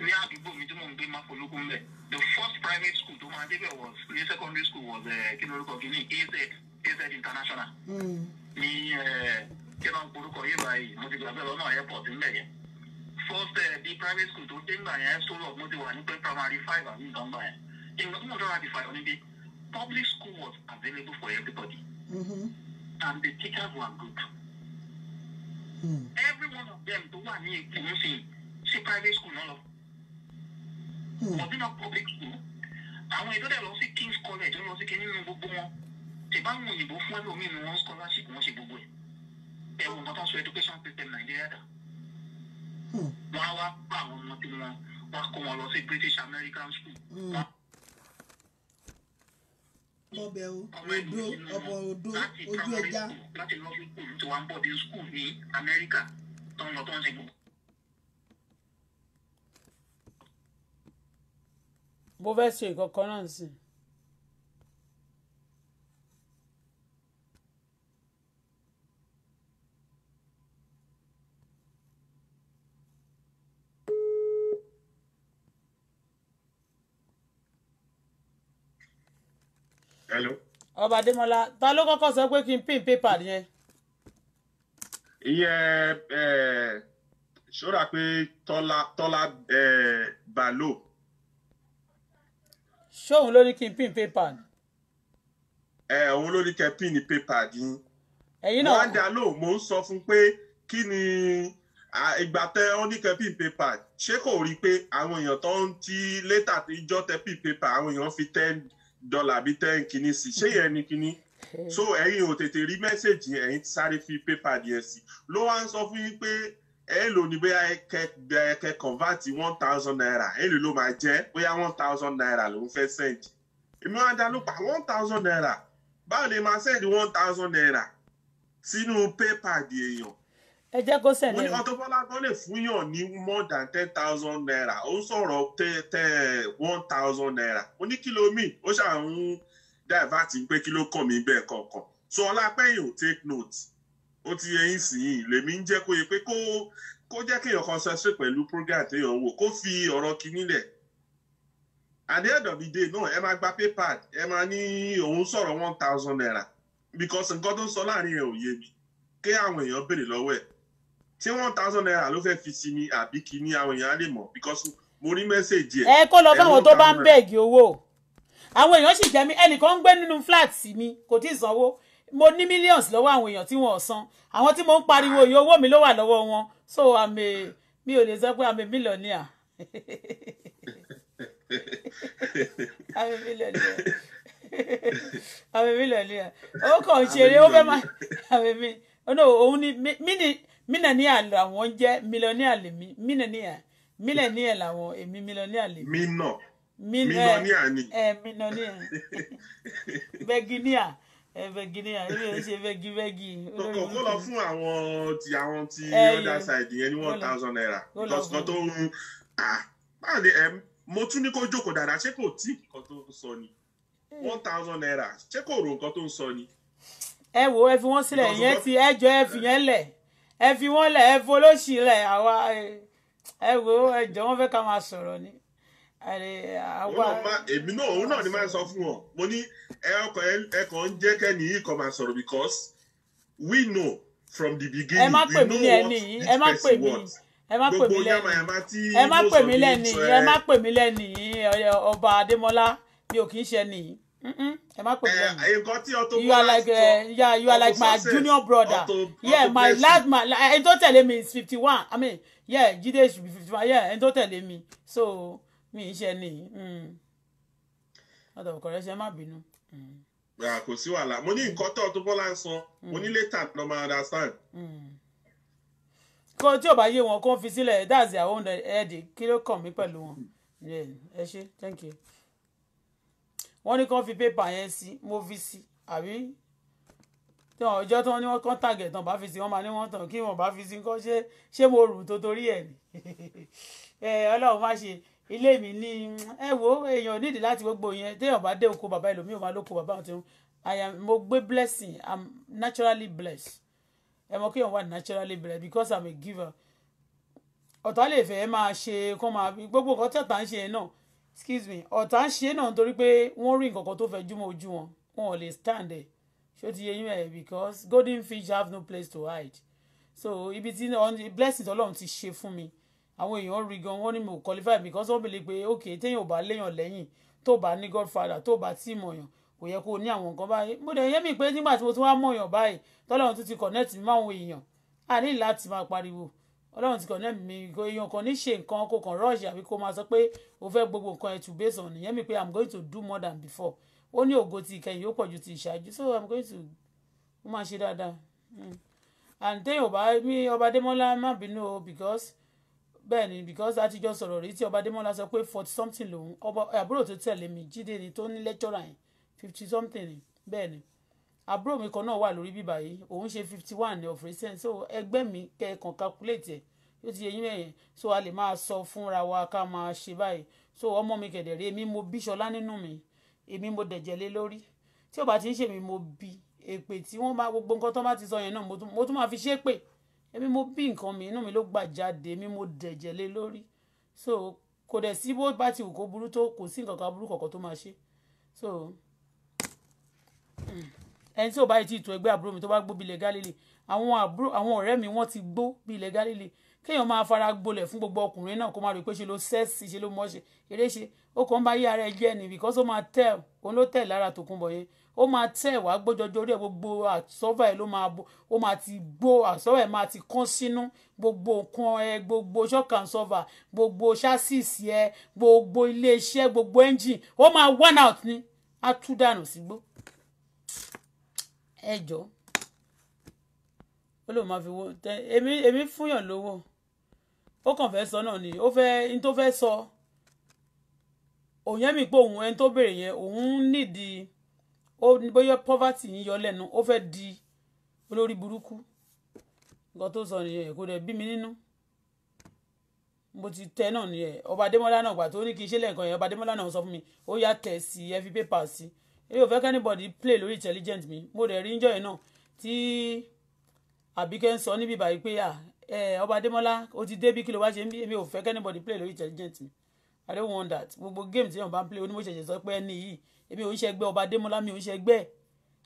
ní àdúgbò mi tí mò ń gbé máfolókó mbẹ the first private school tó máa débẹ̀ was ní secondary school was eh, kí lórúkọ kìíní az az international hmm. ní eh, kí ló ń yìí báyìí mo ti gbàgbé lọ́nà airport ńlẹ̀ yẹn first di eh, private school tó dé ńgbà yẹn sọ̀rọ̀ mo ti wà ní pé primary five àbí nǹkan gbà yẹn ìgbà tí mo dọ́ra di five níbi public school was available for everybody mm -hmm. and the teachers were good. Hmm. every one of them tó wà ní èkó ń sìn sí private school náà lọ hmm. ọdún náà public school àwọn ètò dẹ̀ lọ sí King's College lọ sí kí nínú gbogbo wọn tìbá ń òyìnbó fún ẹlòmíín ní wọn scholarship wọn ṣe gbogbo ẹ ẹwọn nǹkan tó ń sọ education system Nàìjíríà dà hmm. wọn á wá pa àwọn ọmọ tí wọn wá kó wọn lọ sí British American school. Mm mọbẹ o odo ọmọ odo ojú ẹja. láti lọ sí skul tí wàá ń bọ̀ dé skul ní amẹ́ríkà tó ń lọ tó ń ṣe gbogbo. fẹ́ ṣe nǹkan náà sí i. ọba adémọlá ta ló kọ́kọ́ sọ pé kí n pín pépà yẹn. iye ṣọ́ra pé tọ́lá tọ́lá balo. ṣóun ló ní kí n pín pépà ni. ẹ òun ló ní kẹ pín ní pépà yín. ẹ̀yin náà wọ́n á dá lóhùn mò ń sọ fún pé kí ni ìgbà tẹ oníkẹ́pì pépà ṣé kò rí i pé àwọn èèyàn tó ń ti létà tí jọ́ tẹ́pì pépà àwọn èèyàn fi tẹ́ dọ́là àbí ten kìíní sí ṣé yẹn ni kìíní so ẹ̀yin ò tètè rí mẹ́sẹ̀gì ẹ̀yin sáré fi pépà díẹ̀ sí ló wá ń sọ fún yín pé èèlò ni bóyá ẹkẹ kọ̀ǹvàtì one thousand naira èèlò ló máa jẹ́ bóyá one thousand naira ló ń fẹ́ send èmi wá dá ló pa one thousand naira báwo lè máa send one thousand naira sínú pépà di èèyàn ẹ jẹ́ kó ṣẹlẹ̀. wọ́n ní Auto Bola lè fún yàn ní more than ten thousand naira ó ń sọ̀rọ̀ tẹ́ tẹ́ one thousand naira mo ní kí ló mì ó ṣàwọn divert pé kí ló kàn mí bẹ́ẹ̀ kọ̀ọ̀kan so ọlápẹ̀yìn ò take note ó ti yẹ yín yìí lèmi ń jẹ́ kó yẹ pé kó kó jẹ́ kéèyàn kan ṣẹṣẹ pẹ̀lú program téèyàn wò kó fi ọ̀rọ̀ kínní lẹ̀ at the end of the day náà ẹ máa gba paypal ẹ máa ní òun sọ̀rọ̀ one thousand naira because nǹkan tó ń sọ láàrin ẹ̀ ò yé mi kí àwọn èèyàn béèrè lọ́wọ́ ẹ̀ ṣé one thousand naira ló fẹ́ fi sí ni àbí kí ni àwọn èèyàn á lè mọ̀ because mo rí mẹ́sẹ̀gì ẹ̀. ẹ kó lọ báwọn tó bá ń bẹ̀gì owó àwọn èèyàn sì jẹ́ mi ẹnìkan ń gbé nínú flat mi kò tí ì sanwó mo ní millions lọ́wọ́ àwọn èèyàn tí wọ́n san àwọn tí mo ń pariwo iye owó mi ló wà lọ́wọ́ wọn so àmì mi ò lè sọ pé àmì millionaire. àmì [LAUGHS] millionaire àmì [LAUGHS] millionaire ó kàn ń ṣeré ó fẹ́ máa àmì [LAUGHS] mi oh òun ni mí ni mílíọ̀nìyà làwọn jẹ́ mílíọ̀nìyà lèmi mílíọ̀nìyà mílíọ̀nìyà làwọn èmi mílíọ̀nìyà Mi mínà mílíọ̀nìyà ni. ẹ mílíọ̀nìyà bẹ́gíníà ẹ bẹ́gíníà ilé ṣe bẹ́gí bẹ́gí. kókó lọ fún àwọn ti àwọn ti other side yẹn ní one thousand naira because kan tó ń báwo ni mo tún ní kó jókòó dáadáa ṣé kò tí nǹkan tó ń sọ ni eh. one thousand naira ṣé kò rò nǹkan tó ń sọ ni. ẹ wo ẹ fi wọn sílẹ̀ ìyẹn ti ẹjọ ẹ fi yẹn lẹ̀ ẹ fi wọ́n lẹ̀ ẹ folóṣì lẹ̀ àwa ẹ wo ẹjọ́ wọ́n fẹ́ ká máa sọ̀rọ̀ ni. èmi náà òun náà ni máa sọ fún wọn mo ní ẹ kàn ń jẹ́ kẹ́ni yìí kàn máa sọ̀rọ̀ because we know from the beginning we know what this person want ẹ má pè mí lẹ́nìí ẹ má pè mí lẹ́nìí ẹ má pè mí lẹ́nìí ọba adémọlá mi ò kì í ṣe nìyí ẹ má pè mí eh, lẹ́nu eh, you are like uh, eh, yeah, you are like my junior brother yeah my last my ẹni tó tẹ̀lé mi is fifty one i mean yeah Jide should be fifty one yeah ẹni tó tẹ̀lé mi so mi iṣẹ́ ni mm. ọ̀dọ̀ kọ̀rẹ́ ṣe má bínú. Mm. kò sí wàhálà mo ní nǹkan tó tó bọ́lá ń san mm. mo ní later No máa understand. kó tí ò bá yé wọn kó fi sílẹ̀ that's their own headache kí ló kàn mí pẹ̀lú wọn ẹ ṣé thank you wọ́n ní kán fi pépà yẹn sí mo fi sí àbí tí wọn ọjọ́ tí wọ́n ní wọ́n kán tàgẹ̀ tán bá fi sí wọ́n máa ní wọ́n tàn kí wọ́n bá fi sí kán ṣe ṣé mo rù tó torí ẹ̀ ni [LAUGHS] ẹ ọlọ́run má ṣe ilé mi ní ẹ wo èèyàn nídìí láti gbogbo yẹn téèyàn bá dé oko bàbá ẹlòmíì ò máa lóko bàbá ọ̀tún I am mo gbé blessing I'm naturally blessed ẹ mọ kéèyàn wà naturally blessed because I'm a giver ọ̀tá lè fẹ́ máa ṣe kó máa gbogbo nǹkan tí ọ̀tá ń ṣe yẹn náà excuse me ọ̀tá ń ṣe náà nítorí pé wọ́n rí nǹkan kan tó fẹ́ júmọ́ ojú wọn wọn ò lè stand ẹ̀ ṣó ti yé yín ẹ̀ because golden fish have no place to hide so ibi tí blessing ọlọ́run ti ṣe fún mi àwọn èèyàn rí gan wọ́n ní mo qualify because wọ́n bèlè pé ok téèyàn ò bá léèyàn lẹ́yìn tó bá ní godfather tó bá tí mọ̀yàn kò yẹ kó ní àwọn nǹkan báyìí mo dẹ̀ yé mi pé nígbà tí mo tún wá mọ̀yàn báyìí tọ́lọ́run tún ti connect mi máwọn èèyàn àní láti máa pariwo ọlọ́run ti kọ̀ọ̀nà mi kò èèyàn kan ní ṣe nǹkan kò kàn rush àbí kó máa sọ pé o fẹ́ gbogbo nǹkan ẹ̀ tù based on ìyẹn mi pé i'm going to do more than before ó ní ògo ti ìkẹyìn ó pọ̀ ju ti ìṣáájú so i'm going to ó máa ṣe dáadáa hmm. and tẹ́yìn ọba mi ọba Adémọ́lá má bínú o because bẹ́ẹ̀ ni because a ti jọ sọ̀rọ̀ rí tí ọba Adémọ́lá sọ pé forty something lòun ọba àbúrò tó tẹ̀lé mi jíde ni tó ní lecturer yẹn fifty something ni bẹ́ẹ̀ ni àbúrò mi kan náà wà lórí bíbá yìí òun ṣe fifty one of recent so ẹgbẹ́ mi kẹ́ẹ̀kan calculate ẹ̀ ó ti yẹ mẹ́yẹn so a lè máa sọ fúnra wa ká máa ṣe báyìí so ọmọ mi kẹ̀dẹ̀ rí èmi mo bí ṣọlá nínú mi èmi mo dẹ̀jẹ̀ lé lórí tí ò bá ti ń ṣèmi mo bí èpè tí wọ́n máa gbogbo nǹkan tó bá ti sọ yẹn náà mo tún máa fi ṣe pé èmi mo bí nǹkan mi inú mi ló gbà jáde èmi mo dẹ̀jẹ̀ lé lórí so kò dẹ̀ sí bó bá ti wù kó burú tó kò sí nǹkan kan burú kọ̀ọ̀kan tó máa ṣe so ẹni tí ò bá ti tó ẹgbẹ́ àbúrò mi tó bá gbó bí ilẹ̀ Gálílì àwọn àbúrò àwọn ọ̀rẹ́ mi wọ́n ti gbó bí ilẹ̀ Gálílì kéèyàn máa fara gbolẹ̀ fún gbogbo ọkùnrin náà kó máa rí pé ṣe ló sẹ́ẹ̀sì ṣe ló mọ́ṣe eré ṣe ó kàn bá yí ara ẹ jẹ́ ni because ó máa tẹ̀ òun ló tẹ̀ lára Tòkunbọ̀ yẹn ó máa tẹ̀ wá gbójọjọ orí ẹ̀ gbogbo àsọ́fà ẹ̀ ló máa bo ó máa ti gbó àsọ́fà ẹ̀ máa ti kán sínú gbogbo nǹkan ẹ gbogbo shock and suffer gbogbo ṣásìsì ẹ gbogbo iléeṣẹ́ gbogbo engine ó máa one out ni á tú dànù sígbó ẹ jọ ó lóun máa fi wo tẹ èmi èmi fúnyàn lówó ó kàn fẹ́ sọ náà ni ó fẹ́ ní tó fẹ́ sọ òun yẹn mi pé òun ẹni tó béèrè yẹn òun nídìí ó bóyá poverty yín yọ lẹ́nu ó fẹ́ di olórí burúkú nǹkan tó sọ nìyẹn kò dẹ̀ bí mi nínú mo ti tẹ náà nìyẹn ọba adémọlá náà gbà tó ní kí n ṣe lẹ́ẹ̀kan yẹn ọba adémọlá náà sọ fún mi ó yá tẹ̀ sí ẹ fi pépà sí i èyí ò fẹ́ kí anybody play lórí intelligent mi mo dẹ̀ rí níjọ́ yẹn náà tí àbíkẹ́ ń sọ níbi báyìí pé ẹ ọba adémọ́lá ó ti dé bí kí ló wá ṣe ń bí èmi ò fẹ́ kí anybody play lórí intelligent mi i don't want that gbogbo game tí èèyàn bá ń play onímọ̀ ìṣẹ̀ṣẹ̀ sọ pé ẹni yìí èmi ò ń ṣẹgbẹ́ ọba adémọ́lá mi ò ń ṣẹgbẹ́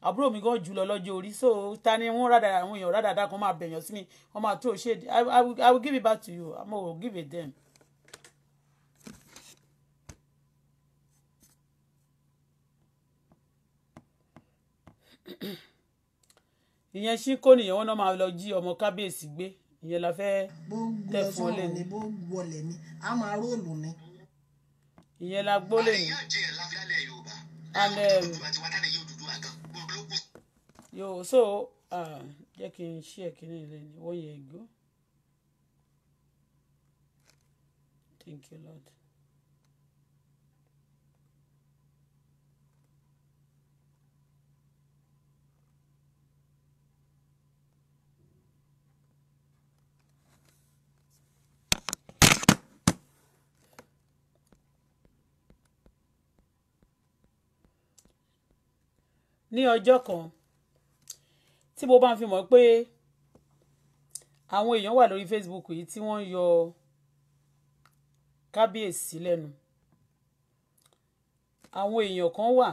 àbúrò mi gan jù lọ lọ́jọ́ orí so ta ni wọ́n rádà àwọn èèyàn rádà dá kan máa bẹ̀yàn sí mi wọ́n máa tó ṣe i will give it back to you i'm gonna give it them. [CLEARS THROAT] ìyẹn ṣíkó nìyẹn wọn náà máa lọ jí ọmọ kábíyèsí gbé ìyẹn la fẹ́ tẹ̀ fún ọ lẹ́nu. bó wọlé ni a máa róòlù ni. ìyẹn la gbó lè ní. and yóò so jẹ́ kí n ṣí ẹ̀ kínní ilé ni wọ́n Thank you, Lord. ní ọjọ́ kan tí mo bá ń fi mọ̀ pé àwọn èèyàn wà lórí Facebook yìí tí wọ́n ń yọ kábíyèsí lẹ́nu àwọn èèyàn kan wà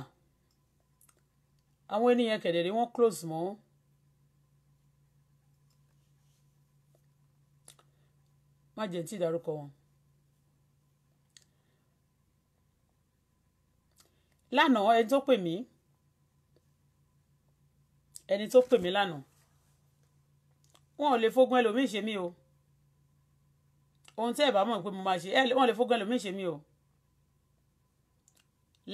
àwọn ènìyàn kẹ̀dẹ̀rẹ́ wọ́n close mọ́ má jẹ́ tí ìdárúkọ wọn. lánàá ẹni tó pè mí ẹni tó pè mí lánàá wọn ò lè fogun ẹlòmíì ṣe mí o ohun tí ẹ bá mọ̀ pé mo máa ṣe wọn ò lè fogun ẹlòmíì ṣe mí o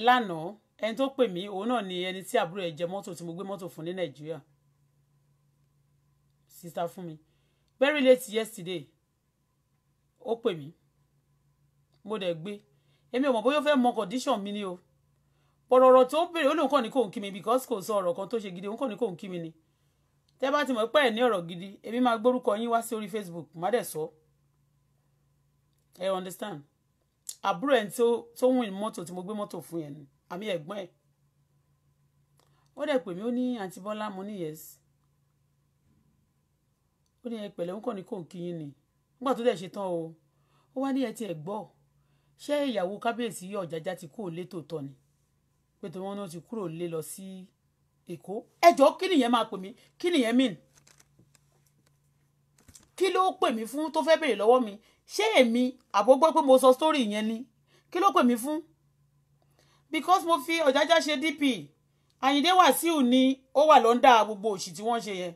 lánàá ẹni tó pè mí òun náà ni ẹni tí àbúrò ẹ jẹ mọ́tò tí mo gbé mọ́tò fún ní nàìjíríà sísá fún mi very late yesterday ó pè mí mo dẹ̀ gbé èmi ò mọ̀ bóyá ó fẹ́ mọ condition mi ni o. bọ̀rọ̀ ọ̀rọ̀ tó béèrè ó lóun kàn ní kò ń kí mi because kò sọ ọ̀rọ̀ kan tó ṣe gidi òun kàn ní kò ń kí mi ni tẹ́ bá ti mọ̀ ní ọ̀rọ̀ gidi èmi máa gbórúkọ yín wá sí Facebook má dẹ̀ sọ ẹ understand àbúrò ẹ̀ tó ń wìn mọ́tò tí mo gbé mọ́tò fún yẹn àmì ẹ̀gbọ́n ẹ̀ ó dẹ̀ pè mí ó ní àǹtí Bọ́lá mo ní yes ó ní ni nígbà tó dẹ̀ ṣe tán o ó wá ní ẹ ti ẹ̀ gbọ́ ṣé ìyàwó kábíyèsí ti pé tí wọ́n náà ti kúrò lé lọ sí Èkó ẹjọ́ kí nìyẹn máa pè mí kí nìyẹn mean kí ló pè mí fún tó fẹ́ béèrè lọ́wọ́ mi ṣé èmi àbógbọ́ pé mo sọ story yẹn ni kí ló pè mí fún because mo fi ọ̀jájá ṣe dp àyìndé wàsíù ni ó wà lọ́ndà gbogbo òṣì tí wọ́n ṣe yẹn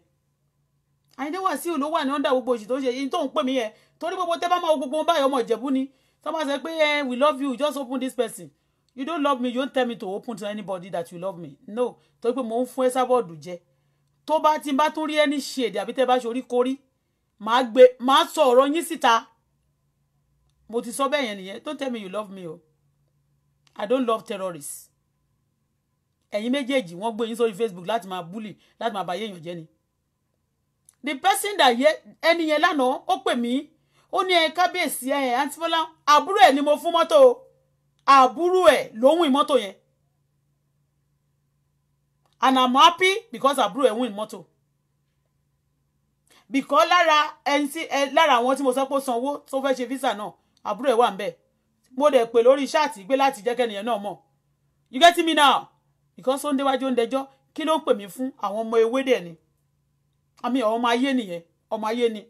àyìndé wàsíù ló wà lọ́ndà gbogbo òṣì tó ń ṣe yìí tó ń pè mí yẹn torí gbogbo tẹ́ bá máa gbogbo báyọ̀ ọmọ ìjẹ̀bú ni tó bá sọ pé eh, we love you just open this person you don't love me you don't tell me to open to anybody that you love me no To pé mò ń fún Esabod jẹ tó bá ti bá tún rí ẹni ṣe èdè àbí tẹ́ bá ṣe oríkorí màá gbé màá sọ ọ̀rọ̀ yín síta mo ti so bẹ́ẹ̀ yẹn nìyẹn don't tell me you love me o i don't love terrorists ẹ̀yin méjèèjì wọ́n gbé yín sórí Facebook láti máa bully láti máa bàyé èèyàn jẹ́ ni the person that yẹ ẹni yẹn lánàá ó pè mí ó ní ẹ kábíyèsí ẹ àǹtí Bọ́lá ni mo fún mọ́tò o àbúrò ẹ̀ ló win mọ́tò yẹn and i'm happy because àbúrò ẹ̀ win mọ́tò because lára ẹni tí ẹ lára àwọn tí mo sọ pé ó sanwó tó fẹ́ ṣe visa náà àbúrò ẹ̀ wà ń bẹ̀ mo dẹ̀ pè lórí ṣáàtì gbé láti jẹ́ kẹ́nìyàn náà mọ̀ you get me now because Sunday ń déwájú ó ń dẹjọ́ kí ló ń pè mí fún àwọn ọmọ ewé dẹ̀ ni àmì àwọn ọmọ ayé nìyẹn ọmọ ayé ni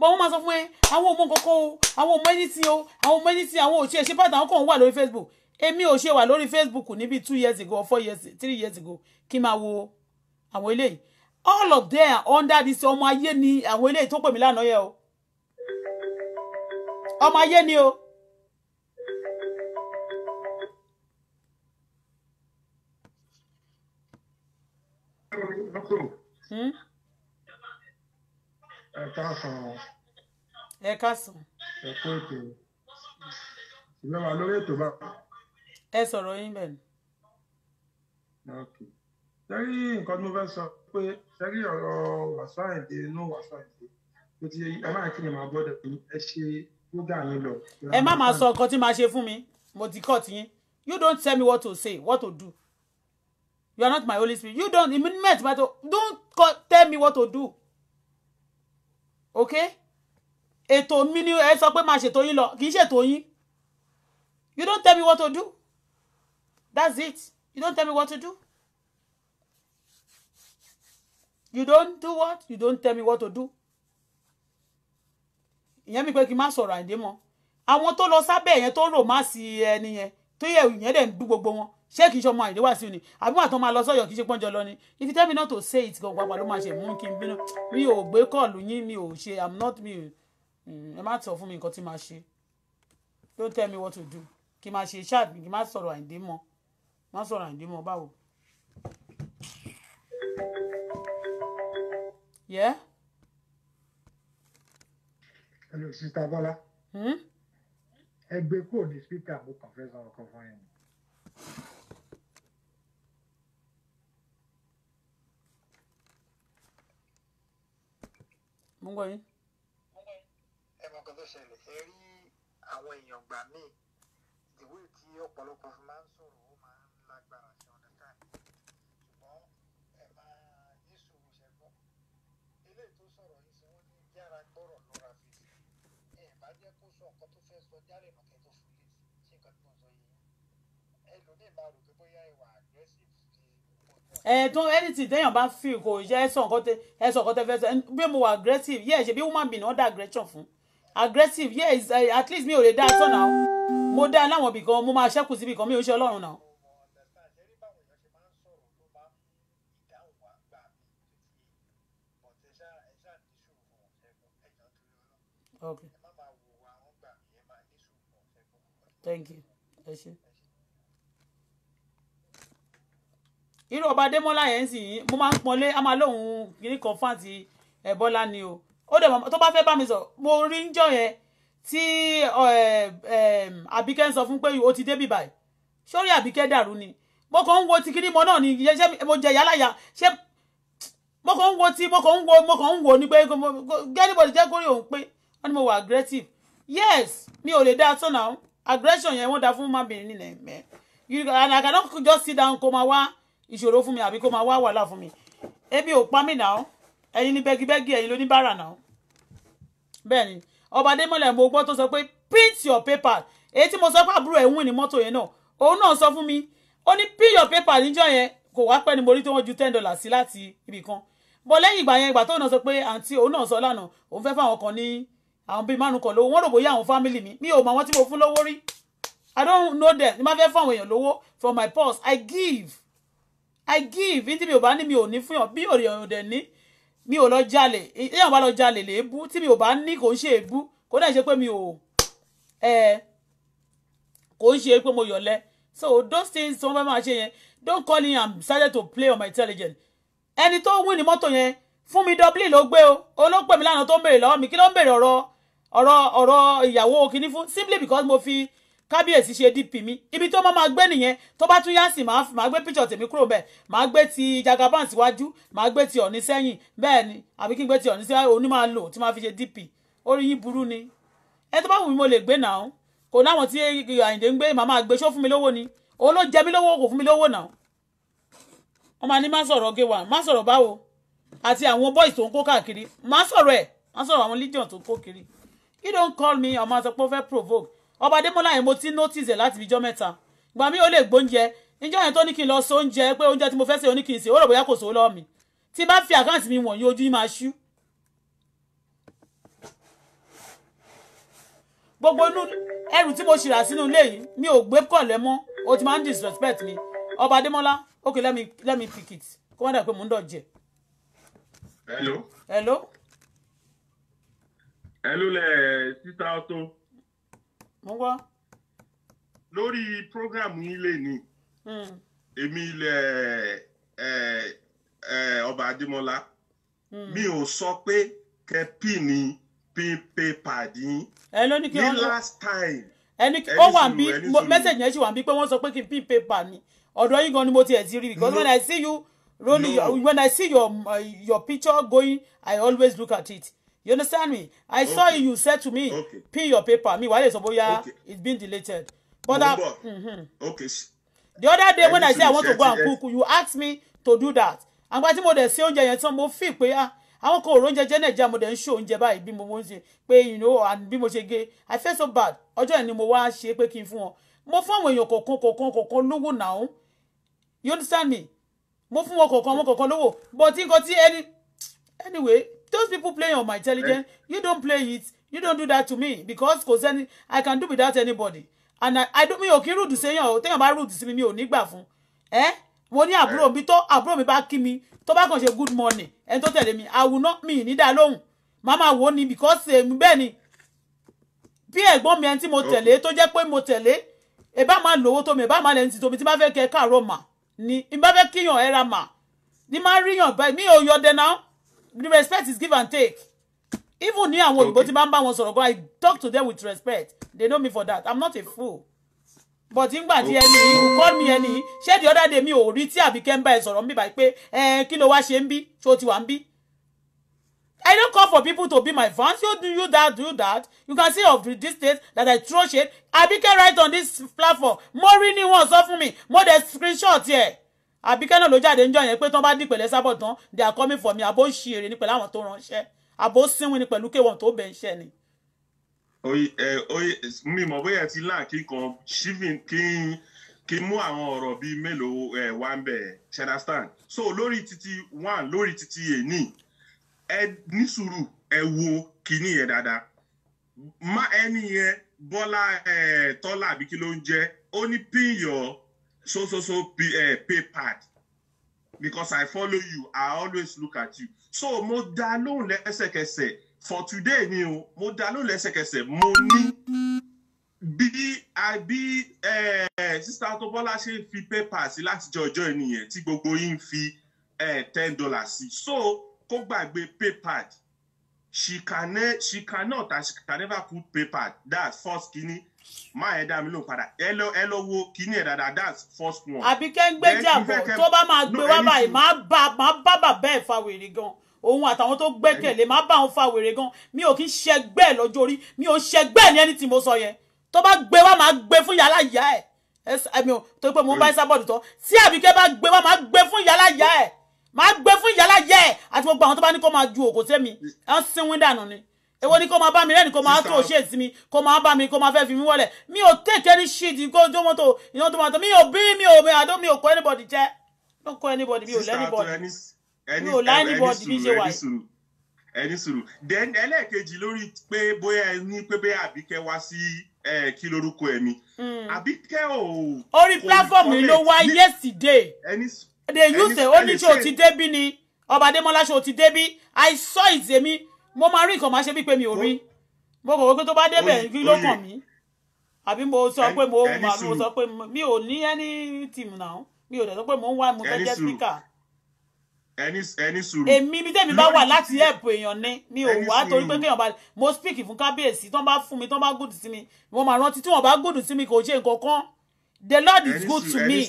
bọ̀ wọ́n máa sọ fún ẹ àwọn ọmọ kọ̀ọ̀kan o àwọn ọmọ anything o àwọn ọmọ anything àwọn òṣìṣẹ́ ṣé pàtàkì àwọn kan wà lórí facebook èmi ò ṣe wà lórí facebook níbi two years ago or four years three years ago kí n máa wo àwọn eléyìí all of them under this ọmọ ayé ni àwọn eléyìí tó pè mí lánàá yẹ o ọmọ ayé ni o. Hmm? ẹ káàsán o. ẹ káàsán. ẹ kú ètò ìlọ́wà lórí ètò bá. ẹ sọ̀rọ̀ yín bẹ́ẹ̀ ni. sẹ́rí nǹkan tí mo fẹ́ sọ pé sẹ́rí ọ̀rọ̀ wàásù àyìndé inú wàásù àyìndé tó ti ẹ máa kí ni màá bọ́dọ̀ yín ẹ ṣe yoga yín lọ. ẹ má máa sọ nǹkan tí màá ṣe fún mi mo ti kọ́ ti yín you don't tell me what to say what to do you are not my holy spirit you don't immediately don't tell me what to do ok ètò mi ni ẹ sọ pé máa ṣètò yín lọ kì í ṣètò yín you don't tell me what to do that's it you don't tell me what to do you don't do what you don't tell me what to do ìyẹn mi pé kí n má sọ̀rọ̀ àìdè mọ́ àwọn tó lọ sábẹ́ yẹn tó rò má sí ẹni yẹn tó yẹ ìyẹn dẹ̀ ń dú gbogbo wọn ṣé kì í ṣọmọ àyìnlé wá sí ni àbí wà tó máa lọ sọyọ kì í ṣe pọ́njọ lọ ni if you tell me not to say it gan pàápàá ló máa ṣe mú kí n bínú mi ò gbé kọ́ọ̀lù yín mi ò ṣe i'm not me mm, ẹ má sọ fún mi nǹkan tí máa ṣe don't tell me what to do kí máa ṣe ṣáàbì kí má sọ̀rọ̀ àyìndé mọ́ má sọ̀rọ̀ àyìndé mọ́ báwo. Yeah? Hello, Sister Bọ́lá. Hmm? Ẹ kúrò ní spíkà mo kàn fẹ́ sọ ọkọ fún yín. mo ń gbọ́ yín. ẹ mọ nǹkan tó ṣẹlẹ̀ ẹ rí àwọn èèyàn gbà míì ìwé tí ọ̀pọ̀lọpọ̀ fi máa ń sọ̀rọ̀ ó máa ń lágbára ṣe ọ̀nà káà ṣùgbọ́n ẹ máa ní sùúrù ṣẹ́gbọ́n eléyìí tó sọ̀rọ̀ yìí sọ wọ́n ní yára gbọ́rọ̀ lọ́ra fèsì ẹ bá jẹ́ kó sọ nǹkan tó fẹ́ sọ jálè nù tó fún lè sí nǹkan tó ń sọ yìí ẹlòmíì máa rò pé ẹ̀ẹ́dún anything téèyàn bá feel kò yẹ ẹ̀sọ̀ nǹkan tẹ ẹ̀sọ̀ nǹkan tẹ fẹ́ sọ bí mo wà aggressive yẹ́ ṣe bí woman bin náà dá aggression fún aggressive yẹ́ yeah, eh, at least mi ò lè dá sọ̀nà mo dá láwọn ibì kan mo máa ṣẹ́kù síbì kan mi ò ṣe ọlọ́run náà. Okay. Thank you. Ẹ ṣé. irú ọba Adémọ́lá yẹn sì yín mo máa ń pọnlé a máa lóun kìíní kan fún àti ẹ̀bọ́lá eh, ni o ó dẹ̀ tó bá fẹ́ bá mi sọ mo rí ń jọ yẹn tí eh, ehm, Àbíkẹ́ ń sọ fún pé o ti débì báyìí sórí Àbíkẹ́ dàrú ni mo kàn ń wo ti kiri mo náà ni ṣé mo jẹ yálà yá ṣé mo kàn ń wo ti mo kàn ń wo mo kàn ń wo ni pé gẹ́nìbọ̀dì jẹ́ kórè òun pé wọ́n ní mo wà aggressive yes mi ò lè dá tọ́nà aggression yẹn wọ́n dá fún mọ́bìnrin nílẹ̀ mẹ́ and I cannot just sit down kó máa wá ìṣòro fún mi àbí kó máa wá wàhálà fún mi ebi ò pa mí náà ẹ̀yin ní bẹ́gibẹ́gi ẹ̀yin ló ní bàrà náà bẹ́ẹ̀ ni ọba adémọ́lẹ̀ mo gbọ́ tó sọ pé print your paper èyí tí mo sọ pé àbúrò ẹ̀ ń wìn ní mọ́tò yẹn náà òun náà sọ fún mi ó ní print your paper níjọ́ yẹn kò wá pẹ́ ni mo rí tí wọ́n ju ten dollars sí láti ibì kan bọ́ lẹ́yìn ìgbà yẹn ìgbà tóun náà sọ pé àǹtí òun náà sọ lánàá òun fẹ́ fáwọn kan ní àwọn bíi márùn kan lówó wọ́n rò bóyá àwọn fámìlì mi mi ò mọ àwọn tí mo fún lówó rí i don't know them ni má fẹ́ fún àwọn èèyàn lówó from my purse i give I give tí mi ò bá ní mi ò ní fún yàn bí òrè ọ̀dẹ̀ ní mi ò lọ jalè èèyàn bá lọ jalè léébú tí mi ò bá ní kò ń ṣe èébú kò dẹ̀ ṣe pé mi ò kò ń ṣe pé mo yọ̀lẹ so those things tí wọ́n bá máa ṣe yẹn don't call me I'm decided to play on my intelligence ẹni tó wí ní mọ́tò yẹn fún mi dọ́bílì ló gbé o olóòpè mi lánàá tó ń béèrè lọ́wọ́ mi kí ló ń béèrè ọ̀rọ̀ ọ̀rọ̀ ìyàwó kìíní fún simply because mo fi kábíyèsí ṣe dp mi ibi tó máa gbé nìyẹn tó bá tún yá sí màá gbé píṣọ tèmi kúrò bẹ́ẹ̀ màá gbé ti jagaban síwájú màá gbé ti ọ̀ní sẹ́yìn bẹ́ẹ̀ ni àbí kí n gbé ti ọ̀ní sẹ́yìn òní máa lò tí máa fi ṣe dp orí yín burú ni ẹ tó bá wù mí mo lè gbé náà kò láwọn tí àyìndé ń gbé màmá àgbé ṣó fún mi lówó ni òun ló jẹ mí lówó kò fún mi lówó náà wọn máa ní má sọ̀rọ̀ géwà má sọ̀rọ̀ báwo àti àwọn boys tó ń kó káàkiri má sọ̀rọ̀ ẹ̀ má sọ̀rọ̀ àwọn legion tó ń kó kiri you don't call me ọmọ àtọ́pọ̀ fẹ́ provoke ọba adémọ́lá yẹn mo ti notice ẹ̀ láti fi jọ́ mẹ́ta ìgbà mi ò lè gbóúnjẹ níjọ́ yẹn tó ní kí n lọ so oúnjẹ pé oúnjẹ tí mo fẹ́ sè ó ní kí n sè ó rò bóyá kò sówó lọ́wọ́ mi tí bá fi àkáǹtì mi wọ̀nyí ojú yín máa ṣú. gbogbo inú ẹrù tí mo ṣì sínú ilé yìí mi ò gbé kọ̀lẹ́ mọ́ o ti máa ń disrespect mi ọba adémọ́lá okay let me let me pick it kó má dà pé mò ń dọ̀jẹ̀. hello. hello. hello le sita ọtọ mo gbọ́. lórí program yín lè ní hmm. èmi ilẹ̀ ọba adémọlá hmm. mi ò sọ pé kẹpì ni pípépàd yín ní last time ẹni ó wà bí mẹ́sẹ̀jì yẹn ṣì wà bí pé wọ́n sọ pé kí n pín paper ni ọ̀dọ̀ yín gan ni mo ti ẹ̀ ti rí because when I see you rolling when I see your uh, your picture going I always look at it you understand me i okay. saw you you said to me okay. pin your paper mi wàhálà ìsọ bóyá it's been deleted but that uh, mm-hmm. okay. the other day I when i say i want to go and cook you ask me to do that àgbà tí mo dẹ̀ ṣe oúnjẹ yẹn tán mo fi pé ah àwọn kan ò jẹ nàìjíríà mo dẹ̀ ń ṣe oúnjẹ báyìí bí mo mo ṣe pé you know and bí mo ṣe gé i feel so bad ọjọ́ yẹn ni mo wá ṣe pé kí n fún wọn mo fún àwọn èèyàn kọ̀ọ̀kan kọ̀ọ̀kan kọ̀ọ̀kan lówó nàá you understand me mo fún wọn kọ̀ọ̀kan wọn kọ̀ọ̀kan lówó but nǹkan tí ẹni anyway those people playing on my intelligence eh? you don't play it you don't do that to me because kò sẹ́ni i can do without anybody and i, I don't mi ò kí rúdù séyàn o téèyàn bá rúdù sí mi mi ò ní gbà fún ẹ eh? mo ní àbúrò eh? mi tó àbúrò mi bá kí mi tó bá kàn ṣe good morning ẹni tó tẹ̀lé mi àwùná mi ní dá lóhùn màmá wò ni because èmi bẹ́ẹ̀ ni bí ẹ̀gbọ́n mi ẹni tí mo tẹ̀lé tó jẹ́ pé mo tẹ̀lé ẹ bá máa lówó tó mi ẹ bá máa lẹ́yìn tí tómi tí bá fẹ́ kẹ́ káàárọ̀ mà ni ẹ bá fẹ́ kíyàn ẹ ra mà ni máa ríyàn báyìí mi ò yọ dẹ náà The respect is give and take even ní àwọn òyìnbó tí bá ń bá wọn I talk to them with respect they know me for that I'm not a fool but ngbà tí ẹni you call me any, share the other day me ò rí tí àbíkẹ́ ń bá ẹ sọ̀rọ̀ ń bí báyìí pé ẹ kí ló I don't call for people to be my fans you do you that do that you can see of this state that I throw I became right on this platform More rí ni off sọ fún mi mo dẹ̀ Yeah àbíkẹ́ náà ló jáde ń jọ yẹn pé tí wọ́n bá dìpẹ̀lẹ́ sábọ̀ tán they are coming for me àbó ń ṣe èrè ni pẹ̀lú àwọn tó ránṣẹ́ àbó sínwìn ni pẹ̀lú kéwọ̀n tó bẹ̀ ń ṣẹ́ ni. oye ẹ oye mi mọ bóyá ti láà kí kan ṣífìn kí n kí mú àwọn ọ̀rọ̀ bíi mélòó ẹ ń bẹ ṣẹdastan so lórí Titi one lórí Titi èní ẹ ní sùúrù ẹ wo kíní yẹn dáadáa má ẹni yẹn Bọ́lá ẹ tọ́lá àbí kí ló ń jẹ́ ó ní pín yọ so so so pay, uh, eh, pay pad because I follow you I always look at you so mo dá lóhùn lẹ́sẹ̀kẹsẹ̀ for today ni o mo dá lóhùn lẹ́sẹ̀kẹsẹ̀ mo ní bí àbí sísá tó bọ́lá ṣe ń fi pépà sí látijọ́ ọjọ́ ènìyàn tí gbogbo yín fi eh, ten dollars sí so kó gbàgbé paypal she can she cannot and she can never put paypal That first kini má ẹ dá mi ló padà ẹ lọ ẹ lọ wo kíní ẹ dáadáa that's first one. àbí kẹ́ńgbẹ́jà bọ̀ tó bá máa gbé wá báyìí má bá bàbá bẹ́ẹ̀ fa wèrè gan òun àtàwọn tó gbẹ́kẹ̀lé má bá òun fa wèrè gan mi ò kí ń ṣẹgbẹ́ ẹ̀ lọ́jọ́ orí mi ò ṣẹgbẹ́ ẹ̀ ní ẹni tí mo sọ yẹn tó bá gbé wá máa gbé fún yàrá ìyá ẹ̀ ẹmi o tó pé mo bá Esabod tọ tí Àbíkẹ́ bá gbé wá máa gbé fún ìyá ẹ̀ máa gbé fún èwo ni kó máa bá mi lẹ́nu kó máa tó ṣe sí mi kó máa bá mi kó máa fẹ́ fi mi wọlé mi ò take any shit kó jó mọ́tò iná tó máa tó mi ò bí mi ò mi àdó mi ò kọ́ anybody jẹ́ no kọ́ anybody mi ò lẹ́nibọ̀dì mi ò lẹ́nibọ̀dì mi ṣe wáyé ẹni sùúrù then ẹlẹ́ẹ̀kejì lórí pé bóyá ẹ ní pé bóyá àbíkẹ́ wá sí kí lorúkọ ẹ mi hmm. àbíkẹ́ ò. orí pílàfọ́ọ̀mù yìí ló wá yesterday they use the only show ti débí ni ọba adémọlá show i saw it èmi mo máa rí nǹkan máa ṣe bí pé mi ò rí mo kò wọ́n pé tó bá débẹ̀ kí ló kàn mí àbí mo sọ pé mo sọ pé mi ò ní ẹni tìmù náà mi ò dẹ̀ sọ pé mo ń wá mo fẹ́ jẹ́ spíkà. èmi ibi tẹ́mi bá wà láti help èèyàn ni mi ò wá torí pé kéèyàn bá mo speak fún kábíyèsí tó ń bá fún mi tó ń bá gùdù sí mi mo máa rántí tí wọ́n bá gùdù sí mi kò ṣe nǹkan kan the Lord is good to me.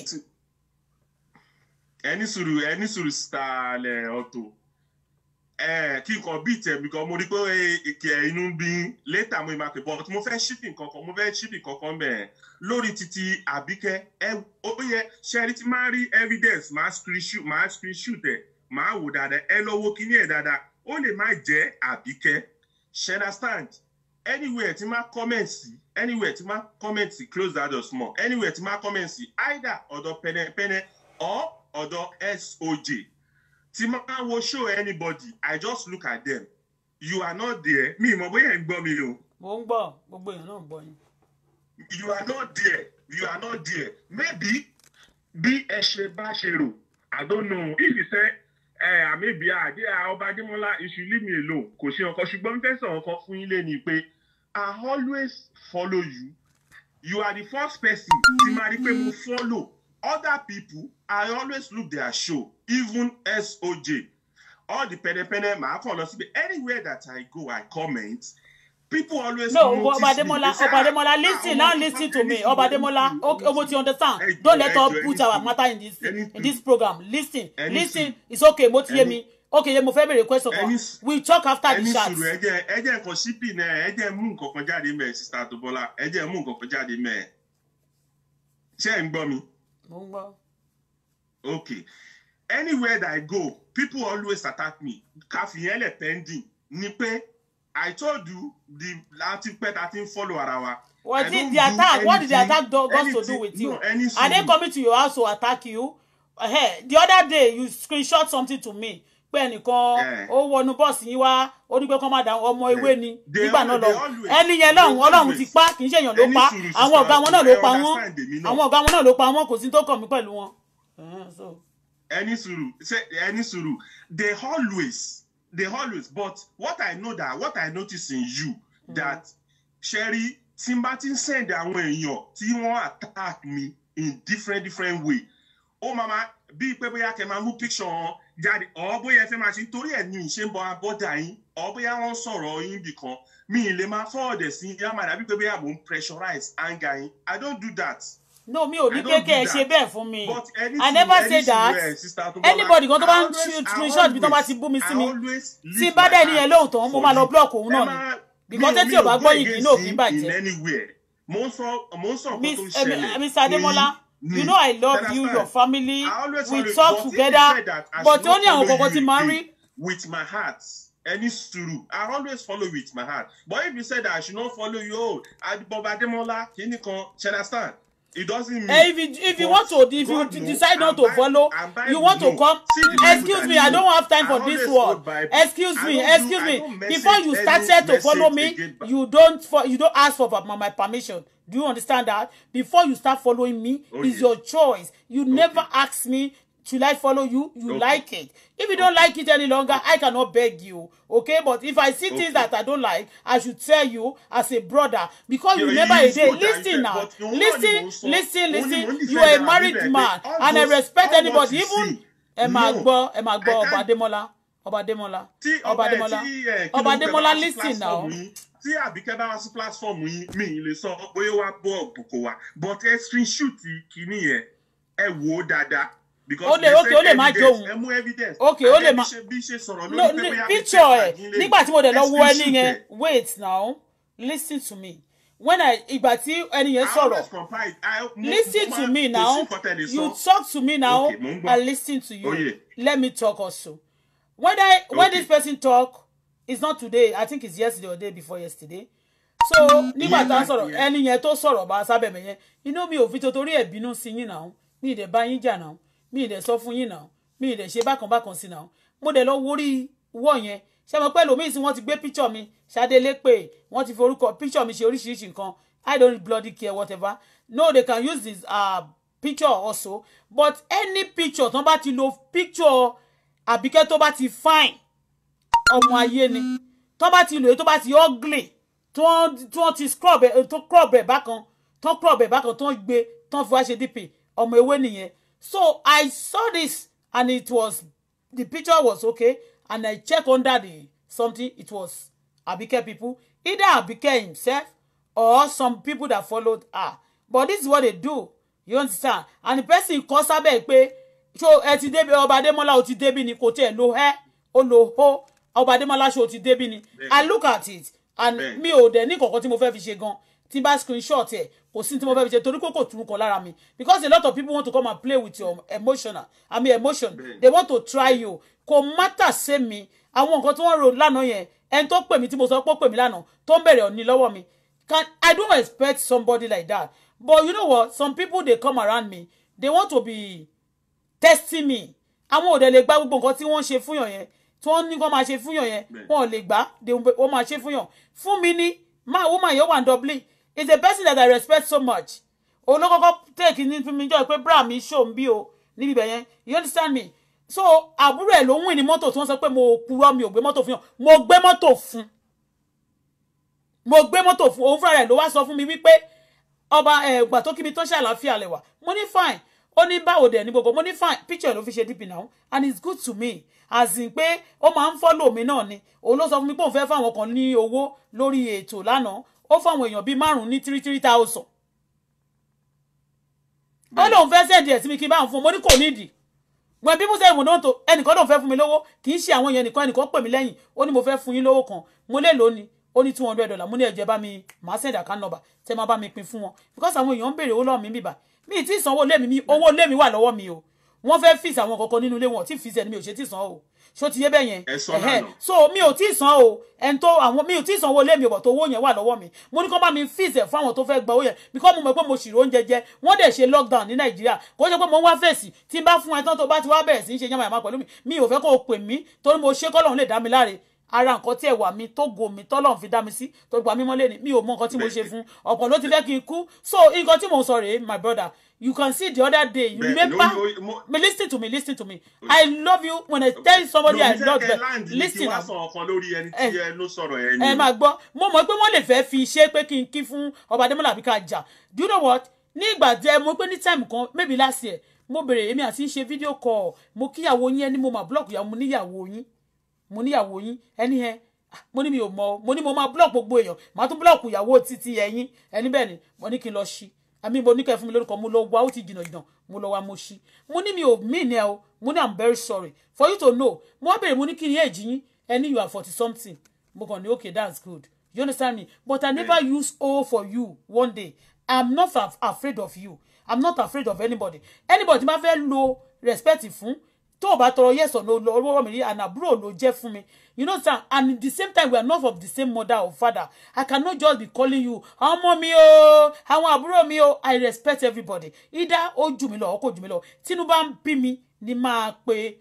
ẹni sùúrù ẹni sùúrù sàlẹ̀ ọ̀tọ̀. Eh, kí n kàn bí kan mo rí pé èkè eh, inú bí létà mo máa pè but mo fẹ́ ṣípì kankan mo fẹ́ ṣípì kankan bẹ́ẹ̀ lórí títí àbíkẹ́ ó yẹ ṣẹ́rí tí máa rí evidence máa screenshot máa ẹ̀ máa wò dáadáa ẹ lọ́wọ́ kíní ẹ̀ dáadáa ó lè má jẹ́ àbíkẹ́ ṣe understand anywhere tí máa comment sí anywhere tí máa comment sí close that door small anywhere tí máa comment sí either ọ̀dọ̀ pẹnẹpẹnẹ or ọ̀dọ̀ SOJ tí máa wo show anybody i just look at them you are not there mi ìmọ̀ bóyá ẹ̀ ń gbọ́ mi o. mo ń gbọ́ gbogbo èèyàn náà ń gbọ́ you are not there you are not there maybe bí ẹ ṣe bá ṣe rò i don't know if you say eh, àmìbí àdé ah, ọba adémọlá ìṣúlí mi èlò kò ṣe ọkọ ṣùgbọ́n fẹsẹ̀ ọkọ fún yín lé ni pé i always follow you you are the first person tí máa rí pé mo follow other people i always look their show even SOJ, all the pene pene, my call anywhere that I go, I comment. People always no, Obademola, ah, Obademola, listen, now listen to me. Obademola, okay, what you understand? Don't let us put our matter in this in this program. Listen, listen, it's okay, what hear me. Okay, You mo a request of us. We talk after the chat. Ẹni sùúrù ẹjẹ ẹjẹ kan ṣípì náà ẹjẹ mú nǹkan kan jáde mẹ́ẹ̀ sísá Àtọ́bọ́lá ẹjẹ mú nǹkan kan jáde mẹ́ẹ̀. Ṣé ẹ̀ Okay anywhere that I go people always attack me kàfìyẹ́lẹ̀ pending ni pé I told you the láti pẹ́ that ti follow ara wa. was it the attack anything, what did the attack do, got to do with you no, are they coming to your house to attack you hey, the other day you screenshot something to me pé ẹnìkan ó wọnú bọ́ọ̀sì yín wá ó ní pé kán má da ọmọ ewé ni nígbà náà lọ ẹni yẹn lọ́hùn ọlọ́run ti pa kì í ṣèyàn ló pa àwọn ọ̀gá wọn náà ló pa wọ́n àwọn ọ̀gá wọn náà ló pa wọ́n kò sí tó kàn mí pẹ̀lú wọn. Any sùúrù say any sùúrù they always they always but what i know that what i notice in you mm. that Sherry, tí ti send àwọn èèyàn tí wọ́n attack me in different different way ó máa ma bíi pé bóyá kẹ́ máa mú picture wọn jáde ọ̀ bóyá ẹ fẹ́ máa ṣe nítorí ẹ̀ ní ìṣe ń bọ abọ́dà yín ọ̀ bóyá wọ́n sọ̀rọ̀ yín bìkan mi ì lè máa fọ́ọ̀dẹ̀ sí yá màdàbí pé bóyá mò ń pressurize anger yín i don't do that no mi ò ní pé kẹ́ ẹ ṣe bẹ́ẹ̀ fún mi i never say that eh, anybody kan tó bá ń screenshot bí tó bá ti bú mi sí mi tí bá dẹ̀ ní yẹn lóòótọ́ mo máa lọ block òun náà ni because tẹ́tí ò bá gbọ́ yìí kìí náà kìí bàjẹ́ Mr. Eh, Ademola you know i love you your family we talk together but only ní àwọn kankan tí màá rí. with my heart any suru i always follow with my heart but if you say that i should not follow you oh Bob Ademola kìíní kan ṣe understand it doesn't mean. Eh, if you if you want to if God you knows, decide not to follow you want to come excuse me I, don't have time for this one excuse me excuse me before you started to follow me you don't for, you don't ask for my, my permission do you understand that before you start following me okay. Oh, is your choice you okay. never ask me should I follow you you okay. like it if you don't like it any longer i cannot beg you okay but if i see okay. things that i don't like i should tell you as a brother because you never a day lis ten now lis ten lis ten lis ten you are a married man and i respect anybody even ẹ máa gbọ́ obademola, obademola, obademola, ọba lis ten now tí àbíkẹ́ bá wá sí pílátífọ̀mù yín mi ì lè sọ bóyá wá bọ́ ọ̀bùkọ̀ wa but ẹ screenshot kìíní yẹn ẹ wò ó dáadáa o lè ok o lè má jóun ok o lè má no picture ẹ nígbà tí mo dẹ̀ lọ wo ẹni yẹn wait now listen to me when i ìgbà tí ẹni yẹn sọ̀rọ̀ listen to me now you talk to me now okay, i listen to you oh, yeah. let me talk also when i when okay. this person talk it's not today i think it's yesterday or day before yesterday so nígbà tá a sọ̀rọ̀ ẹni yẹn tó sọ̀rọ̀ bá a sábẹ̀ mẹ́yẹn inú mi ò fi torí ẹ̀ bínú sí yín náà ní ìdẹ̀bá yín jà náà mi ì dẹ̀ sọ fún yín náà mi ì dẹ̀ ṣe bákan bákan sí náà mo dẹ̀ lọ wórí wọ́ yẹn ṣé mo pẹ́ lómi tí wọ́n ti gbé píṣọ̀ mi ṣadélé pé wọ́n ti forúkọ píṣọ̀ mi ṣe oríṣiríṣi nǹkan I don't bloody care whatever no they can use this uh, picture also but any picture tó bá ti lo picture àbíkẹ́ tó bá ti fine ọmọ ayé ni tó bá ti lò é tó bá ti ugly tó ti scrub ẹ̀ tó crop ẹ̀ bákan tó crop ẹ̀ bákan tó gbé tó fi wá ṣe dp ọmọ ewé nìyẹn So I saw this and it was the picture was okay and I check under the something it was Abike people either Abike himself or some people that followed her but this is what they do you understand and the person kọ sábẹ́ pé ṣó ẹ ti débi ọba adémọ́lá ó ni kò lo ẹ́ ó lo ó ọba adémọ́lá ṣó ti débi ni I look at it and me, ò dẹ̀ ni kankan tí mo fẹ́ fi ṣe gan tí bá screenshot ẹ̀ kò sí tí mo fẹ́ fi ṣe torí kò kò tún kọ lára mi because a lot of people want to come and play with your emotional I mean emotion they want to try you kò mátà sé mi àwọn nǹkan tí wọ́n rò lánàá yẹn ẹni tó pè mí tí mo sọ pé ó pè mí lánàá tó ń bẹ̀rẹ̀ òní lọ́wọ́ mi can I don't expect somebody like that but you know what some people dey come around me they want to be testing me àwọn òde lè gba gbogbo nǹkan tí wọ́n ṣe fúnyàn yẹn tí wọ́n ní kó máa ṣe fúnyàn yẹn wọn ò lè gbà wọ́n máa ṣe fúnyàn fún mi ní máa wọ́n máa yọ wà ń dọ́blé is a person that I respect so much olókọ́kọ́ take in fún mi jọ pé bra mi ṣò ń o níbi ibẹ̀ you understand me so àbúrò ẹ̀ ló ń wìn ní mọ́tò tí wọ́n sọ pé mo purọ́ mi ò gbé mọ́tò fún yàn mo gbé mọ́tò fún mo gbé mọ́tò fún òun fúnra rẹ̀ ló wá sọ fún mi wípé ọba ẹ̀gbà eh, tó kí mi tó ṣàlàáfíà lẹ̀wà mo ní fine ó ní báwo dẹ̀ ní gbogbo mo ní fine picture ló fi ṣe dp now and it's good to me as in pé ó máa ń follow mi náà ni òun ló sọ fún mi pé òun fẹ́ fáwọn kan ní owó lórí ètò lánàá ó fáwọn èèyàn bíi márùn-ún ní three three thousand ó lóun fẹ́ sẹ́ǹdì ẹ̀ sí mi kí n bá òun fún un mo ní kò nídìí wọn bí musa ìmùdó tó ẹnìkan lòun fẹ́ fún mi lówó kì í ṣe àwọn èèyàn nìkan ẹnìkan pè mí lẹ́yìn ó ní mo fẹ́ fún yín lówó kan mo lè lò ó ni ó ní two hundred dollar mo ní ẹ̀jẹ̀ bá mi màá sẹ́ǹdì àkáńtì nọ́mbà tẹ́ máa bá mi pín fún wọn because àwọn èèyàn ń béèrè owó lọ́wọ́ mi mi ì tí ì sanwó lé mi owó lé mi wà lọ́wọ́ mi o wọ́n fẹ́ fìsì àwọn kọ̀ọ̀kan nínú ilé wọn ò tí ì fìsì ẹni mi ò ṣe tí ì san So ti yé bẹ́ẹ̀ yẹn ẹ̀hẹ́ so mi ò tí ì san o ẹni tó àwọn mi ò tí ì san owó ilé mi bọ̀ tó owó yẹn wà lọ́wọ́ mi mo ní kó bá mi fíìsì ẹ̀ fún àwọn tó fẹ́ gba owó yẹn because mo mọ̀ pé mo ṣì róúnjẹ jẹ wọ́n dẹ̀ ṣe lockdown ní nàìjíríà kò ṣe pé mo ń wá fèsì tí n bá fún ẹ tán tó bá ti wá bẹ̀rẹ̀ sí í ṣe yánmayàmá mi mi ò fẹ́ kó o pè mí torí mo ṣe kọ́lọ́run lè dá mi láre ara nǹkan tí ẹwà mi tó go mi tọ́lọ̀ fi dá mi sí tó gbà mí mọ́lẹ̀ ni mi ò mọ nǹkan tí mo ṣe fún ọ̀pọ̀ ló ti fẹ́ kí n kú so nǹkan tí mo sọ rèé my brother you can see the other day you remember me listen to me listen to me i love you when i tell somebody i love them listen na eh. ẹ eh, máa gbọ́ mo mọ̀ pé wọ́n lè fẹ́ fi ṣe pé kí n kí fún ọba adémọ́lá àbíká jà do you know what ní ìgbà tí ẹ pé ní time kan maybe last year mo bèrè èmi àti ń ṣe fídíò call mo kíyàwó yín ẹni mo mà búlọ̀kù yàwó níyàwó yín mo níyàwó yín ẹni yẹn ah, mo ní mi ò mọ mo ní mo máa búlọ̀kù gbogbo èèyàn màá tún búlọ̀kù ìyàwó títí ẹ̀yìn ẹni bẹ́ẹ̀ ni mo ní kí n lọ ṣí àmì mo ní kẹ́ fún mi lórúkọ mo lọ wá ó ti jìnnà jìnnà mo lọ wá mo ṣí mo ní mi ò mean ẹ o mo ní i'm very sorry for you to know mo wá bèrè mo ní kí ni èjì yín ẹni you are forty something mo kàn ní okay that's good you understand me but i never yeah. use o for you one day i'm not afraid of you i'm not afraid of anybody anybody ma fẹ́ lo respect fún tó o bá tọrọ yes or no lọ ọwọ́ mi rí and àbúrò ló jẹ́ fún mi you know sam and at the same time we are not of the same mother or father i cannot just be calling you àwọn ọmọ mi o àwọn àbúrò mi o i respect everybody either ó jù mí lọ ó kò jù mí lọ tínú ń bí mi ni máa pe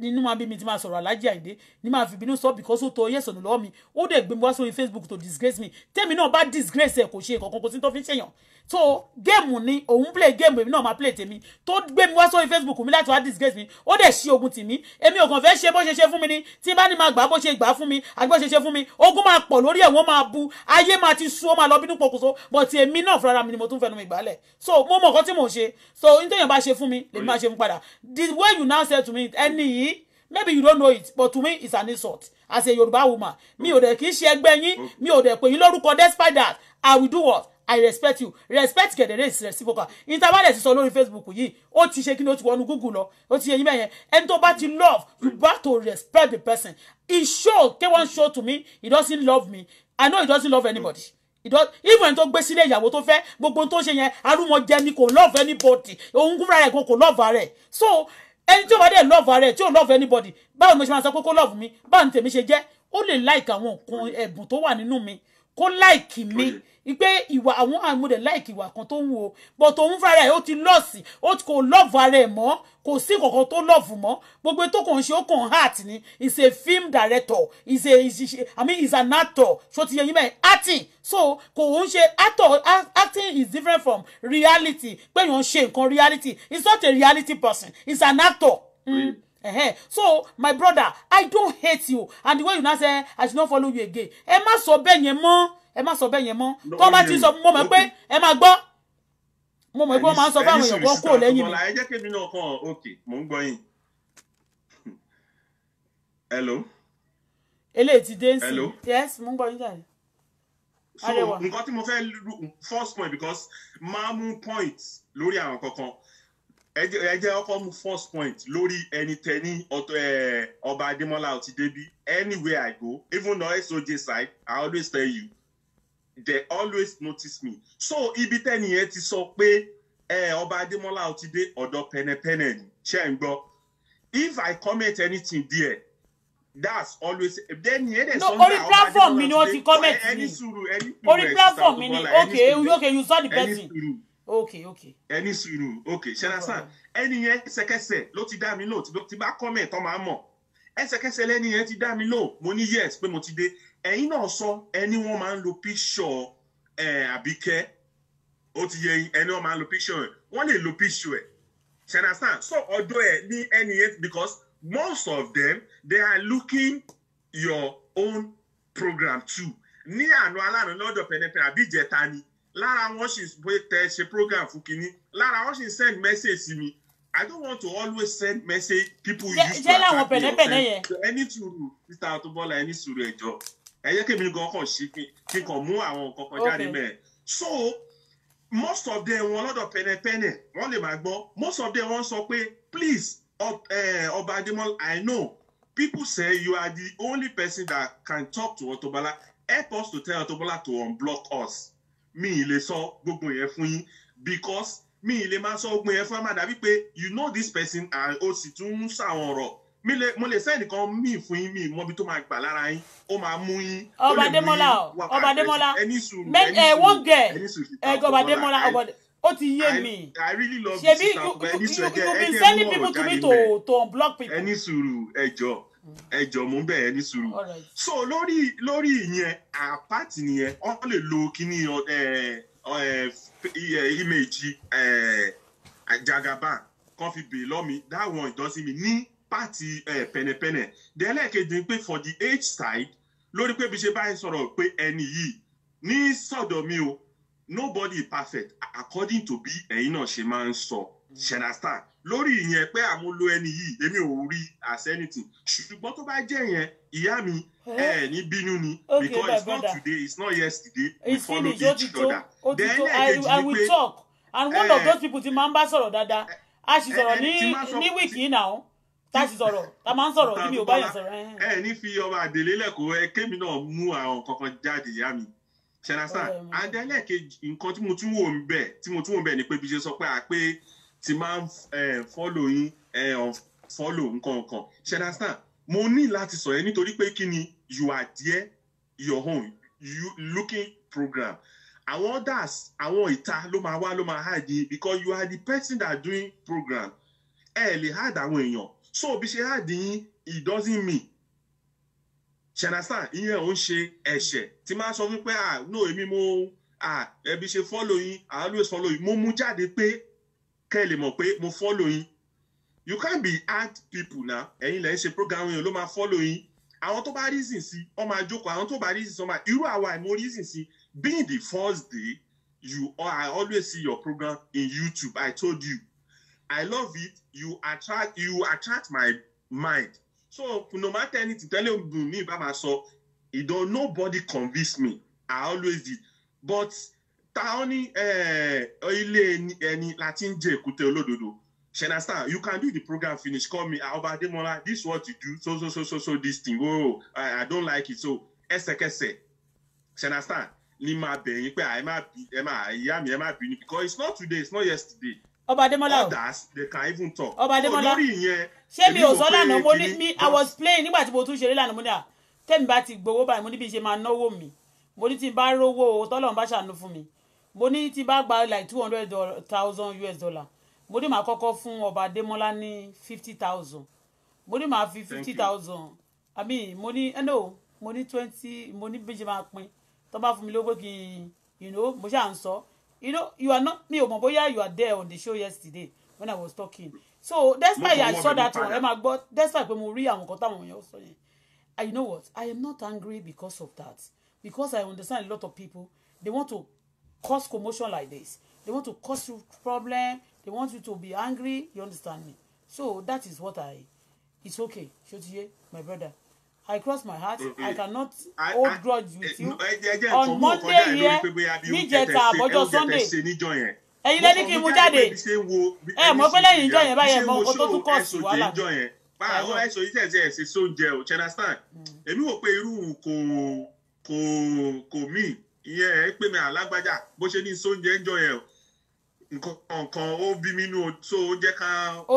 nínú máa bí mi ti máa sọ̀rọ̀ alájí àìdé ni máa fi bínú sọ because ó tó yes or no lọ́wọ́ mi ó dẹ̀ gbé mi wá sórí facebook to disgrace me tẹ́mi náà bá disgrace ẹ̀ kò ṣe kankan kò sí tó fi ń ṣèyàn so géèmù ni òun play géèmù èmi náà máa play tèmi tó gbé mi wá sórí facebook mi láti wá disgrace mi ó dẹ̀ ṣí ogun tì mí èmi ò kàn fẹ́ ṣe bó ṣe ṣe fún mi ni tí bá ní máa gbà bó ṣe gbà fún mi àti bó ṣe ṣe fún mi ogun máa pọ̀ lórí ẹ̀ wọ́n máa bu ayé máa ti sú ó máa lọ bínú pokùnso but èmi náà fúnra mi ni mo tún fẹnu mi gbálẹ̀ so mo mọ̀ nǹkan tí mò ń ṣe so n téèyàn bá ṣe fún mi lèmi máa ṣe fún padà the way you now say to me ẹni yìí maybe you don't know it but to me it's an insult as a Yorùbá woman mi ò dẹ̀ kì í ṣe ẹgbẹ́ yín mi ò dẹ̀ pè yín lórúkọ despite that I will do what i respect you respect gẹ̀dẹ̀rẹ̀ is reciprocal ìtàbálẹ̀ sísọ lórí facebook yìí ó ti ṣe kí ni ó ti wọnú google lọ ó ti yẹ yín mẹ́yẹn ẹni tó bá ti love you have to respect the person e show k one show to me he doesn't love me i know he doesn't love anybody he don even tó gbé sílé ìyàwó tó fẹ́ gbogbo tó ṣe yẹn arúmọjẹ ni kò love anybody òun kúrò rẹ̀ kò love rẹ̀ so ẹni tí ó bá dẹ̀ love rẹ̀ tí ò love anybody báwo ni mo ṣe máa sọ pé kó love mi báwo ni tèmi ṣe jẹ́ ó lè like àwọn nǹkan ẹ̀bùn tó wà nínú mi kó like mi. Mm pé ìwà àwọn àmúdẹ̀ láìkì ìwà kan tó ń wo bọ̀tò òun fúnra ẹ̀ ó ti lọ́ọ̀sì ó kò lọ́ọ̀fù ara ẹ̀ mọ́ kò sí kankan tó lọ́ọ̀fù mọ́ gbogbo tó kàn ṣe ó kàn heart ni is a film director is a is a i mean is an actor so ti yẹ yín bẹ́ẹ̀ acting so kò ń ṣe actor acting is different from reality pé èèyàn ṣe nǹkan reality is not a reality person is an actor. Mm. Uh-huh. so my brother i don't hate you and the way you now say i should not follow you again ẹ má sọ bẹ́ẹ̀ yẹn mọ́ ẹ má sọ bẹ́ẹ̀ yẹn mọ́ tó bá ti sọ mo mọ̀ pé ẹ má gbọ́ mo mọ̀ pé wọ́n máa ń sọ fún àwọn èèyàn kó lẹ́yìn mi. ẹ jẹ́ kí mi náà kàn ókè mò ń gbọ́ yín. hello. eléyìí ti dé sí i yes mò ń gbọ́ yín jàre. so nǹkan tí mo fẹ́ first point because máa mú point lórí àwọn kankan ẹ jẹ́ ọkọ mú first point lórí ẹni tẹni ọ̀tọ̀ ọba Adémọ́lá ọtí débi anywhere I go even though SOJ side I always tell you they always notice me so ibi tẹ́ni yẹn ti sọ pé ọba adémọ́lá ó ti dé ọ̀dọ̀ pẹnẹpẹnẹ ni ṣe ń gbọ́ if i comment anything there that's always then here there's no orí platform mi ni wọ́n ti comment me orí platform mi ni okay okay you saw the person okay okay ẹni sùúrù okay ṣẹlẹsàn ẹni yẹn ẹsẹ̀kẹsẹ̀ ló ti dá mi lò tí bá comment ọmọ àmọ́ ẹsẹ̀kẹsẹ̀ lẹni yẹn ti dá mi lò mo ní yes pé mo ti dé ẹ̀yin náà sọ ẹni wọ́n máa ń lo píṣọ̀ ẹ̀ àbíkẹ́ ó ti yẹ ẹni wọ́n máa ń lo píṣọ̀ ẹ̀ wọ́n lè lo píṣọ̀ ẹ̀ you understand so ọjọ́ ẹ̀ ní ẹni yẹn because most of them they are looking your own program too ní àná aláàánú lọ́jọ́ pẹ̀lẹ́pẹ̀ àbí ìjẹta ni lára wọn ṣì tẹ ṣe program fún kínní lára wọn ṣì send message sí mi I don't want to always send message people use to attack me any sùúrù Mr. Atubola. Any ẹni sùúrù ẹjọ ẹ yẹ kémi gan kàn ṣe kí kàn mú àwọn nǹkan kan jáde mẹ́ẹ̀ so most of them wọn lọ́dọ̀ pẹnẹpẹnẹ wọ́n lè máa gbọ́ most of them wọ́n sọ pé please eh, ọba adémọ́lá i know people say you are the only person that can talk to Auto Bola help us to tell Auto to unblock us mi ì lè sọ gbogbo yẹn fún yín because mi ì lè máa sọ gbogbo yẹn fún amada wípé you know this person and o sì tún ń sàwọn ọ̀rọ̀ mo lè sẹ́yìn nìkan mí fún yín mi mọ́bi tó máa gbà lára yín ó máa mú yín ó lè mú yín ọba Adémọ́lá ẹni sùúrù eh, ẹni sùúrù eh, ọba Adémọ́lá ọba ó ti yé mi ṣebí you been sending people to me to to unblock people. ẹni sùúrù ẹjọ ẹjọ mo ń bẹ̀ ẹni sùúrù so lórí lórí ìyẹn àpáàtì nìyẹn wọn lè lo kíní eh, image Jagaban kan fi bèè lọ́mi that one mi ní pàtì eh, pẹ̀nẹ̀pẹ̀nẹ̀ then ẹlẹ́ẹ̀kejì ni pé for the age side lórí pé bí ṣe báyìí sọ̀rọ̀ pé ẹni yìí ní sọ̀dọ̀ mi o nobody perfect according to bí ẹ̀yin náà ṣe máa ń sọ hmm. ṣẹ̀dástar lórí ìyẹn pé àmúlò ẹni yìí èmi ò rí as anything ṣùgbọ́n tó bá jẹ́ yẹn ìyá mi eh? ẹ ní bínú ni because it's not today it's not yesterday we follow each other then ẹlẹ́ẹ̀kejì ni pé and one of eh, those people ti máa ń bá sọ̀rọ̀ dáadáa a sì sọ̀rọ̀ ní ní wíìkì náà láti sọ̀rọ̀ tá a máa ń sọ̀rọ̀ kí mi ò bá yàn sọ̀rọ̀. ẹ ní fi ọba àdèlé lẹ́kọ̀ọ́ ẹ kémi náà mú àwọn kankan jáde ìyá mi ṣẹlẹsà adélẹ kejì nǹkan tí mo tún wò ń bẹ tí mo tún wò ń bẹ ni pé bí ṣe sọ pé à pé ti máa ń fọlò yín fọlò nǹkan kan ṣẹlẹsà mo ní láti sọ yẹn nítorí pé kí ni you are there your own you looking program àwọn others àwọn ìta ló máa wá ló máa hide yín because you are the person that doing program ẹ lè hide àwọn èèyàn so bí ṣe hàdí it doesn't mean ṣànàsà ìyẹn ò ń ṣe ẹ̀ṣẹ̀ tí máa sọ fún pé ah no èmi mo ah ẹbí ṣe follow yín I always follow yín mo mú jáde pé kẹ́ ẹ lè mọ̀ pé mo follow yín you can't be hard people na ẹ̀yin lẹ́yìn ṣe program yẹn ló máa follow yín àwọn tó bá reason sí wọ́n máa jókòó àwọn tó bá reason sí wọ́n máa irú àwa àìmọ̀ reason sí being the first day you I always see your program in YouTube I told you I love it. You attract you attract my mind. So no matter anything, tell him me by myself. You don't nobody convince me. I always did. But Taoni eh, ilé ẹni láti ń jẹ èkúté olódodo. Shenasta, you can do the program finish. Call me Alba Demola. This is what you do. So so so so so this thing. Oh, I, I don't like it. So ẹsẹ̀kẹsẹ̀. Shenasta, ni máa bẹ̀yìn pé ẹ máa bí ẹ máa ìyá mi ẹ because it's not today, it's not yesterday ọba adémọlá others they can even talk ọba adémọlá olórí yẹn ṣé mi ò sọ lánàá mo ní mi i was playing nígbà tí mo tún ṣeré lánàá mo ní à ah, tẹ́mi bá ti gbowó báyìí mo ní bí ṣe máa náwó mi mo ní tí n bá rówó o tọ́lọ́run bá ṣàánú fún mi mo ní tí n bá gba like two hundred thousand us dollar mo ní màá kọ́kọ́ fún ọba adémọlá ní fifty thousand mo ní màá fi fifty thousand i mean mo ní eh, no mo ní twenty mo ní bí ṣe máa pín tó bá fún mi lówó kí n you know mo ṣáà ń sọ. So you know you are not mi ò mọ̀ bóyá you are there on the show yesterday when i was talking so that's why i saw that one ẹ máa that's why pé mo rí àwọn nǹkan táwọn èèyàn sọ yẹn you know what i am not angry because of that because i understand a lot of people they want to cause commotion like this they want to cause you problem they want you to be angry you understand me so that is what i it's okay ṣé o ti my brother I cross my heart. mm I cannot I, hold I, grudge with eh, you. On Monday here, níjẹta àbọ̀jọ́ Sunday. Ẹ̀yin lẹ́ni kí n mú jáde. Ẹ mọ̀ pé lẹ́yìn ìjọ yẹn báyẹn mọ̀ kó tó tún kọ́ sí wàhálà. Bá àwọn ẹ̀sọ́ yìí tẹ̀sí ẹ̀ sí sóúnjẹ ò Chenastan. Mm. Èmi wò pé irú kò kò kò mí ìyẹn ẹ pé mi àlágbájá bó ṣe ní sóúnjẹ ń jọ yẹn o nǹkan kan ó mi nú so ó jẹ́ ká kò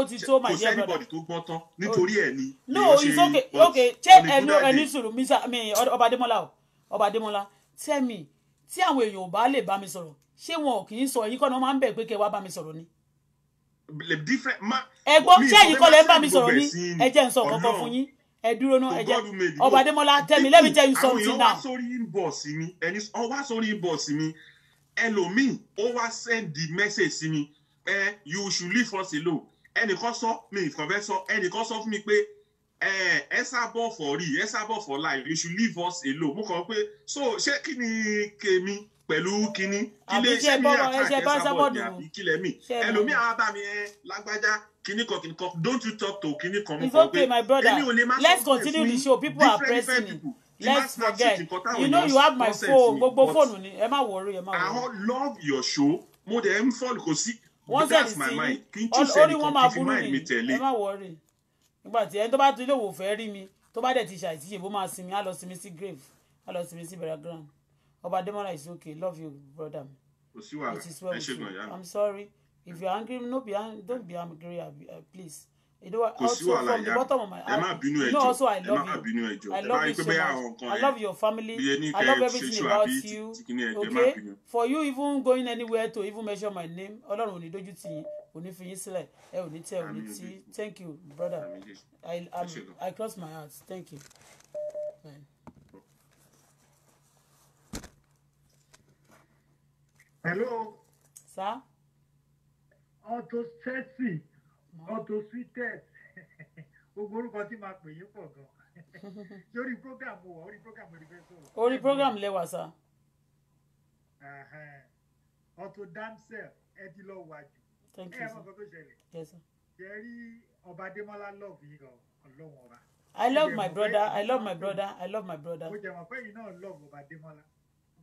sẹ́nìbọ̀dì tó gbọ́n tán nítorí ẹ̀ ni. no it's okay okay ṣé ẹnu ẹni sùúrù mi ọba adémọlá o ọba adémọlá tell me tí àwọn èèyàn ò bá lè bá mi sọ̀rọ̀ ṣé wọn ò kì í sọ ẹ̀yin kọ́ ni wọ́n máa ń bẹ̀ pé kẹ́ ẹ wá bá mi sọ̀rọ̀ ni. ẹ̀gbọ́n ṣé ẹ̀yin kọ́ lẹ́ ń bá mi sọ̀rọ̀ ni ẹ jẹ́ n sọ kọ́kọ́ fún yín ẹ dúró náà ẹ jẹ ọba adémọlá tell me let me tell you something now. àwọn èèyàn wá sórí inbox mi ẹni wá sórí inbox mi ẹlòmíì ó wá sẹ́ndì mẹ́sẹ̀ sí mi ẹ you should leave us alone ẹnìkan sọ mi ìkan fẹ́ sọ ẹnìkan sọ fún mi pé ẹ ẹ sábọ̀ for real ẹ sábọ̀ for life you should leave us alone mo kàn pé so ṣé kí ni kèmi pẹ̀lú kínní kí lè ṣe ní ẹ sábọ̀ ní àbí kílẹ̀ mi ẹlòmíì àwọn bá mi ẹ lágbájá kini kan kini kan don't you talk to kini kan mo kọ pé èmi ò lè má sọ pé fún different different people let's forget you know you have my phone gbogbo fóònù ni ẹ má worry ẹ má worry. I love your show mo dẹ̀ ń fọ́ọ̀lù kò sí that's my mind kí n tún sẹ́ni kan kí n fi mind mi tẹ̀lé. ẹ má worry nígbà tí ẹni tó bá tún ilé òwò fẹ́ rí mi tó bá dẹ̀ ti ṣàìsí yìí bó máa sinmi á lọ sinmi sí grave á lọ sinmi sí burial ground ọba demola is okay love you brother mi. kò sí wàhálà ẹ ṣe I'm sorry if you're angry no be angry don't be angry uh, please. You know, also from like the bottom of my heart. Emma Binu you know, also I love Emma you. Binu I love you so much. I love your family. I love everything about you. Okay? For you even going anywhere to even measure my name, Ọlọ́run ò ní dójú tì yín, ò ní fi yín sílẹ̀, ẹ ò ní tẹ́, ò ní tì. Thank you, brother. I I cross my heart. Thank you. Hello. Sir? Auto Chelsea. Auto sweetest [LAUGHS] gbogbo orúkọ tí màá pè yín pọ̀ gan lórí [LAUGHS] program wọ̀ orí program orí fẹ́ sọ̀rọ̀. orí program lẹ́wà sá. Auto damsel ẹ ti lọ wà jù ẹ mọ̀ nǹkan tó ṣẹlẹ̀ jẹ́ rí ọba Adémọ́lá love yìí gan ọlọ́run ọba. I love my brother I love my brother I love my brother. mo jẹ̀ mọ̀ pé yìí náà love ọba Adémọ́lá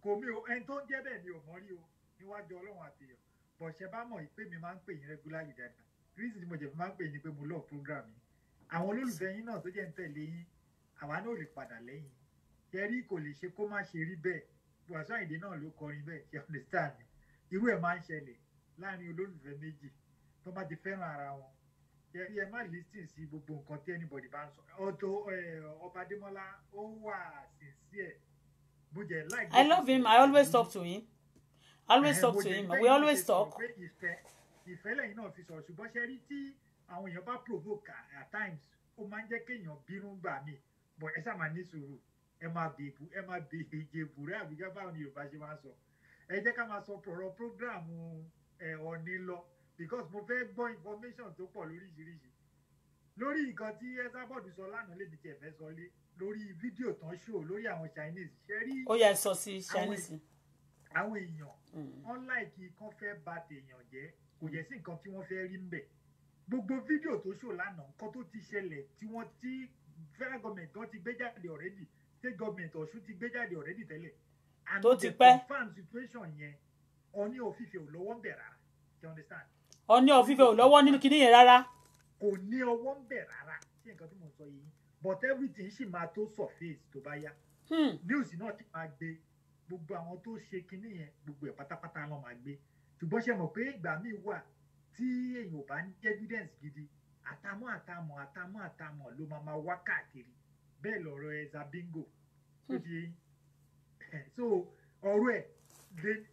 kò mí o ẹni tó ń jẹ́ bẹ́ẹ̀ mi ò mọ̀ rí o níwájú ọlọ́run àtìyàn bọ̀ṣẹ̀ bá mọ̀ pé mi máa ń pè yín regularly dáadáa reason tí mo jẹ́ máa ń pè ní pé mo love program yìí àwọn olólùfẹ́ yín náà tó jẹ́ ń tẹ̀lé yín àwa náà ò lè padà lẹ́yìn yẹrí kò lè ṣe kó má ṣe rí bẹ́ẹ̀ Wasiu Ayinde náà ló kọrin bẹ́ẹ̀ you understand irú ẹ̀ máa ń ṣẹlẹ̀ láàrin olólùfẹ́ méjì tó bá ti fẹ́ràn ara wọn yẹrí ẹ má listen sí gbogbo nǹkan tí anybody bá ń sọ ọ̀tọ̀ ọba Adémọ́lá ó wà sincere mo jẹ like. I love him I always talk to him always talk to him we always talk ìfẹ́ lẹ́yìn náà fi sọ̀rọ̀ ṣùgbọ́n ṣe rí tí àwọn èèyàn bá provoke at times ó máa ń jẹ́ kéèyàn bínú gbà mí bọ̀ ẹ sáà máa ní sùúrù ẹ máa bèbú ẹ máa bèje [LAUGHS] bùrẹ́ àbíjá báwọn ni Yorùbá ṣe máa sọ ẹ jẹ́ ká máa sọ pọ̀rọ̀ program ẹ ọ̀ní lọ because mo fẹ́ gbọ́ information tó pọ̀ lóríṣiríṣi lórí nǹkan tí ẹsà bọ́ọ̀dù sọ lánàá lè ní tiẹ̀ fẹ́ sọ lé lórí fídíò tán ṣó lórí àwọn Chinese ṣe rí ó yẹ sọ Chinese àwọn èèyàn hmm. unlike kan fẹ́ bà tèèyàn jẹ́ kò yẹ sí nǹkan tí wọ́n fẹ́ rí mbẹ̀ gbogbo fídíò tó ṣò lánàá nǹkan tó ti ṣẹlẹ̀ tí wọ́n ti federal government gan ti gbé jáde already state government Ọ̀ṣun ti gbé jáde already tẹ́lẹ̀ and the confam situation yẹn Ọọ̀ni of Ife ò lọ́wọ́ ń bẹ̀ rárá you understand. Ọọ̀ni of Ife ò lọ́wọ́ nínú kinní yẹn rárá. kò ní ọwọ́ ń bẹ̀ rárá sí nǹkan tí mo sọ yìí but everything ṣì máa tó surface tó bá yá hmm. news náà ti máa gbé gbogbo àwọn tó ṣe kinní yẹn gbogbo ẹ̀ pátápátá ló máa gbé ṣùgbọ́n ṣe mọ̀ pé ìgbà míì wà tí èèyàn ò bá ní evidence gidi àtàmọ́ àtàmọ́ àtàmọ́ àtàmọ́ ló máa máa wá káàkiri bẹ́ẹ̀ lọ̀rọ̀ ẹ̀za bingo tó di eyín so ọ̀rọ̀ ẹ̀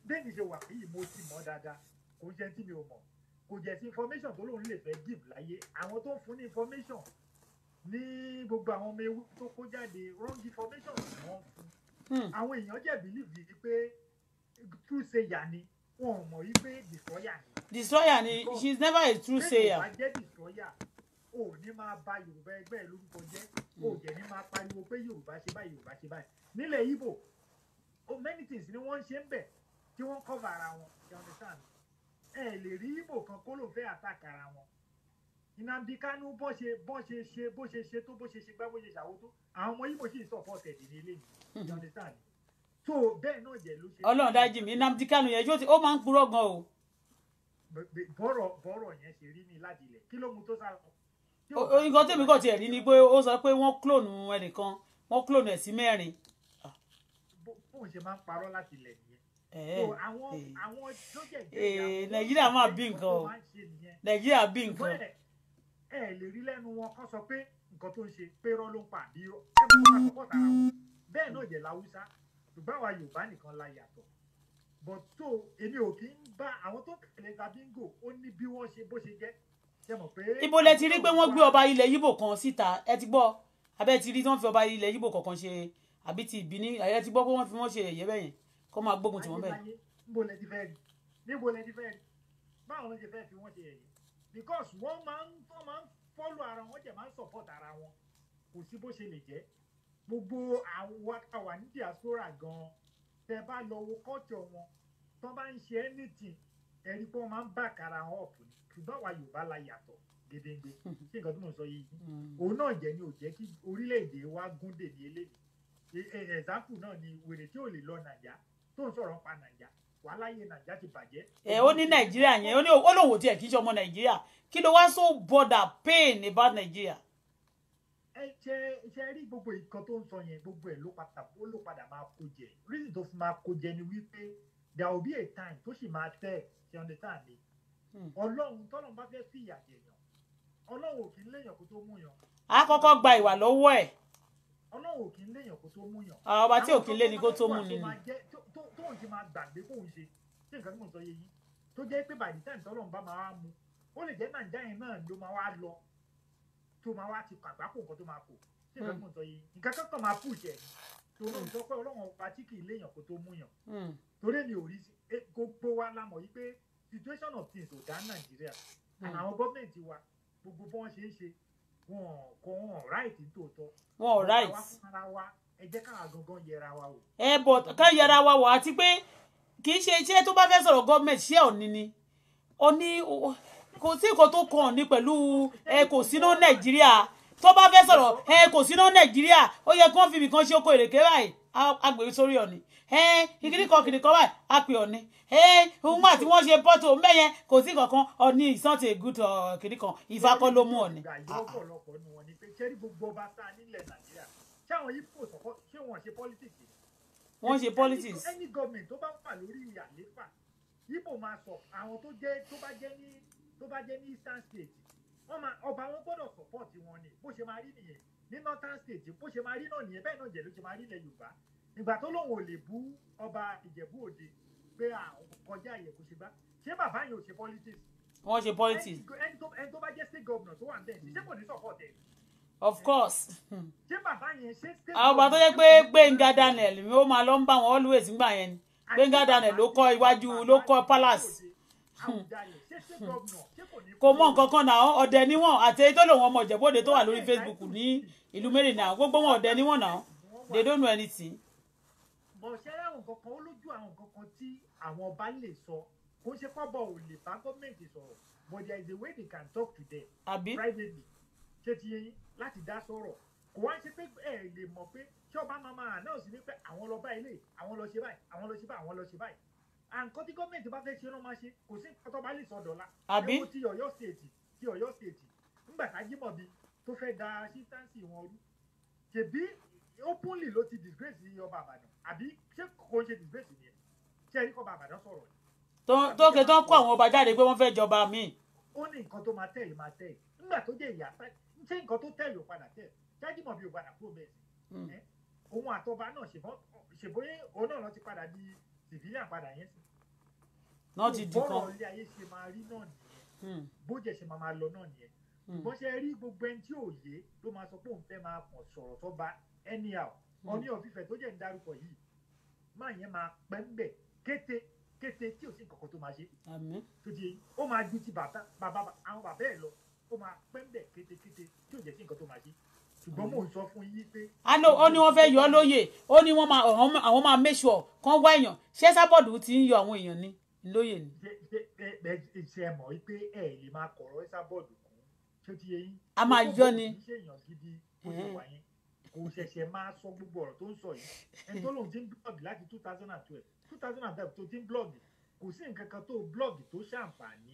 bẹ́ẹ̀ ni ṣe wà yìí mo ti mọ̀ dáadáa kò jẹ́ tí mi ò mọ̀ kò jẹ́ sí information tó lóun lè fẹ́ give láyé àwọn tó ń fún ní information ní gbogbo àwọn ọmọ ewu tó kó jáde wrong information ni wọ́n fún hmm. àwọn èèyàn jẹ́ believe yìí pé true say yà ni destroyer ni. she is never a true sayer. ṣé o ní máa ba yorùbá ẹgbẹ́ ẹ lórúkọ jẹ́ o jẹ́ ní máa pariwo pé yorùbá ṣe báyìí yorùbá ṣe báyìí nílẹ̀ ibo many things ni wọ́n ń ṣe ń bẹ̀ tí wọ́n cover ara wọn you understand ẹ lè rí ibo kan kó ló fẹ́ attack ara wọn Nnamdi Kanu bó ṣe bó ṣe ṣe bó ṣe ṣe tó bó ṣe ṣe gbá bó ṣe ṣàwó tó àwọn ọmọ ibo sì ń support ẹ̀ dìde lẹ́yìn you understand so bẹ́ẹ̀ náà jẹ́ ló ṣe. ọlọ́run dájú mi Nnamdi Kanu yẹn yóò ti ó máa ń purọ́ gan o. bọ́rọ̀ bọ́rọ̀ yẹn ṣe rí ni ládìlẹ̀ kí ló mú tó sá lọ. nǹkan tèmi kàn tiẹ̀ rí ni pé ó sọ pé wọ́n klóònù ẹnìkan wọ́n klóònù ẹ̀ sí mẹ́rin. Ah. bóun ṣe máa ń parọ́ láti ilẹ̀ nìyẹn. Eh, àwọn eh. àwọn tó jẹ̀ jẹ́ eh, nàìjíríà máa bí nǹkan o nàìjíríà bí nǹkan. ẹ lè rí lẹ́nu wọn kọ́ sọ pé nǹkan tó ń ṣe pé ló ń pa àbí ẹ ṣùgbọ́n àwa Yorùbá nìkan la yàtọ̀ but tó èmi ò kí ń bá àwọn tó tẹ̀lé Gabingo ó ní bí wọ́n ṣe bó ṣe jẹ́ ṣe mọ̀ pé. ibo lẹ ti rí pé wọ́n gbé ọba ilẹ̀ Yíbò kan síta ẹ ti gbọ́ abẹ́ ti rí tí wọ́n fi ọba ilẹ̀ Yíbò kọ̀ọ̀kan ṣe àbí ti ìbíní ẹ ti gbọ́ pé wọ́n fi wọ́n ṣe ẹ̀yẹ bẹ́yẹn kó máa gbógun tì wọ́n níbo lẹ ti fẹ́ rí níbo lẹ ti fẹ́ rí báwọn ló ṣe fẹ́ fi wọ́n ṣe ẹ̀yẹ because wọ́n máa ń fọ́lọ́ ara wọn jẹ̀ máa ń support ara wọn kò sí bó ṣe lè jẹ́ gbogbo àwọn tá wà ní diaspora gan tẹ bá lọ wo kọ́tọ̀ wọn tó bá ń ṣe anything ẹ̀rí pé wọ́n máa ń bá kara wọn ọ̀pù ni ṣùgbọ́n àwa Yorùbá la yàtọ̀ gédéǹgbé [LAUGHS] ṣé nǹkan tí mò ń sọ yìí mm. òun náà jẹ́ ni ò jẹ́ kí orílẹ̀-èdè wa gún dè ní eléyìí ẹ̀zápù e, e, náà ni wèrè tí ò lè lọ nàìjà tó ń sọ̀rọ̀ pa nàìjà wàhálà yẹn nàìjà ti bàjẹ́. ẹ ó ní nàìjíríà yẹn ó lóun ò tiẹ̀ kì í ṣe ọmọ nàìjíríà kí ló wá so border pain about nàìjíríà ẹ ṣe ṣe rí gbogbo nǹkan tó ń sọ yẹn gbogbo ẹ ló padà ó ló padà máa kó jẹ reason tó fi máa kó jẹ ni wípé there will be a time tó sì máa tẹ ṣe understand mi hmm. ọlọ́run tọ́lọ́run bá fẹ́ fi ìyà jẹ̀yàn ọlọ́run ò kì í léèyàn kó tó mú yàn. a kọ́kọ́ gba ìwà lọ́wọ́ ẹ̀. ọlọ́run ò kì í léèyàn kó tó mú yàn. àwọn ah, ọba tí ò kì í lé ni kó tó mú ni. tó ń ṣe máa gbàgbé kóun ṣe ṣé nǹkan tí sọ yé yín tó jẹ́ pé by the tó máa wá ti kàgbákò nǹkan tó máa kò ṣé ìfẹ́ mọ̀ hmm. sọ yìí nǹkan kankan máa pù jẹ ni torí òun hmm. sọ pé ọlọ́run ọba tí kì í léèyàn kó tó múyàn hmm. torí èmi ò rí e, gbogbo wa la mọ̀ yìí pé situation of things ò dá nàìjíríà àwọn gọ́ọ̀mẹ̀ntì wa gbogbo bí wọ́n ṣe ń ṣe wọn kò wọn right nítòótọ́ wọn right ẹ jẹ́ káwa gangan yẹra wa wò. ẹ bọ̀ ká yẹra wa wò àti pé kì í ṣe iṣẹ́ tó bá fẹ́ sọ̀rọ̀ gọ́ọ̀mẹ̀ntì ṣé òní ni òní kò sí nǹkan tó kàn ní pẹ̀lú ẹ kò síná nàìjíríà tó bá fẹ́ sọ̀rọ̀ ẹ kò síná nàìjíríà ó yẹ kí wọ́n fi ibìkan ṣe oko ìrèké báyìí agbèrè sórí ọ̀nì kìkìrì kan kìkìrì kan báyìí a pè ọ̀nì ohun àti wọ́n ṣe pọ́tò mẹ́yẹn kò sí kankan ọ̀nì ìsọ̀tì ègùtọ̀ uh, kìkìrì kan ìfapọ́ ló mú ọ̀nì. ni wọ́n ṣe politics. any government tó bá wà lórí àlééfà ibo máa sọ àwọn tó bá jẹ́ ní tó bá jẹ́ ní eastern state ọba wọn gbọ́dọ̀ support wọn ni bó ṣe máa rí nìyẹn ní northern state bó ṣe máa rí náà nìyẹn bẹ́ẹ̀ náà jẹ́ ló ṣe máa rí ilẹ̀ yorùbá ìgbà tó lóun ò lè bú ọba ìjẹ̀bú òde pé kọjá àyẹ̀kú ṣe bá ṣé bàbá yẹn ò ṣe politics. wọ́n ṣe politics. ẹni tó bá jẹ́ state governor tó wà ń bẹ̀ ṣe kò ní support ẹ̀. of course. [LAUGHS] ṣé bàbá yẹn ṣe state. àwọn ọba tó jẹ́ pé gbẹ̀ngà daniel ni ó máa lọ ń bá wọn always gbà yẹn ni gbẹ̀ngà daniel ló kọ́ iwájú ló kọ́ palace Hmm. Hmm. kò mọ nǹkan kan náà ọdẹ níwọn àti èyí tó lò ọmọ ìjẹbọdẹ tó wà lórí Facebook ní ìlú mẹ́rin gbogbo wọn ọdẹ níwọn náà they don't know anything. but there is a way they can talk to them Abi? privately ṣé ti yẹn láti dá sọ̀rọ̀ kò wá ṣe pé ẹ lè mọ̀ pé ṣé ọba máa máa náà sí ní pé àwọn lọ bá ilé àwọn lọ ṣe báyìí àwọn lọ ṣe báyìí àwọn lọ ṣe báyìí àǹkọ́ tí gọ́ọ̀mẹ̀ntì bá fẹ́ ṣe ló máa ṣe kò sí nǹkan tó bá lè sọ dọ́là. àbí ewu ti Ọ̀yọ́ stéètì ti Ọ̀yọ́ stéètì ńgbà tájímọ̀bi tó fẹ́ da sítáǹsì wọn rú ṣèbí openly ló ti disgrace ọba àbàdàn àbí ṣé kò ń ṣe disgrace yẹn ṣé ẹ̀rí kọ́ ọba àbàdàn sọ̀rọ̀ ni. tó ké tó ń kó àwọn ọba jáde pé wọ́n fẹ́ jọba míì. ó ní nǹkan tó máa tẹ̀lé máa tẹ̀lé nígbà tó jẹ́ ìyá ṣé nǹkan tó tẹ̀lé ò padà tẹ̀lé jájímọ̀bi ò padà kúrò bẹ́ẹ̀ hmm. òun àtọba náà ṣèbóyé òun náà lọ ti padà di civilian padà yẹn sì. náà ti di kan bọ́rọ̀ ayé ṣe máa rí náà nìyẹn hmm. bójẹ ṣe máa máa lọ náà nìyẹn hmm. ṣùgbọ́n ṣe rí gbogbo ẹni tí ò yé ló máa sọ pé òun fẹ́ máa pọ̀ sọ̀rọ̀ tó ba anyhow hmm. ọní ọ̀fífẹ́ tó jẹ́ ń darúkọ yìí máa yẹn máa pẹ́ ń bẹ̀ kété kété tí ò sí nǹkan kan tó máa ṣe tó di ó máa ju ti bàbá àwọn bàbá ẹ̀ lọ ó máa pẹ́ ń bẹ̀ kété kété tí ò jẹ́ sí nǹkan tó máa ṣe ṣùgbọ́n mò ń sọ fún yín pé. a ní ó ní wọ́n fẹ́ yọ ọ́ lóye ó ní wọ́n máa àwọn máa make sure kán wá èèyàn ṣé sábọ̀dù ti ń yọ àwọn èèyàn ní lóye ni. ṣe é mọ̀ pé ẹ lè máa kọ̀rọ̀ sábọ̀dù kún ṣé ti yé yín. a máa yọ ni. kò ṣẹ̀ṣẹ̀ máa sọ gbogbo ọ̀rọ̀ tó ń sọ yìí ẹni tó lóun ti ń blọ́ọ̀gì láti two thousand and twelve two thousand and twelve tó ti ń blọ́ọ̀gì kò sí nǹkan kan tó blọọgì tó ṣàǹfààní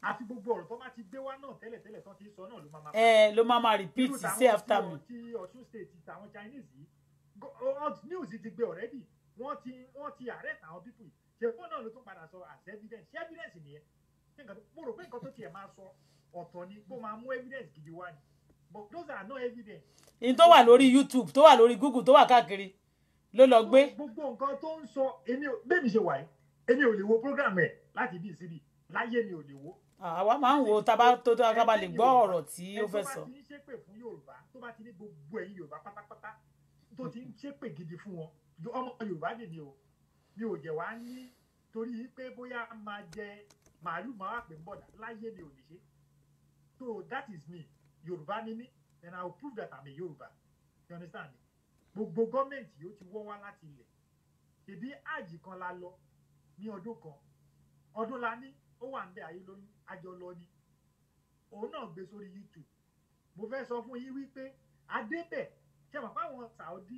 àti gbogbo ọ̀rọ̀ tó bá ti gbé wá náà tẹ́lẹ̀tẹ́lẹ̀ tó ti sọ náà ló máa máa. ẹ ló máa máa repeat say after me. irú ti Ọ̀ṣun state ti àwọn Chinese yìí news ti gbé already wọ́n ti wọ́n ti arrest àwọn people yìí ṣèpọ̀ náà ló tún padà sọ as evidence ṣé evidence nìyẹn mo rò pé nǹkan tó tiẹ̀ máa sọ ọ̀tọ̀ ni kó máa mú evidence gidi wá ni but those are no evidence. in tó wà lórí YouTube tó wà lórí Google tó wà káàkiri ló lọ gbé. gbogbo nǹkan tó ń sọ èmi bẹ́ẹ̀ mi ṣe wà yìí èmi ò lè wo program ẹ̀ láti bí síbi láyé mi ò lè wo. Ah, àwa máa ń wo tábà tó tó akábà lè gbọ́ ọ̀rọ̀ tí ó fẹ́ sọ. ẹni tó bá ti ń ṣépè fún yorùbá tó bá ti ní gbogbo ẹ̀yin yorùbá pátápátá tó ti ń ṣépè gidi fún wọn ọmọ yorùbá nìyí o mi ò jẹ̀ wá ní torí pé bóyá máa jẹ màálù máa wà pé ń bọ̀dà láyé mi ò lè ṣe so that is me yorùbá ni mí and i will prove that i'm a yorùbá you understand me gbogbo gọ́ọ̀mẹ̀ntì ó ti wọ́ wá láti ilẹ̀ ṣèbí àjì kan la lọ ní ọdún kan ọdún la ní ó wà ń bẹ ayé lóyún àjọ lọ ni òun náà gbé sórí youtube mo fẹ́ sọ fún yín wípé adébẹ̀ ṣe mọ̀ fáwọn saudi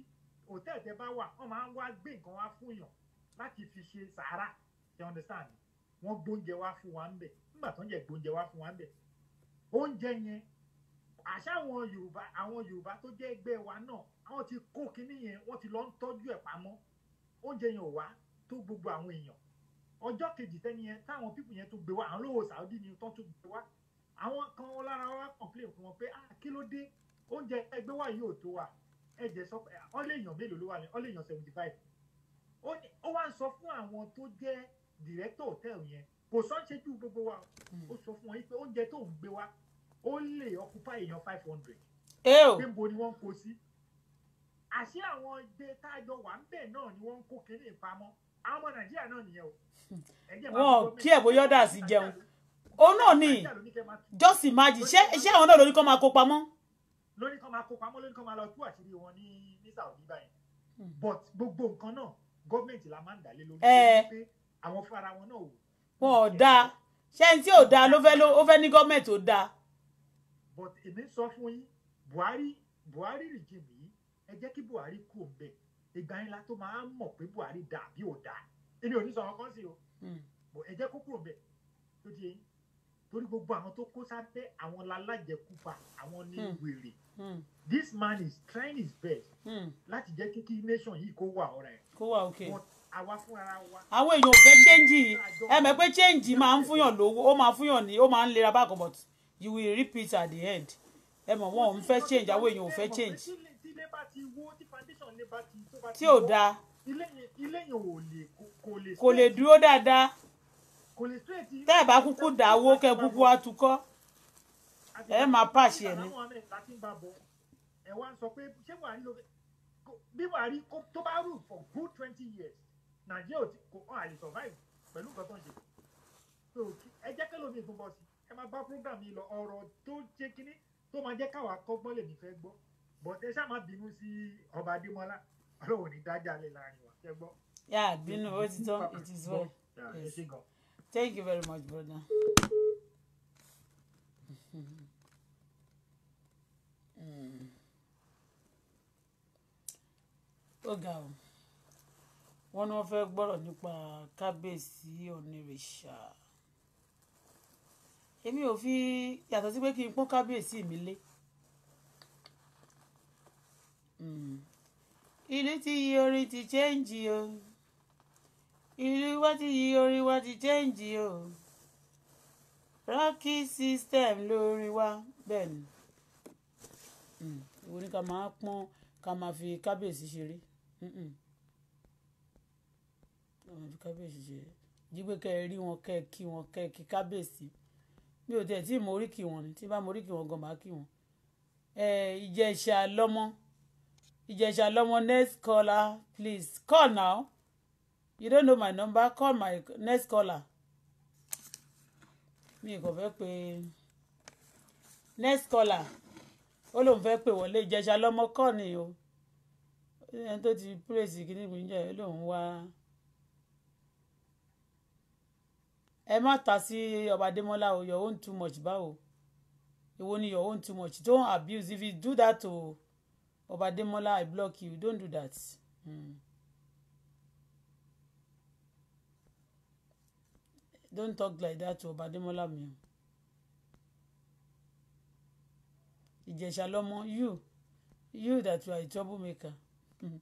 hòtẹ́ẹ̀lì tẹ bá wà wọ́n máa ń wá gbé nǹkan wá fún yàn láti fi ṣe sàárà you understand wọ́n gbóúnjẹ wá fún wa ń bẹ̀ nígbà tó ń jẹ́ gbóúnjẹ wá fún wa ń bẹ̀ oúnjẹ yẹn àṣà àwọn yorùbá àwọn yorùbá tó jẹ́ ẹgbẹ́ wa náà àwọn ti kó kinní yẹn wọ́n ti lọ ń tọ́jú ẹ̀ pamọ́ oúnjẹ yẹn ò wá tó gbogbo àwọn èèyàn ọjọ́ kejì tẹ́ni yẹn táwọn pípù yẹn tó gbé wá àwọn olówó Saudi ni tó tó gbé wá àwọn kan lára wa complain fún wọn pé ah kí ló dé oúnjẹ ẹgbẹ́ wa yìí ò tó wa ẹ̀jẹ̀ sọ pé ah, ọ lè yàn mélòó ló wà ní ọ lè yàn seventy five ó wá ń sọ fún àwọn tó jẹ́ director hotel yẹn kò sọ ń ṣẹ́jú gbogbo wa hmm. ó sọ fún wọn yìí pé oúnjẹ tó ń gbé wa ó lè occupy èèyàn five hundred pé bo ni wọ́n ń kó sí àṣé àwọn ìgbé tájọ wà ń bẹ̀ náà ni wọ́n ń kó kéré ìpamọ́ àwọn ọmọ nàìjíríà náà nìyẹn o. Hmm. wọn kí ẹ bóyá ọdà sí jẹun òun náà ni just imagine ṣé ṣé àwọn náà lórí kan máa kó pamọ́. lórí kan máa kó pamọ́ lórí kan máa lọ tú àṣírí wọn ní ní Saudi báyìí hmm. but gbogbo nǹkan náà gọ́ọ̀mẹ̀ntì la máa ń dà lé lórí eh. pé àwọn fúnra wọn náà ò. wọn ò dáa ṣé ẹni tí ò dáa ló fẹ́ ó fẹ́ ní gọ́ọ̀mẹ̀ntì ò dáa. but èmi sọ fún yín Buhari Buhari rìjìmì yìí ẹ jẹ́ kí Buhari kú òun bẹ́ẹ̀ ìgbà yẹn la tó máa mọ̀ pé Buhari dà bí ò dà èmi ò ní sọ ọkàn sí o hmm. bò ẹ jẹ́ kó kúrò bẹ̀ tó di eyín torí gbogbo àwọn tó kó sábẹ́ àwọn lalájẹkúpa àwọn ní hmm. wèrè hmm. this man is trying his best láti jẹ́ kí kí nation yìí kó wà ọ̀rẹ́ kó wà òkè àwa fúnra wa. àwọn èèyàn ò fẹ́ change ẹ mọ̀ pé change máa ń fúnyàn lówó ó máa fúnyàn ní ó máa ń lera bákan but you will repeat at the end ẹ mọ̀ wọn ò ń fẹ́ change àwọn èèyàn ò fẹ́ change ti wó tí foundation ní bá ti tó bá ti wó tí ò dáa ilé yẹn ò lè kò lè kò lè dúró dáadáa kò lè straight tẹ́ ẹ̀ bá kúkú dáwó kẹ́ kúkú atukọ́ ẹ máa pàṣẹ ẹ̀ ní. ẹ wá sọ pé ṣé Buhari ló bí Buhari tó bá rule for good twenty years Nàìjíríà kò hàn àyè survive pẹ̀lú nǹkan tó ń ṣe so ẹ jẹ́ kí lómi ìfúnbọ̀ sí ẹ máa bá program yìí lọ ọ̀rọ̀ tó ṣe kínní tó máa jẹ́ káwa kọ́gbọ́n lèmi fẹ́ gbọ́ bọ̀dé ṣáà má bínú sí ọba adémọlá ọlọ́run ní dájà lè láàrin wa ṣe gbọ́. yà á bínú ó ti tán it is well yes thank you very much brother. [LAUGHS] ó ga ọ wọn ni wọn fẹẹ gbọ́rọ̀ nípa kábíyèsí onírèṣà èmi ò fi yàtọ̀ sí pé kí n pọ́n kábíyèsí mi lé ìlú ti yí orin ti chẹ́ǹjì o ìlú wa ti yí orin wa ti chẹ́ǹjì o rocky system lórin wa bẹ́ẹ̀ ni hmm, ìwọ ni ká máa pọ́n ká máa fi kábíyèsí ṣeré ká máa fi kábíyèsí ṣeré jígbé kẹ́ ẹ rí wọn kẹ́ ẹ kí wọn kẹ́ ẹ kí kábíyèsí mi ò tẹ̀ tí mo oríkì wọn ni tí bá mo oríkì wọn gan máa kí wọn ìjẹ̀ṣà lọ́mọ Ìjẹ̀ṣà lọ́mọ next caller please call now you don't know my number call my next caller Me go back pé next caller ó lóun fẹ́ pè wọlé Ìjẹ̀ṣà lọ́mọ call ni o ẹni tó ti praise kìíní mi jẹ́ lóun wá ẹ má ta sí ọba your own too much báwo You ni your own too much don't abuse if you do that to. Oh, Oba Demola, I block you. Don't do that. Mm. Don't talk like that to Oba Demola mi. Ìjẹ̀ṣà lọ́mọ, you, you that you are a troublemaker. Mm.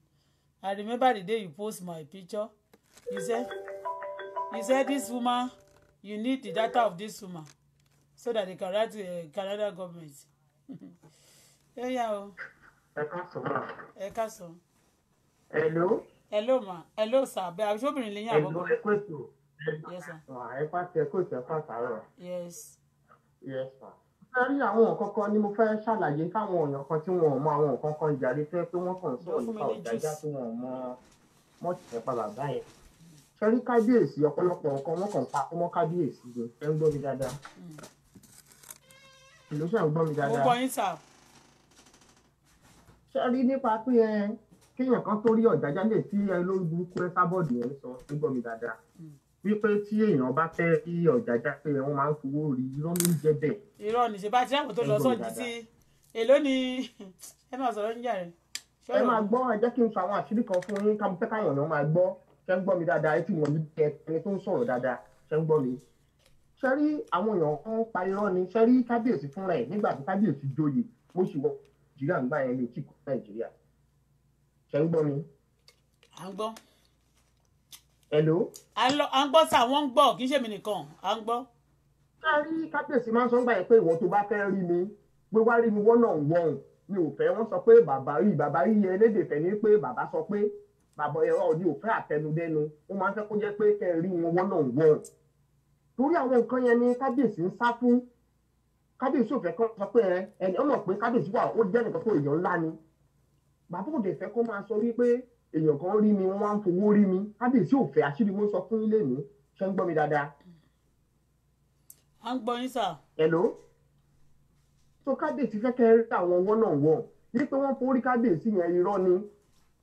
I remember the day you post my picture. You said, you said this woman, you need the data of this woman so that they the Canada, the eh, Canada government. [LAUGHS] yeah, yeah. Oh ẹ ká sọ ma. ẹ ká sọ. hello. hello ma hello sir bẹ́ẹ̀ aṣọ́bìnrin lè yín àbọ̀bọ̀. hello ẹ kò tó ẹ pa tẹ kò tẹ pa sàárọ̀. yes. yes ma. fẹ́ rí àwọn nǹkan kan ni mo fẹ́ ṣàlàyé fáwọn èèyàn kan tí wọn ò mọ àwọn nǹkan kan jàre fẹ́ pé wọ́n kàn sọ̀rọ̀ nípa ọ̀dájá tí wọn ò mọ mọ́tì ẹ̀ pa bàbá yẹn sọrí kábíyèsí ọ̀pọ̀lọpọ̀ nǹkan wọn kàn pa ọmọ kábíyèsí ni ẹ ń gbọ́ mi dáadáa. Hmm. ìlú sàn ń gbọ́ sẹ́rí nípa pé ẹ kéèyàn kan tó rí ọ̀jà jáde tí ẹ lórí burúkú ẹ sábọ̀dì ẹ sọ nígbọ̀ mi dáadáa hmm. wípé tí èèyàn bá fẹ́ kí ọ̀jà já pé wọ́n máa ń fowó rí irọ́ ló ń jẹ́ bẹ́ẹ̀. irọ́ ni ṣe bá ti dáàbò tó lọ sọ́ọ̀jì sí èló ni ẹ máa sọ̀rọ̀ ń jà rẹ̀. ẹ máa gbọ́ ẹ jẹ́ kí n fa àwọn àṣírí kan fún yín káàmù fẹ́ẹ́ káyọ̀ náà máa gbọ́ ṣe ń gbọ́ mi dáadáa ẹ ti wọ̀n ní ẹni tó ń sọ̀rọ̀ dáadáa ṣe ń gbọ́ mi. ṣe rí àwọn èèyàn kan pa irọ́ ni ṣe rí kábíyèsí fúnra ẹ̀ nígbà tí kábíyèsí joyè mo sì wọ́n nàìjíríà ń gbà yẹn mi ò nàìjíríà ṣe ń gbọ́ mi. à ń gbọ́. hello. à ń gbọ́ sá wọ́n ń gbọ́ kì í ṣe mi nìkan à ń gbọ́. kárí kábíyèsí máa ń sọ ń gbà yẹn pé ìwọ tó bá fẹ́ rí mi pé wá rí mi wọ́n náà wọ̀n mi ò fẹ́ wọ́n sọ pé bàbá rí bàbá rí yẹn lédè fẹ́ ni pé bàbá sọ pé bàbá ẹ̀rọ ọ̀dí ò fẹ́ àtẹnudẹ́nu ó máa ń fẹ́ kó jẹ́ pé kẹ́ wọn wọ́n náà wọ̀n torí àwọn nǹkan yẹn ni kábíyèsí ń sá fún kábíyèsí ò fẹ́ kọ́ sọ pé ẹni ọmọ pé kábíyèsí wà ó jẹ́ nìkan tó èèyàn ńlá ni bàbá òde fẹ́ kó máa sọ wípé èèyàn kan rí mi wọ́n wá ń fowó rí mi kábíyèsí ò fẹ́ àṣírí mo sọ fún ilé mi ṣé ń gbọ́ mi dáadáa. à ń gbọ́ yín sà. hello tó kábíyèsí fẹ́ kẹ́ rí àwọn wọ́n náà wọ̀ ní pé wọ́n forí kábíyèsí yẹn irọ́ ni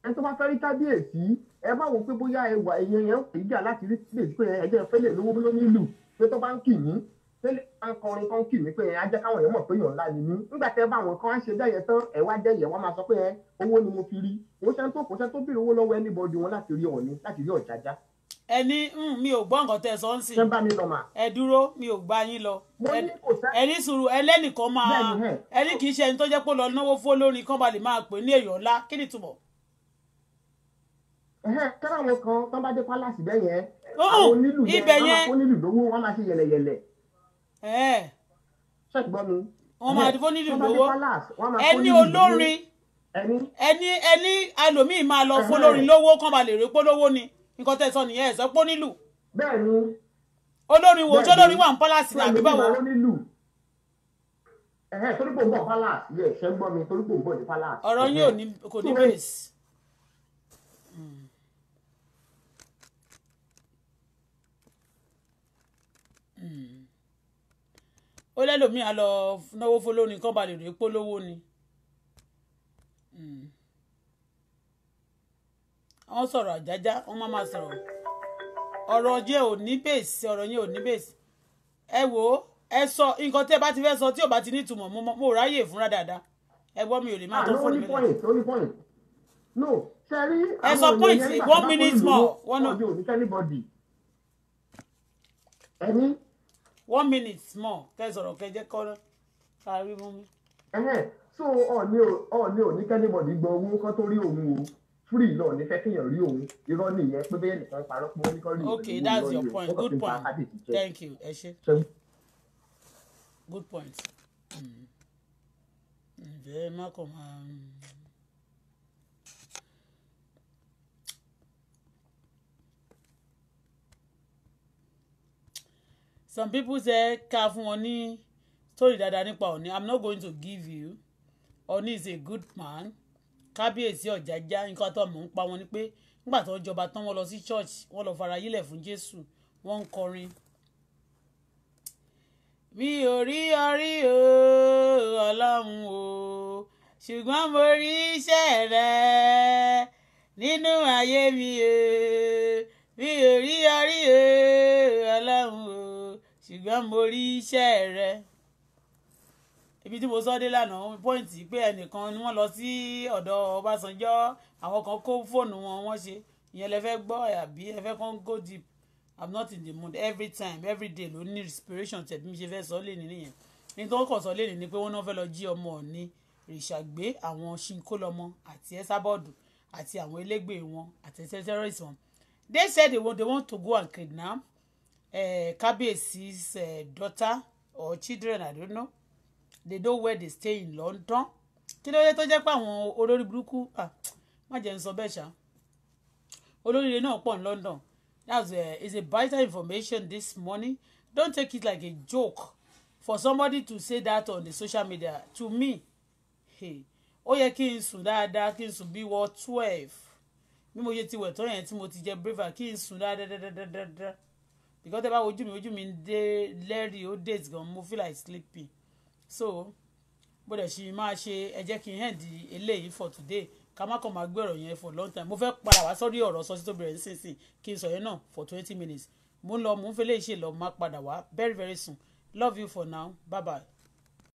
ẹni tó bá fẹ́ rí kábíyèsí ẹ bá wò pé bóyá ẹwà èèyàn yẹn ń pè é jà láti rí kábíyèsí pé ẹjẹ fẹ́lẹ̀ lówó ló nílùú pé tó bá ń kì yín tẹ́lẹ̀ akọrin kan kì mí pé yẹn ajẹ́ káwọn èèyàn mọ̀ pé yàn ńlá ni mí nígbà tẹ́ bá àwọn kan á ṣe bẹ́yẹn tán ẹ̀ wá jẹ́yẹ̀ wọ́n máa sọ pé owó ni mo fi rí kò ṣe tó kò ṣe tó béèrè owó lọ́wọ́ anybody wọn láti rí ọ̀ọ́ni láti rí ọ̀jájá. ẹni hmm, mi ò gbọ́ nǹkan tẹ sọ ń sìn ẹ dúró mi ò gba yín lọ ẹni sùúrù ẹlẹ́nìkan máa ẹni kì í ṣe ẹni tó jẹ́ pé lọ náwó fún olórin kan balẹ̀ máa pè ní èèyàn ńlá kí ni ìtumọ̀ kẹ́rọ àwọn kan tó bá dé pálásì bẹ́yẹn oh, àwọn onílù lówó wọn máa ṣe yẹlẹyẹlẹ Eh. ṣe gbọ́ mi. wọ́n máa fún ní ìlú lówó ẹni olórin ẹni ẹni alòmíì máa lọ fún olórin lówó kán ba lè rí polówó ni nǹkan tẹ̀sán nìyẹn ẹ̀sán pọ́ nílù. bẹ́ẹ̀ni. olórin wo jọlórin wà ń palace àbí báwo. ẹ̀hẹ́ torí kò ń bọ̀ palace yẹ ṣẹ́ gbọ́ mi torí kò ń bọ̀ ní palace. ọ̀rọ̀ yín kò ní base. ó lẹ́lòmíà lọ náwó fọlọ́ni kán balẹ̀ rèé polówó ni hmm. wọ́n sọ̀rọ̀ àjájá wọ́n má máa sọ̀rọ̀ ọ̀rọ̀ yẹn ò ní bèsì ọ̀rọ̀ yẹn ò ní bèsì ẹ wò ó ẹ sọ nǹkan tẹ́ bá ti fẹ́ sọ tí ò bá ti ní ìtumọ̀ mo mo ráyè fúnra dáadáa ẹ gbọ́ mi ò lè máa tó fóònù ah, mi lọ. no ṣe rí àwọn ọmọ yẹn ní àbáfọ́ ìlú ọjọ́ òní one minute small kẹ́ sọ̀rọ̀ kẹ́ jẹ́ kárí mú mi. so ọ̀ọ́ni ọ̀ọ́ni ò ní kẹ́nìbọ̀dì gbọ́ owó kan tó rí òun o free lọ ní fẹ́ kéèyàn rí òun irọ́ nìyẹn pé bẹ́ẹ̀ nìkan parọ́ pé wọ́n ní kọ́ rí òun. okay that's your point good point thank you ẹ ṣé good point. Hmm. ǹjẹ́ má kò máa. Hmm. some people say ká fún wọn ní story dáadáa nípa Ọ̀ọ̀ni i'm not going to give you Ọ̀ọ̀ni is a good man kábíyèsí ọ̀jájá nǹkan tó mọ̀ ń pa wọn ni pé nígbà tó jọba tán wọ́n lọ sí church wọ́n lọ fara yílẹ̀ fún Jésù wọ́n ń kọrin. mi ò rí orí o ọlọ́run o ṣùgbọ́n mo rí iṣẹ́ rẹ nínú ayé mi o mi ò rí orí o ọlọ́run ṣùgbọ́n mo rí iṣẹ́ rẹ ibi tí mo sọ dé lánàá pọ́ìntì pé ẹnìkan ni wọ́n lọ sí ọ̀dọ̀ Ọbásanjọ́ àwọn kan kó fóònù wọn wọ́n ṣe ìyẹn lẹ fẹ́ gbọ́ àbí ẹ fẹ́ kàn go deep i'm not in the mood every time every day ló ní respiration tẹ̀bí mi ṣe fẹ́ sọ lẹ́ni nìyẹn nítorí wọ́n kàn sọ lẹ́ni ni pé wọ́n náà fẹ́ lọ jí ọmọ Ọ̀ọ̀ni rìṣàgbé àwọn ṣinkólọmọ àti ẹ̀sábọ́ọ̀dù àti àwọn elégbè wọn àti terrorist wọn they said they want, they want to go and kidnap Eh, Kabesis' uh, eh, daughter or children I don't know they know where they stay in London kí ló dé tó jẹ́ pé àwọn olórí burúkú má jẹ́ n sọ bẹ́ẹ̀ ṣá olóríire náà pọ̀ ní London that's uh, eh, is a vital information this morning don't take it like a joke for somebody to say that on the social media to me hey, yẹ kí n sùn dáadáa kí n sùn bí wọ twelve bí mo ṣe ti wẹ̀ tán yẹn tí mo ti jẹ breakfast kí n sùn dáadáa dáadáa because tẹ́ bá wojú mi ojú mi ń dé lẹ́rìí ó date gan mo feel like sleeping so bó dẹ̀ ṣe máa ṣe ẹ jẹ́ kí n end eléyìí for today ká má kàn máa gbé ọ̀rọ̀ yẹn for long time mo fẹ́ padà wá sórí ọ̀rọ̀ sọ sí tó bẹ̀rẹ̀ nísinsìnyí kí n sọ yẹn náà for twenty minutes mo ń lọ mo ń fẹ́ lè ṣe lọ máa padà wá very very soon love you for now bye bye.